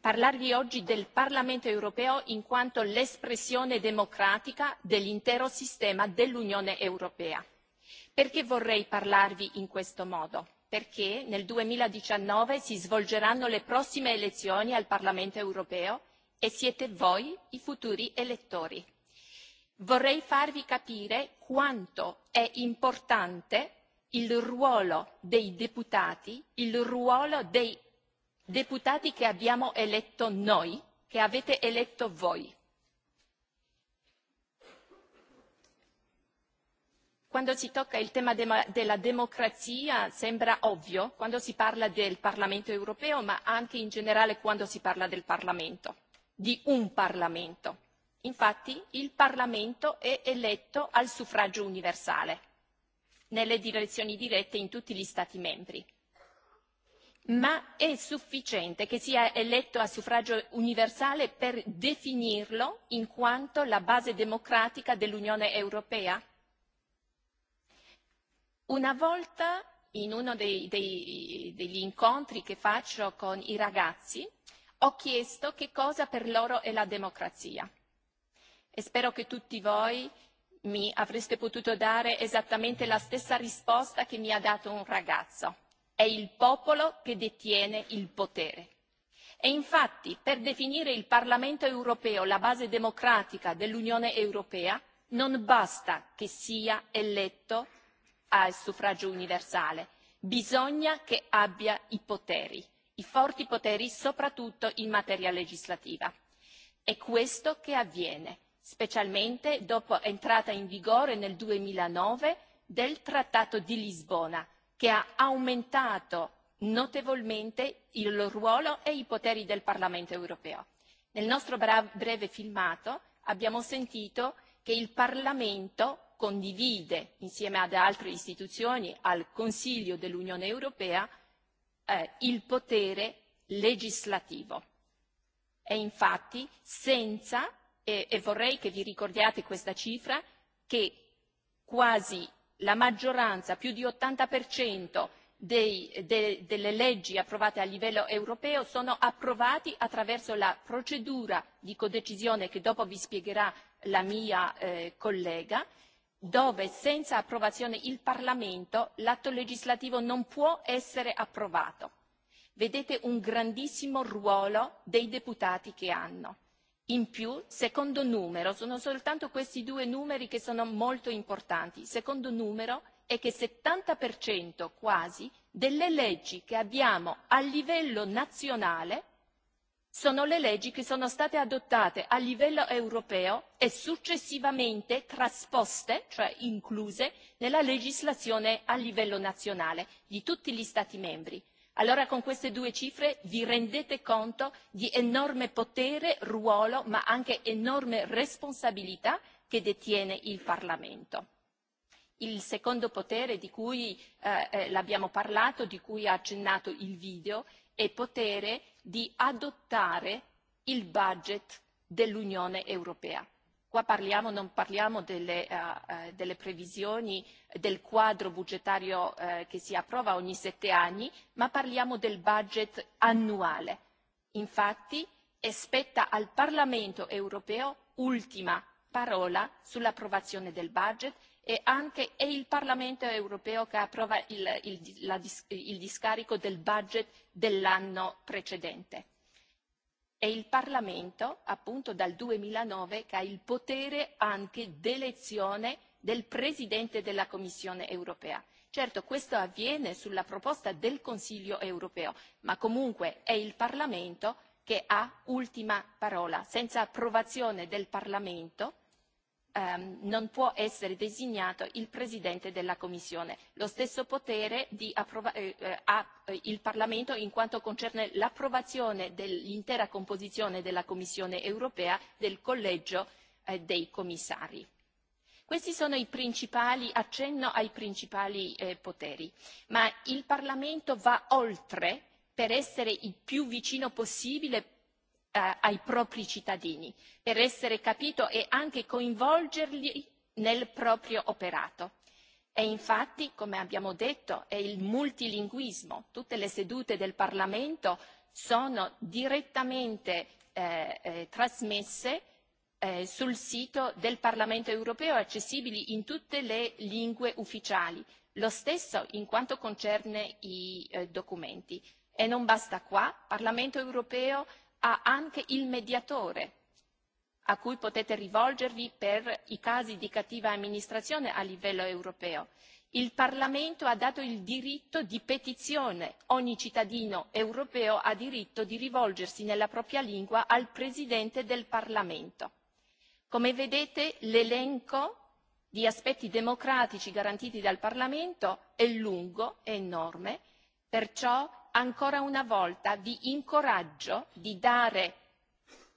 parlarvi oggi del Parlamento europeo in quanto l'espressione democratica dell'intero sistema dell'Unione europea. Perché vorrei parlarvi in questo modo? Perché nel 2019 si svolgeranno le prossime elezioni al Parlamento europeo e siete voi i futuri elettori. Vorrei farvi capire quanto è importante il ruolo dei deputati, il ruolo dei deputati che abbiamo eletto noi, che avete eletto voi Quando si tocca il tema della democrazia sembra ovvio, quando si parla del Parlamento europeo, ma anche in generale quando si parla del Parlamento, di un Parlamento. Infatti il Parlamento è eletto al suffragio universale, nelle direzioni dirette in tutti gli Stati membri. Ma è sufficiente che sia eletto a suffragio universale per definirlo in quanto la base democratica dell'Unione europea? Una volta in uno degli incontri che faccio con i ragazzi ho chiesto che cosa per loro è la democrazia e spero che tutti voi mi avreste potuto dare esattamente la stessa risposta che mi ha dato un ragazzo. È il popolo che detiene il potere. E infatti per definire il Parlamento europeo la base democratica dell'Unione europea non basta che sia eletto al suffragio universale bisogna che abbia i poteri i forti poteri soprattutto in materia legislativa è questo che avviene specialmente dopo entrata in vigore nel 2009 del trattato di Lisbona che ha aumentato notevolmente il ruolo e i poteri del Parlamento europeo nel nostro breve filmato abbiamo sentito che il Parlamento condivide insieme ad altre istituzioni, al Consiglio dell'Unione Europea, il potere legislativo. E infatti senza, e vorrei che vi ricordiate questa cifra, che quasi la maggioranza, più di 80% delle leggi approvate a livello europeo sono approvati attraverso la procedura di codecisione che dopo vi spiegherà la mia collega dove senza approvazione il Parlamento l'atto legislativo non può essere approvato. Vedete un grandissimo ruolo dei deputati che hanno. In più, secondo numero, sono soltanto questi due numeri che sono molto importanti, secondo numero è che 70% quasi delle leggi che abbiamo a livello nazionale sono le leggi che sono state adottate a livello europeo e successivamente trasposte, cioè incluse, nella legislazione a livello nazionale di tutti gli Stati membri. Allora con queste due cifre vi rendete conto di enorme potere, ruolo, ma anche enorme responsabilità che detiene il Parlamento. Il secondo potere di cui l'abbiamo parlato, di cui ha accennato il video, e potere di adottare il budget dell'Unione Europea. Qua parliamo, non parliamo delle, delle previsioni del quadro budgetario che si approva ogni sette anni, ma parliamo del budget annuale. Infatti, spetta al Parlamento europeo ultima parola sull'approvazione del budget e anche è il Parlamento europeo che approva il discarico del budget dell'anno precedente. È il Parlamento, appunto dal 2009, che ha il potere anche d'elezione del Presidente della Commissione europea. Certo, questo avviene sulla proposta del Consiglio europeo, ma comunque è il Parlamento che ha ultima parola. Senza approvazione del Parlamento non può essere designato il presidente della commissione lo stesso potere ha il parlamento in quanto concerne l'approvazione dell'intera composizione della commissione europea del collegio dei commissari questi sono i principali accenno ai principali poteri ma il parlamento va oltre per essere il più vicino possibile ai propri cittadini per essere capito e anche coinvolgerli nel proprio operato. E infatti, come abbiamo detto, è il multilinguismo. Tutte le sedute del Parlamento sono direttamente trasmesse sul sito del Parlamento europeo, accessibili in tutte le lingue ufficiali. Lo stesso in quanto concerne i documenti. E non basta qua. Parlamento europeo ha anche il mediatore a cui potete rivolgervi per i casi di cattiva amministrazione a livello europeo. Il Parlamento ha dato il diritto di petizione. Ogni cittadino europeo ha diritto di rivolgersi nella propria lingua al Presidente del Parlamento. Come vedete, l'elenco di aspetti democratici garantiti dal Parlamento è lungo, è enorme, perciò ancora una volta vi incoraggio di dare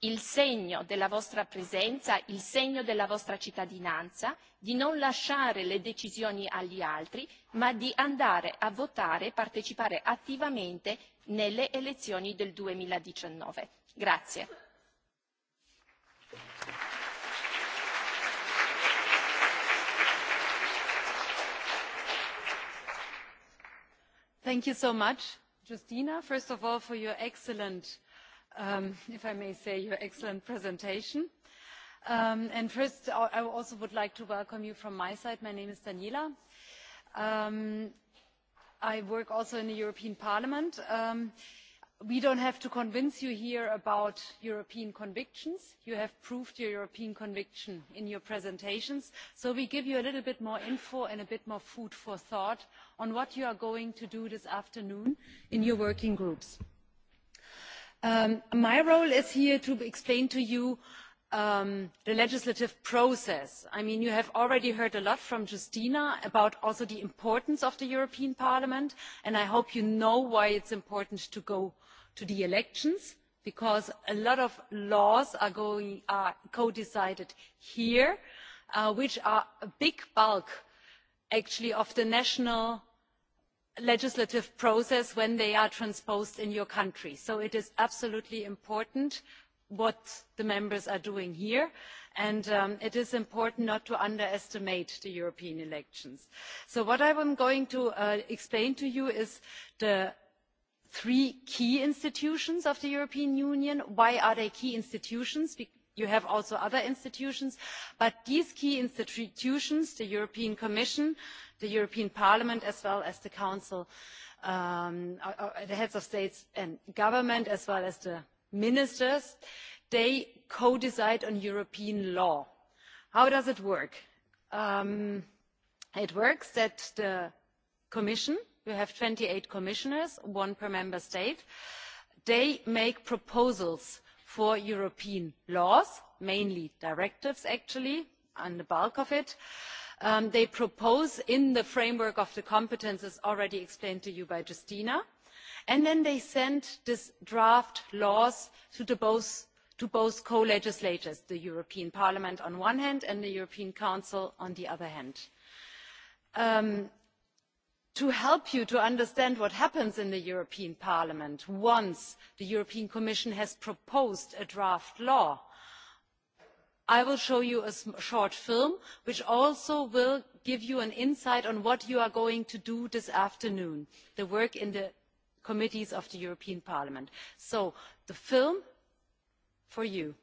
il segno della vostra presenza, il segno della vostra cittadinanza, di non lasciare le decisioni agli altri, ma di andare a votare e partecipare attivamente nelle elezioni del 2019. Grazie. Justina, first of all, for your excellent, if I may say, your excellent presentation. And first, I also would like to welcome you from my side. My name is Daniela. I work also in the European Parliament we don't have to convince you here about european convictions you have proved your european conviction in your presentations so we give you a little bit more info and a bit more food for thought on what you are going to do this afternoon in your working groups my role is here to explain to you the legislative process. I mean, you have already heard a lot from Justina about also the importance of the European Parliament, and I hope you know why it's important to go to the elections, because a lot of laws are co-decided here, which are a big bulk, actually, of the national legislative process when they are transposed in your country. So it is absolutely important what the members are doing here and it is important not to underestimate the european elections so what i am going to explain to you is the three key institutions of the european union why are they key institutions you have also other institutions but these key institutions the european commission the european parliament as well as the council the heads of states and government as well as the ministers they co decide on european law. how does it work? it works that the commission we have twenty eight commissioners one per member state they make proposals for european laws mainly directives actually and the bulk of it. they propose in the framework of the competences already explained to you by justina and then they sent this draft laws to both co legislators the european parliament on one hand and the european council on the other hand. to help you to understand what happens in the european parliament once the european commission has proposed a draft law i will show you a short film which also will give you an insight on what you are going to do this afternoon the work in the committees of the European Parliament. So the film for you.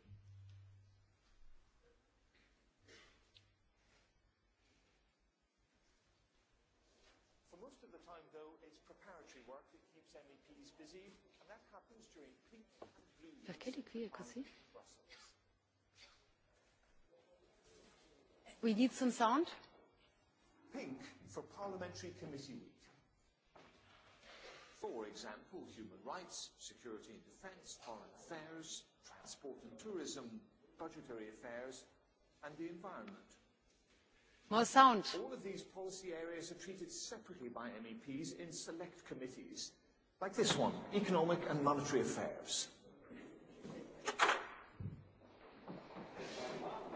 For most of the time, though, it's preparatory work that keeps MEPs busy, and that happens during pink and blue. We need some sound. Pink for parliamentary committee For example, human rights, security and defense, foreign affairs, transport and tourism, budgetary affairs, and the environment. More sound. All of these policy areas are treated separately by MEPs in select committees, like this one, Economic and Monetary Affairs.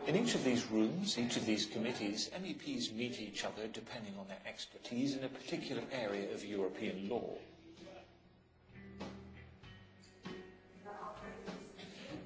In each of these rooms, each of these committees, MEPs meet each other depending on their expertise in a particular area of European law.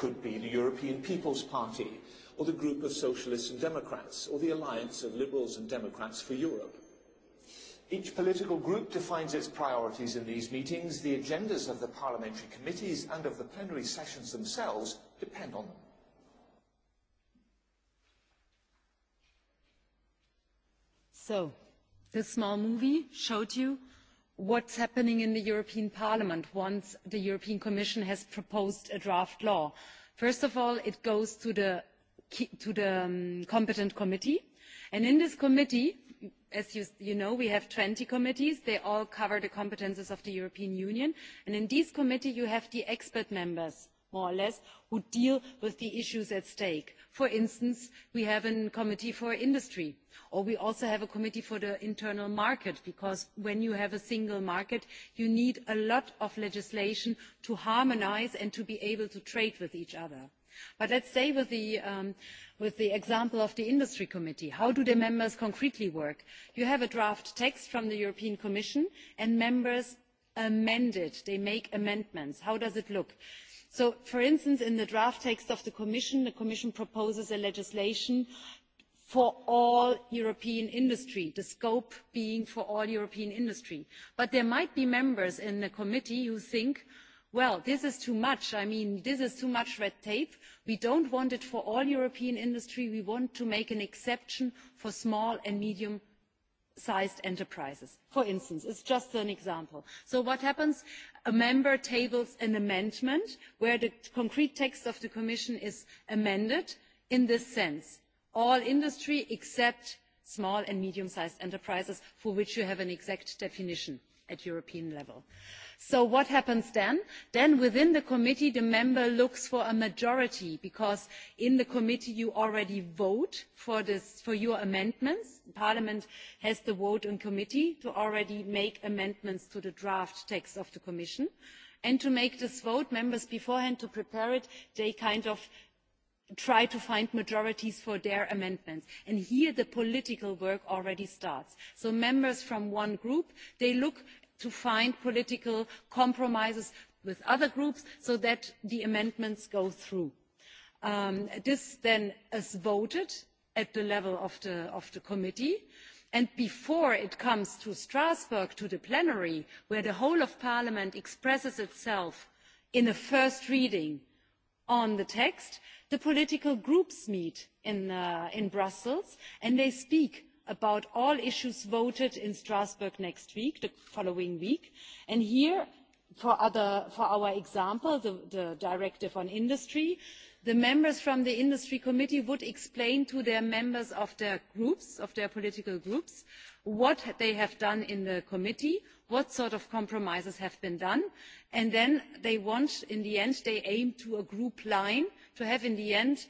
could be the European People's Party, or the group of Socialists and Democrats, or the Alliance of Liberals and Democrats for Europe. Each political group defines its priorities in these meetings. The agendas of the parliamentary committees and of the plenary sessions themselves depend on them. So, this small movie showed you what's happening in the European Parliament once the European Commission has proposed a draft law. First of all, it goes to the competent committee. And in this committee, as you know, we have 20 committees. They all cover the competences of the European Union. And in this committee, you have the expert members more or less, who deal with the issues at stake. For instance, we have a committee for industry, or we also have a committee for the internal market, because when you have a single market, you need a lot of legislation to harmonise and to be able to trade with each other. But let's say with the example of the Industry Committee. How do the members concretely work? You have a draft text from the European Commission, and members amend it. They make amendments. How does it look? So, for instance, in the draft text of the Commission, the Commission proposes a legislation for all European industry, the scope being for all European industry. But there might be members in the committee who think, well, this is too much. I mean, this is too much red tape. We don't want it for all European industry. We want to make an exception for small and medium sized enterprises for instance it's just an example so what happens a member tables an amendment where the concrete text of the commission is amended in this sense all industry except small and medium sized enterprises for which you have an exact definition at European level. So what happens then? Then within the committee, the member looks for a majority because in the committee you already vote for your amendments. Parliament has the vote in committee to already make amendments to the draft text of the Commission. And to make this vote, members beforehand to prepare it, they kind of try to find majorities for their amendments. And here the political work already starts. So members from one group, they look to find political compromises with other groups so that the amendments go through. This then is voted at the level of the committee and before it comes to Strasbourg to the plenary where the whole of parliament expresses itself in a first reading on the text, the political groups meet in Brussels and they speak about all issues voted in Strasbourg next week, the following week. And here, for our example, the directive on industry, the members from the industry committee would explain to their members of their groups, of their political groups, what they have done in the committee, what sort of compromises have been done, and then they want, in the end, they aim to a group line to have in the end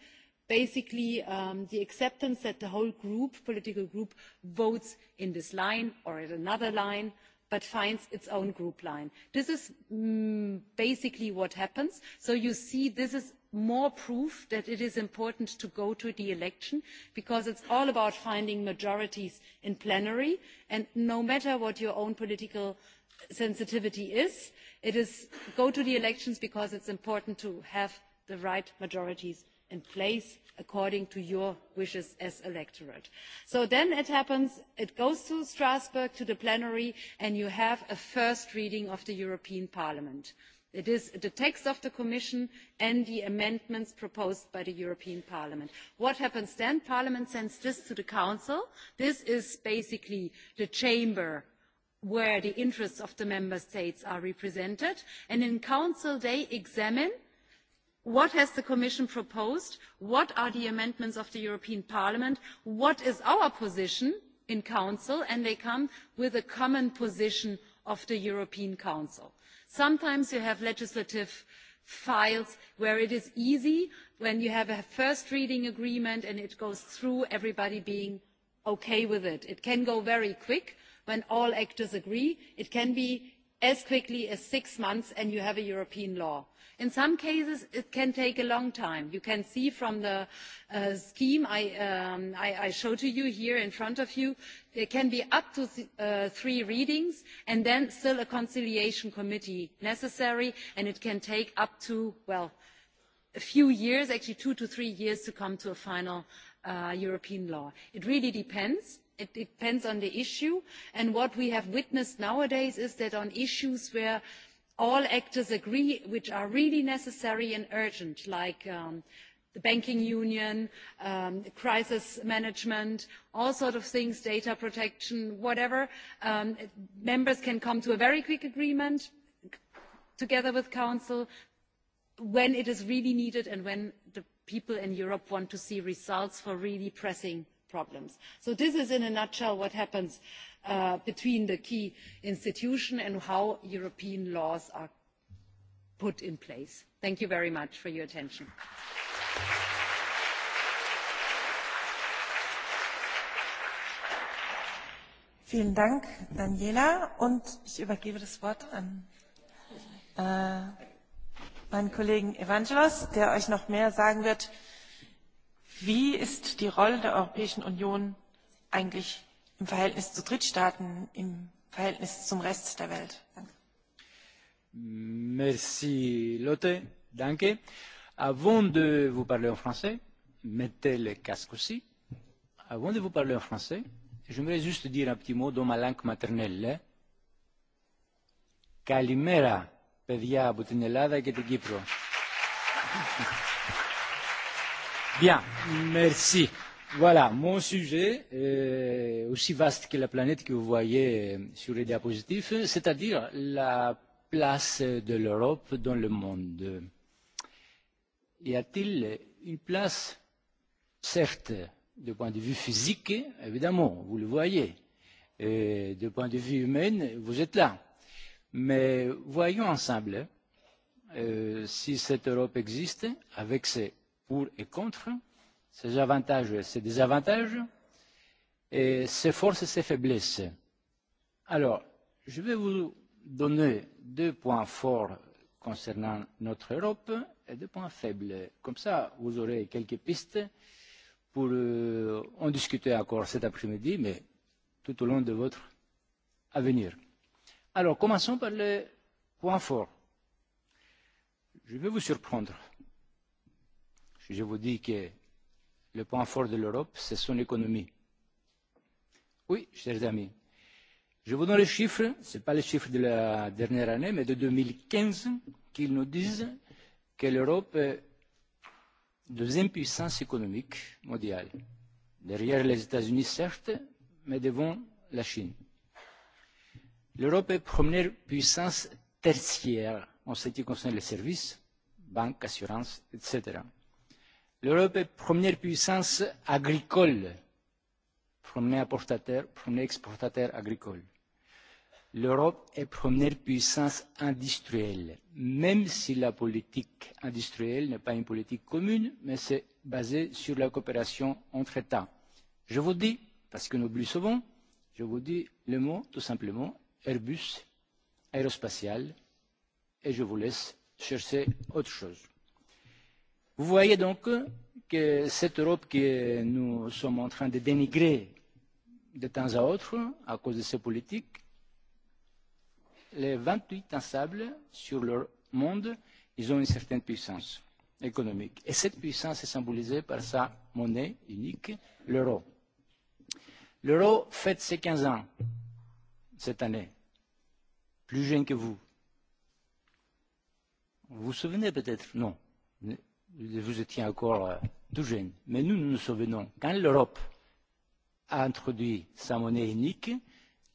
basically the acceptance that the whole group, political group, votes in this line or in another line, but finds its own group line. This is basically what happens. So you see this is more proof that it is important to go to the election because it's all about finding majorities in plenary and no matter what your own political sensitivity is, it is go to the elections because it's important to have the right majorities in place according to your wishes as electorate. So then it happens, it goes to Strasbourg, to the plenary, and you have a first reading of the European Parliament. It is the text of the Commission and the amendments proposed by the European Parliament. What happens then? Parliament sends this to the Council. This is basically the chamber where the interests of the Member States are represented. And in Council, they examine what has the commission proposed what are the amendments of the european parliament what is our position in council and they come with a common position of the european council sometimes you have legislative files where it is easy when you have a first reading agreement and it goes through everybody being okay with it it can go very quick when all actors agree it can be as quickly as six months and you have a European law. In some cases, it can take a long time. You can see from the scheme I showed to you here in front of you, there can be up to three readings and then still a conciliation committee necessary, and it can take up to, well, a few years, actually two to three years to come to a final European law. It really depends. It depends on the issue. And what we have witnessed nowadays is that on issues where all actors agree, which are really necessary and urgent, like the banking union, crisis management, all sorts of things, data protection, whatever, members can come to a very quick agreement together with Council when it is really needed and when the people in Europe want to see results for really pressing problems. So this is in a nutshell what happens between the key institution and how European laws are put in place. Thank you very much for your attention. Vielen Dank, Daniela. Und ich übergebe das Wort an meinen Kollegen Evangelos, der euch noch mehr sagen wird Wie ist die Rolle der Europäischen Union eigentlich im Verhältnis zu Drittstaaten, im Verhältnis zum Rest der Welt? Merci Lotte, danke. Avant de vous parler en français, mettez le casque aussi. Avant de vous parler en français, j'aimerais juste dire un petit mot dans ma langue maternelle. Καλημέρα, παιδιά από την Ελλάδα και την Κύπρο. Bien, merci. Voilà, mon sujet, aussi vaste que la planète que vous voyez sur les diapositives, c'est-à-dire la place de l'Europe dans le monde. Y a-t-il une place, certes, du point de vue physique, évidemment, vous le voyez, et du point de vue humain, vous êtes là. Mais voyons ensemble si cette Europe existe, avec ses pour et contre, ses avantages et ses désavantages, et ses forces et ses faiblesses. Alors, je vais vous donner deux points forts concernant notre Europe et deux points faibles. Comme ça, vous aurez quelques pistes pour en discuter encore cet après-midi, mais tout au long de votre avenir. Alors, commençons par les points forts. Je vais vous surprendre je vous dis que le point fort de l'Europe, c'est son économie. Oui, chers amis, je vous donne les chiffres, ce n'est pas les chiffres de la dernière année, mais de 2015, qu'ils nous disent que l'Europe est deuxième puissance économique mondiale. Derrière les États-Unis, certes, mais devant la Chine. L'Europe est première puissance tertiaire en ce qui concerne les services, banques, assurances, etc. L'Europe est première puissance agricole, premier importateur, premier exportateur agricole. L'Europe est première puissance industrielle, même si la politique industrielle n'est pas une politique commune, mais c'est basé sur la coopération entre États. Je vous dis, parce qu'on oublie souvent, je vous dis le mot tout simplement Airbus, aérospatial, et je vous laisse chercher autre chose. Vous voyez donc que cette Europe que nous sommes en train de dénigrer de temps à autre à cause de ces politiques, les 28 instables sur leur monde, ils ont une certaine puissance économique. Et cette puissance est symbolisée par sa monnaie unique, l'euro. L'euro fête ses 15 ans cette année, plus jeune que vous. Vous vous souvenez peut-être Non vous étiez encore tout jeune. Mais nous, nous nous souvenons, quand l'Europe a introduit sa monnaie unique,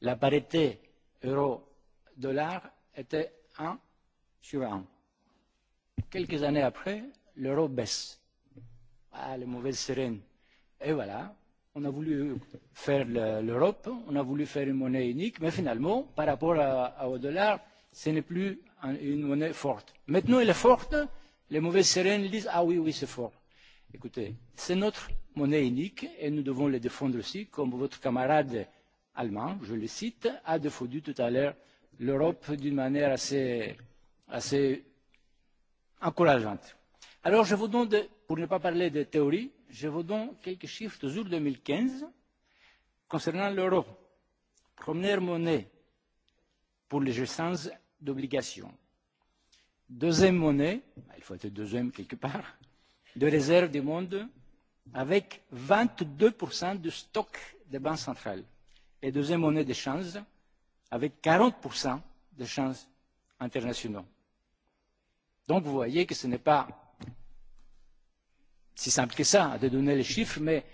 la parité euro-dollar était 1 sur 1. Quelques années après, l'euro baisse. Ah, les mauvaises sirènes. Et voilà, on a voulu faire l'Europe, on a voulu faire une monnaie unique, mais finalement, par rapport au dollar, ce n'est plus une monnaie forte. Maintenant, elle est forte Les mauvaises sirènes disent Ah oui, oui, c'est fort. Écoutez, c'est notre monnaie unique et nous devons la défendre aussi, comme votre camarade allemand, je le cite, a défendu tout à l'heure l'Europe d'une manière assez, assez encourageante. Alors, je vous donne, pour ne pas parler de théorie, je vous donne quelques chiffres de 2015 concernant l'euro. Première monnaie pour les gestions d'obligations deuxième monnaie, il faut être deuxième quelque part, de réserve du monde avec 22% du stock des banques centrales et deuxième monnaie d'échange avec 40% d'échanges internationaux. Donc vous voyez que ce n'est pas si simple que ça de donner les chiffres, mais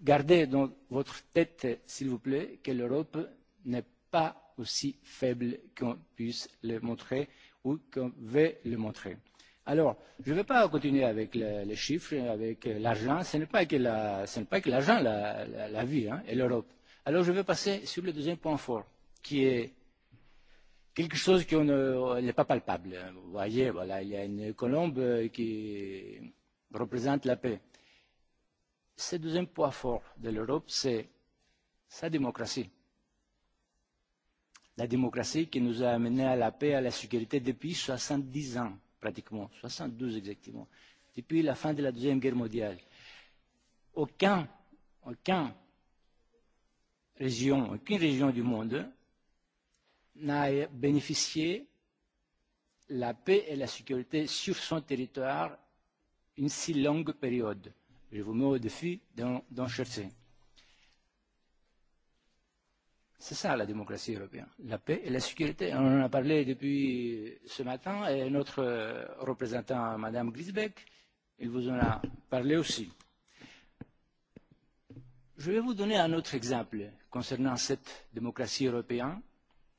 gardez dans votre tête, s'il vous plaît, que l'Europe n'est pas aussi faible qu'on puisse le montrer ou qu'on veut le montrer. Alors, je ne vais pas continuer avec les chiffres, avec l'argent. Ce n'est pas que l'argent, la, la, vie hein, et l'Europe. Alors, je vais passer sur le deuxième point fort, qui est quelque chose qui n'est pas palpable. Vous voyez, voilà, il y a une colombe qui représente la paix. Ce deuxième point fort de l'Europe, c'est sa démocratie la démocratie qui nous a amené à la paix et à la sécurité depuis 70 ans, pratiquement, 72 exactement, depuis la fin de la Deuxième Guerre mondiale. Aucun, aucun région, aucune région du monde n'a bénéficié la paix et la sécurité sur son territoire une si longue période. Je vous mets au défi d'en chercher. C'est ça la démocratie européenne, la paix et la sécurité. On en a parlé depuis ce matin et notre représentant, Madame Grisbeck, il vous en a parlé aussi. Je vais vous donner un autre exemple concernant cette démocratie européenne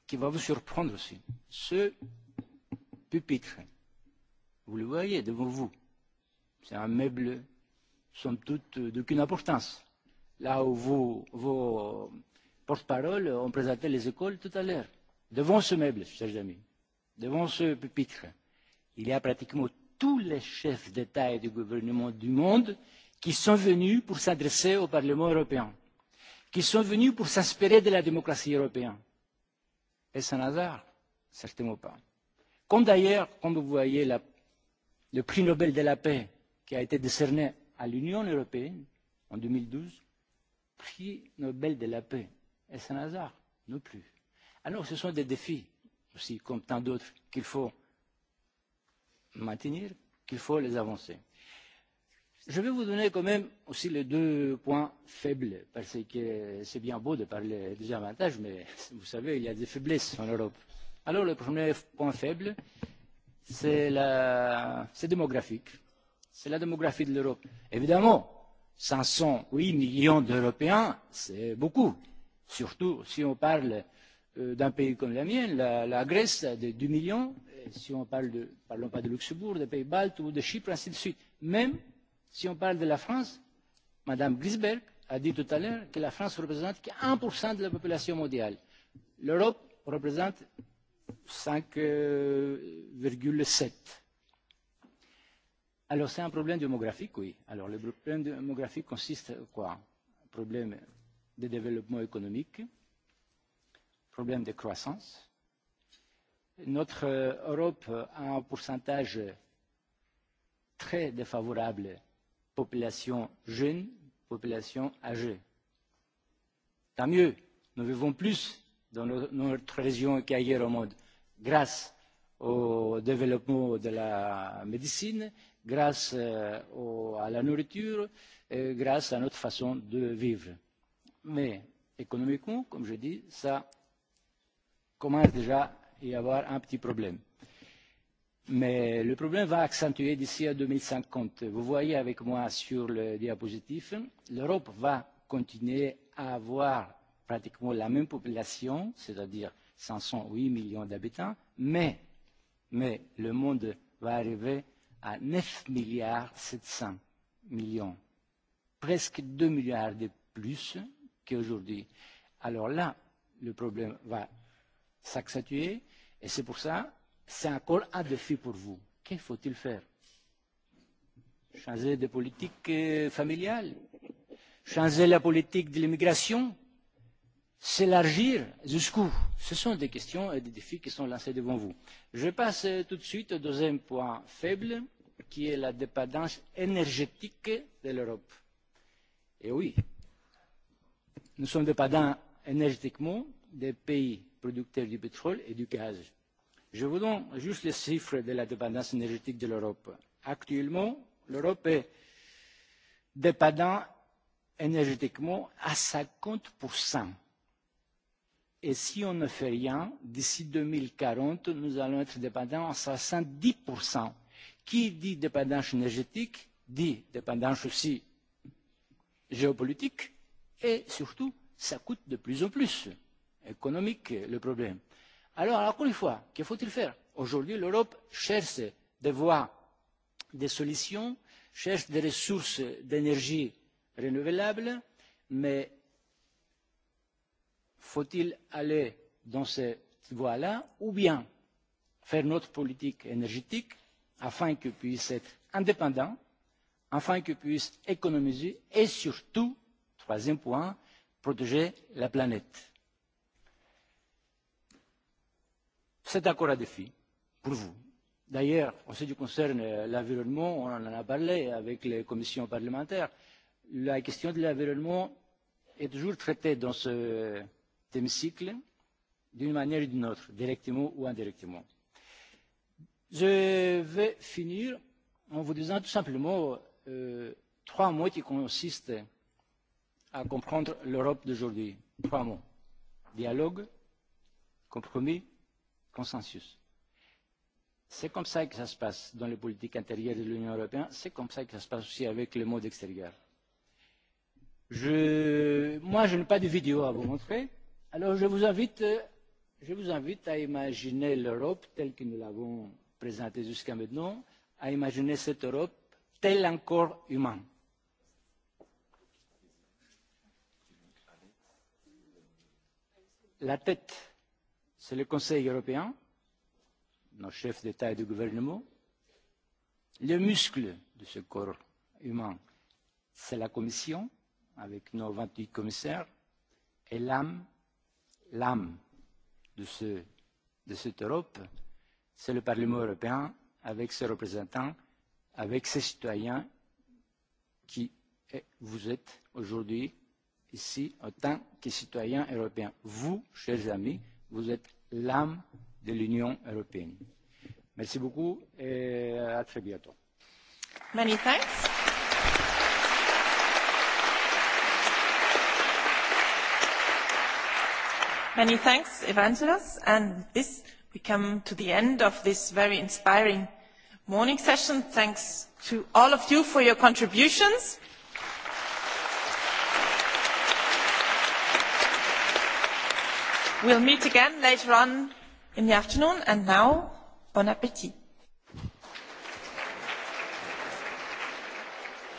qui va vous surprendre aussi. Ce pupitre, vous le voyez devant vous, c'est un meuble, sans toute, d'aucune importance. Là où vous, vos porte-parole on présentait les écoles tout à l'heure. Devant ce meuble, chers amis, devant ce pupitre, il y a pratiquement tous les chefs d'État et de gouvernement du monde qui sont venus pour s'adresser au Parlement européen, qui sont venus pour s'inspirer de la démocratie européenne. Est-ce un hasard Certainement pas. Comme d'ailleurs, comme vous voyez, le prix Nobel de la paix qui a été décerné à l'Union européenne en 2012, prix Nobel de la paix Et' ce un hasard Non plus. Alors ce sont des défis aussi, comme tant d'autres, qu'il faut maintenir, qu'il faut les avancer. Je vais vous donner quand même aussi les deux points faibles, parce que c'est bien beau de parler des avantages, mais vous savez, il y a des faiblesses en Europe. Alors le premier point faible, c'est la... démographique. C'est la démographie de l'Europe. Évidemment, 508 millions d'Européens, c'est beaucoup Surtout si on parle d'un pays comme la mienne, la Grèce a de 2 millions, si on parle de, parlons pas de Luxembourg, des Pays-Baltes ou de Chypre, ainsi de suite. Même si on parle de la France, Madame Grisberg a dit tout à l'heure que la France représente que 1% de la population mondiale. L'Europe représente 5,7. Alors c'est un problème démographique, oui. Alors le problème démographique consiste quoi Problème de développement économique, problème de croissance. Notre Europe a un pourcentage très défavorable population jeune, population âgée. Tant mieux, nous vivons plus dans notre région qu'ailleurs au monde, grâce au développement de la médecine, grâce à la nourriture, et grâce à notre façon de vivre mais économiquement comme je dis ça commence déjà à y avoir un petit problème. mais le problème va accentuer d'ici à 2050. vous voyez avec moi sur le diapositive l'europe va continuer à avoir pratiquement la même population c'est à dire cinq millions d'habitants mais mais le monde va arriver à neuf milliards sept millions presque 2 milliards de plus qu'aujourd'hui. Alors là, le problème va s'accentuer et c'est pour ça, c'est encore un défi pour vous. Qu'il faut-il faire Changer de politique familiale Changer la politique de l'immigration S'élargir jusqu'où Ce sont des questions et des défis qui sont lancés devant vous. Je passe tout de suite au deuxième point faible, qui est la dépendance énergétique de l'Europe. Et oui, Nous sommes dépendants énergétiquement des pays producteurs du pétrole et du gaz. Je vous donne juste les chiffres de la dépendance énergétique de l'Europe. Actuellement, l'Europe est dépendante énergétiquement à 50%. Et si on ne fait rien, d'ici 2040, nous allons être dépendants à 70%. Qui dit dépendance énergétique dit dépendance aussi géopolitique et surtout ça coûte de plus en plus économique le problème. alors encore une fois que faut il faire? aujourd'hui l'europe cherche des voies des solutions cherche des ressources d'énergie renouvelables mais faut il aller dans cette voie là ou bien faire notre politique énergétique afin qu'elle puisse être indépendante afin qu'elle puisse économiser et surtout Troisième point, protéger la planète. C'est encore un défi pour vous. D'ailleurs, en ce qui concerne l'environnement, on en a parlé avec les commissions parlementaires, la question de l'environnement est toujours traitée dans ce hémicycle d'une manière ou d'une autre, directement ou indirectement. Je vais finir en vous disant tout simplement trois mots qui consistent à comprendre l'Europe d'aujourd'hui. Trois mots. Dialogue, compromis, consensus. C'est comme ça que ça se passe dans les politiques intérieures de l'Union européenne. C'est comme ça que ça se passe aussi avec le monde extérieur. Je, moi, je n'ai pas de vidéo à vous montrer. Alors, je vous invite, je vous invite à imaginer l'Europe telle que nous l'avons présentée jusqu'à maintenant, à imaginer cette Europe telle encore humaine la tête, c'est le Conseil européen, nos chefs d'État et de gouvernement. Le muscle de ce corps humain, c'est la Commission, avec nos 28 commissaires, et l'âme, l'âme de, ce, de cette Europe, c'est le Parlement européen, avec ses représentants, avec ses citoyens, qui vous êtes aujourd'hui ici en tant que citoyen européen Vous, chers amis, vous êtes l'âme de l'Union européenne. Merci beaucoup et à très bientôt. Many thanks. Many thanks, Evangelos. And this, we come to the end of this very inspiring morning session. Thanks to all of you for your contributions. We'll meet again later on in the afternoon, and now, bon appétit.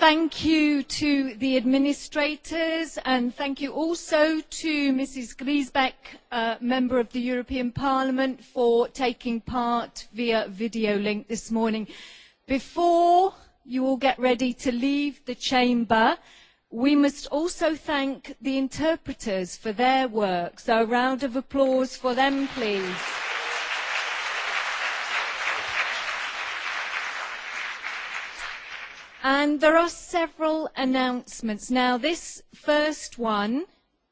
Thank you to the administrators, and thank you also to Mrs. Griesbeck, member of the European Parliament, for taking part via video link this morning. Before you all get ready to leave the chamber, We must also thank the interpreters for their work, so a round of applause for them, please. And there are several announcements. Now, this first one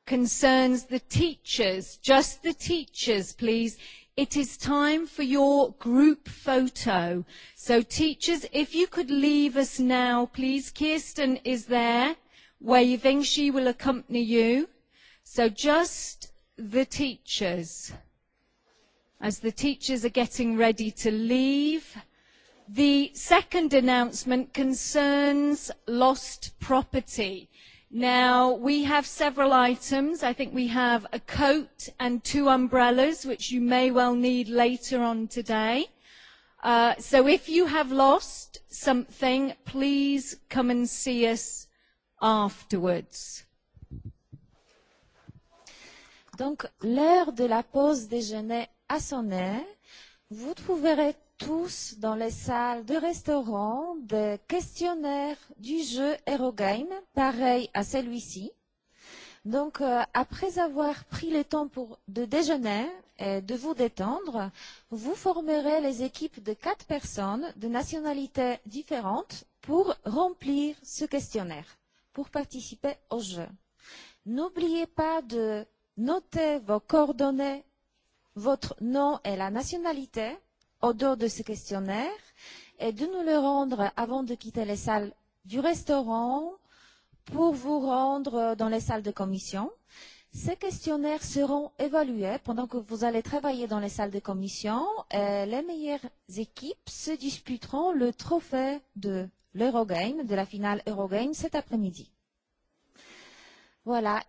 concerns the teachers, just the teachers, please. It is time for your group photo. So, teachers, if you could leave us now, please. Kirsten is there waving. She will accompany you. So just the teachers. As the teachers are getting ready to leave, the second announcement concerns lost property. Now, we have several items. I think we have a coat and two umbrellas, which you may well need later on today. So if you have lost something, please come and see us afterwards. Donc, l'heure de la pause déjeuner a sonné. Vous trouverez tous dans les salles de restaurant des questionnaires du jeu Aerogame, pareil à celui-ci. Donc, après avoir pris le temps pour de déjeuner et de vous détendre, vous formerez les équipes de quatre personnes de nationalités différentes pour remplir ce questionnaire pour participer au jeu. N'oubliez pas de noter vos coordonnées, votre nom et la nationalité au dos de ce questionnaire et de nous le rendre avant de quitter les salles du restaurant pour vous rendre dans les salles de commission. Ces questionnaires seront évalués pendant que vous allez travailler dans les salles de commission et les meilleures équipes se disputeront le trophée de l'Eurogame, de la finale Eurogame cet après-midi. Voilà.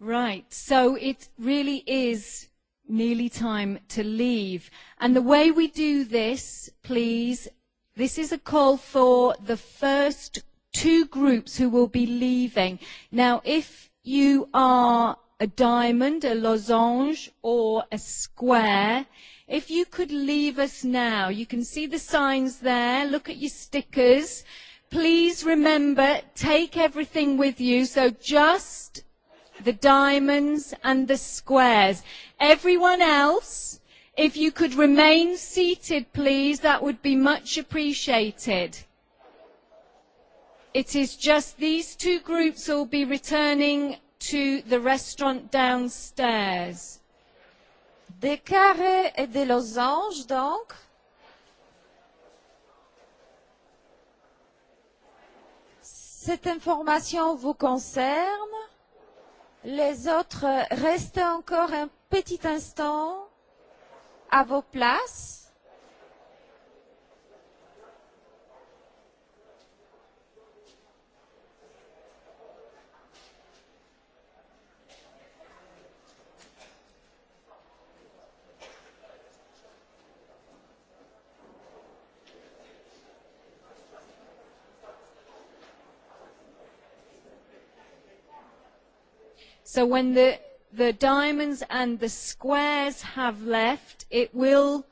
Right, so it really is nearly time to leave. And the way we do this, please, this is a call for the first two groups who will be leaving. Now, if you are a diamond, a losange or a square, If you could leave us now, you can see the signs there, look at your stickers. Please remember, take everything with you, so just the diamonds and the squares. Everyone else, if you could remain seated, please, that would be much appreciated. It is just these two groups will be returning to the restaurant downstairs. Des carrés et des losanges, donc. Cette information vous concerne. Les autres, restez encore un petit instant à vos places. So when the the diamonds and the squares have left, it will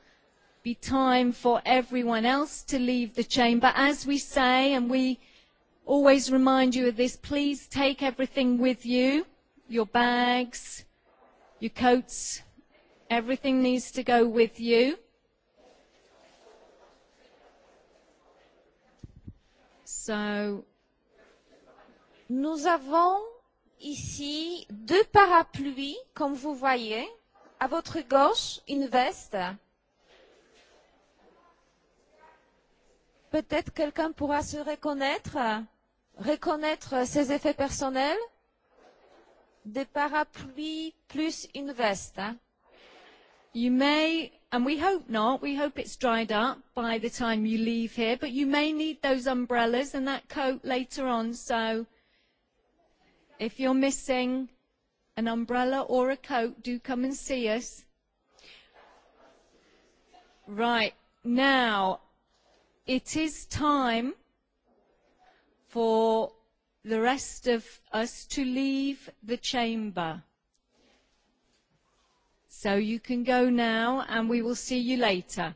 be time for everyone else to leave the chamber. As we say, and we always remind you of this, please take everything with you, your bags, your coats, everything needs to go with you. So, nous avons ici deux parapluies, comme vous voyez. À votre gauche, une veste. Peut-être quelqu'un pourra se reconnaître, reconnaître ses effets personnels. Des parapluies plus une veste. You may, and we hope not, we hope it's dried up by the time you leave here, but you may need those umbrellas and that coat later on, so If you're missing an umbrella or a coat, do come and see us. Right, now it is time for the rest of us to leave the chamber. So you can go now and we will see you later.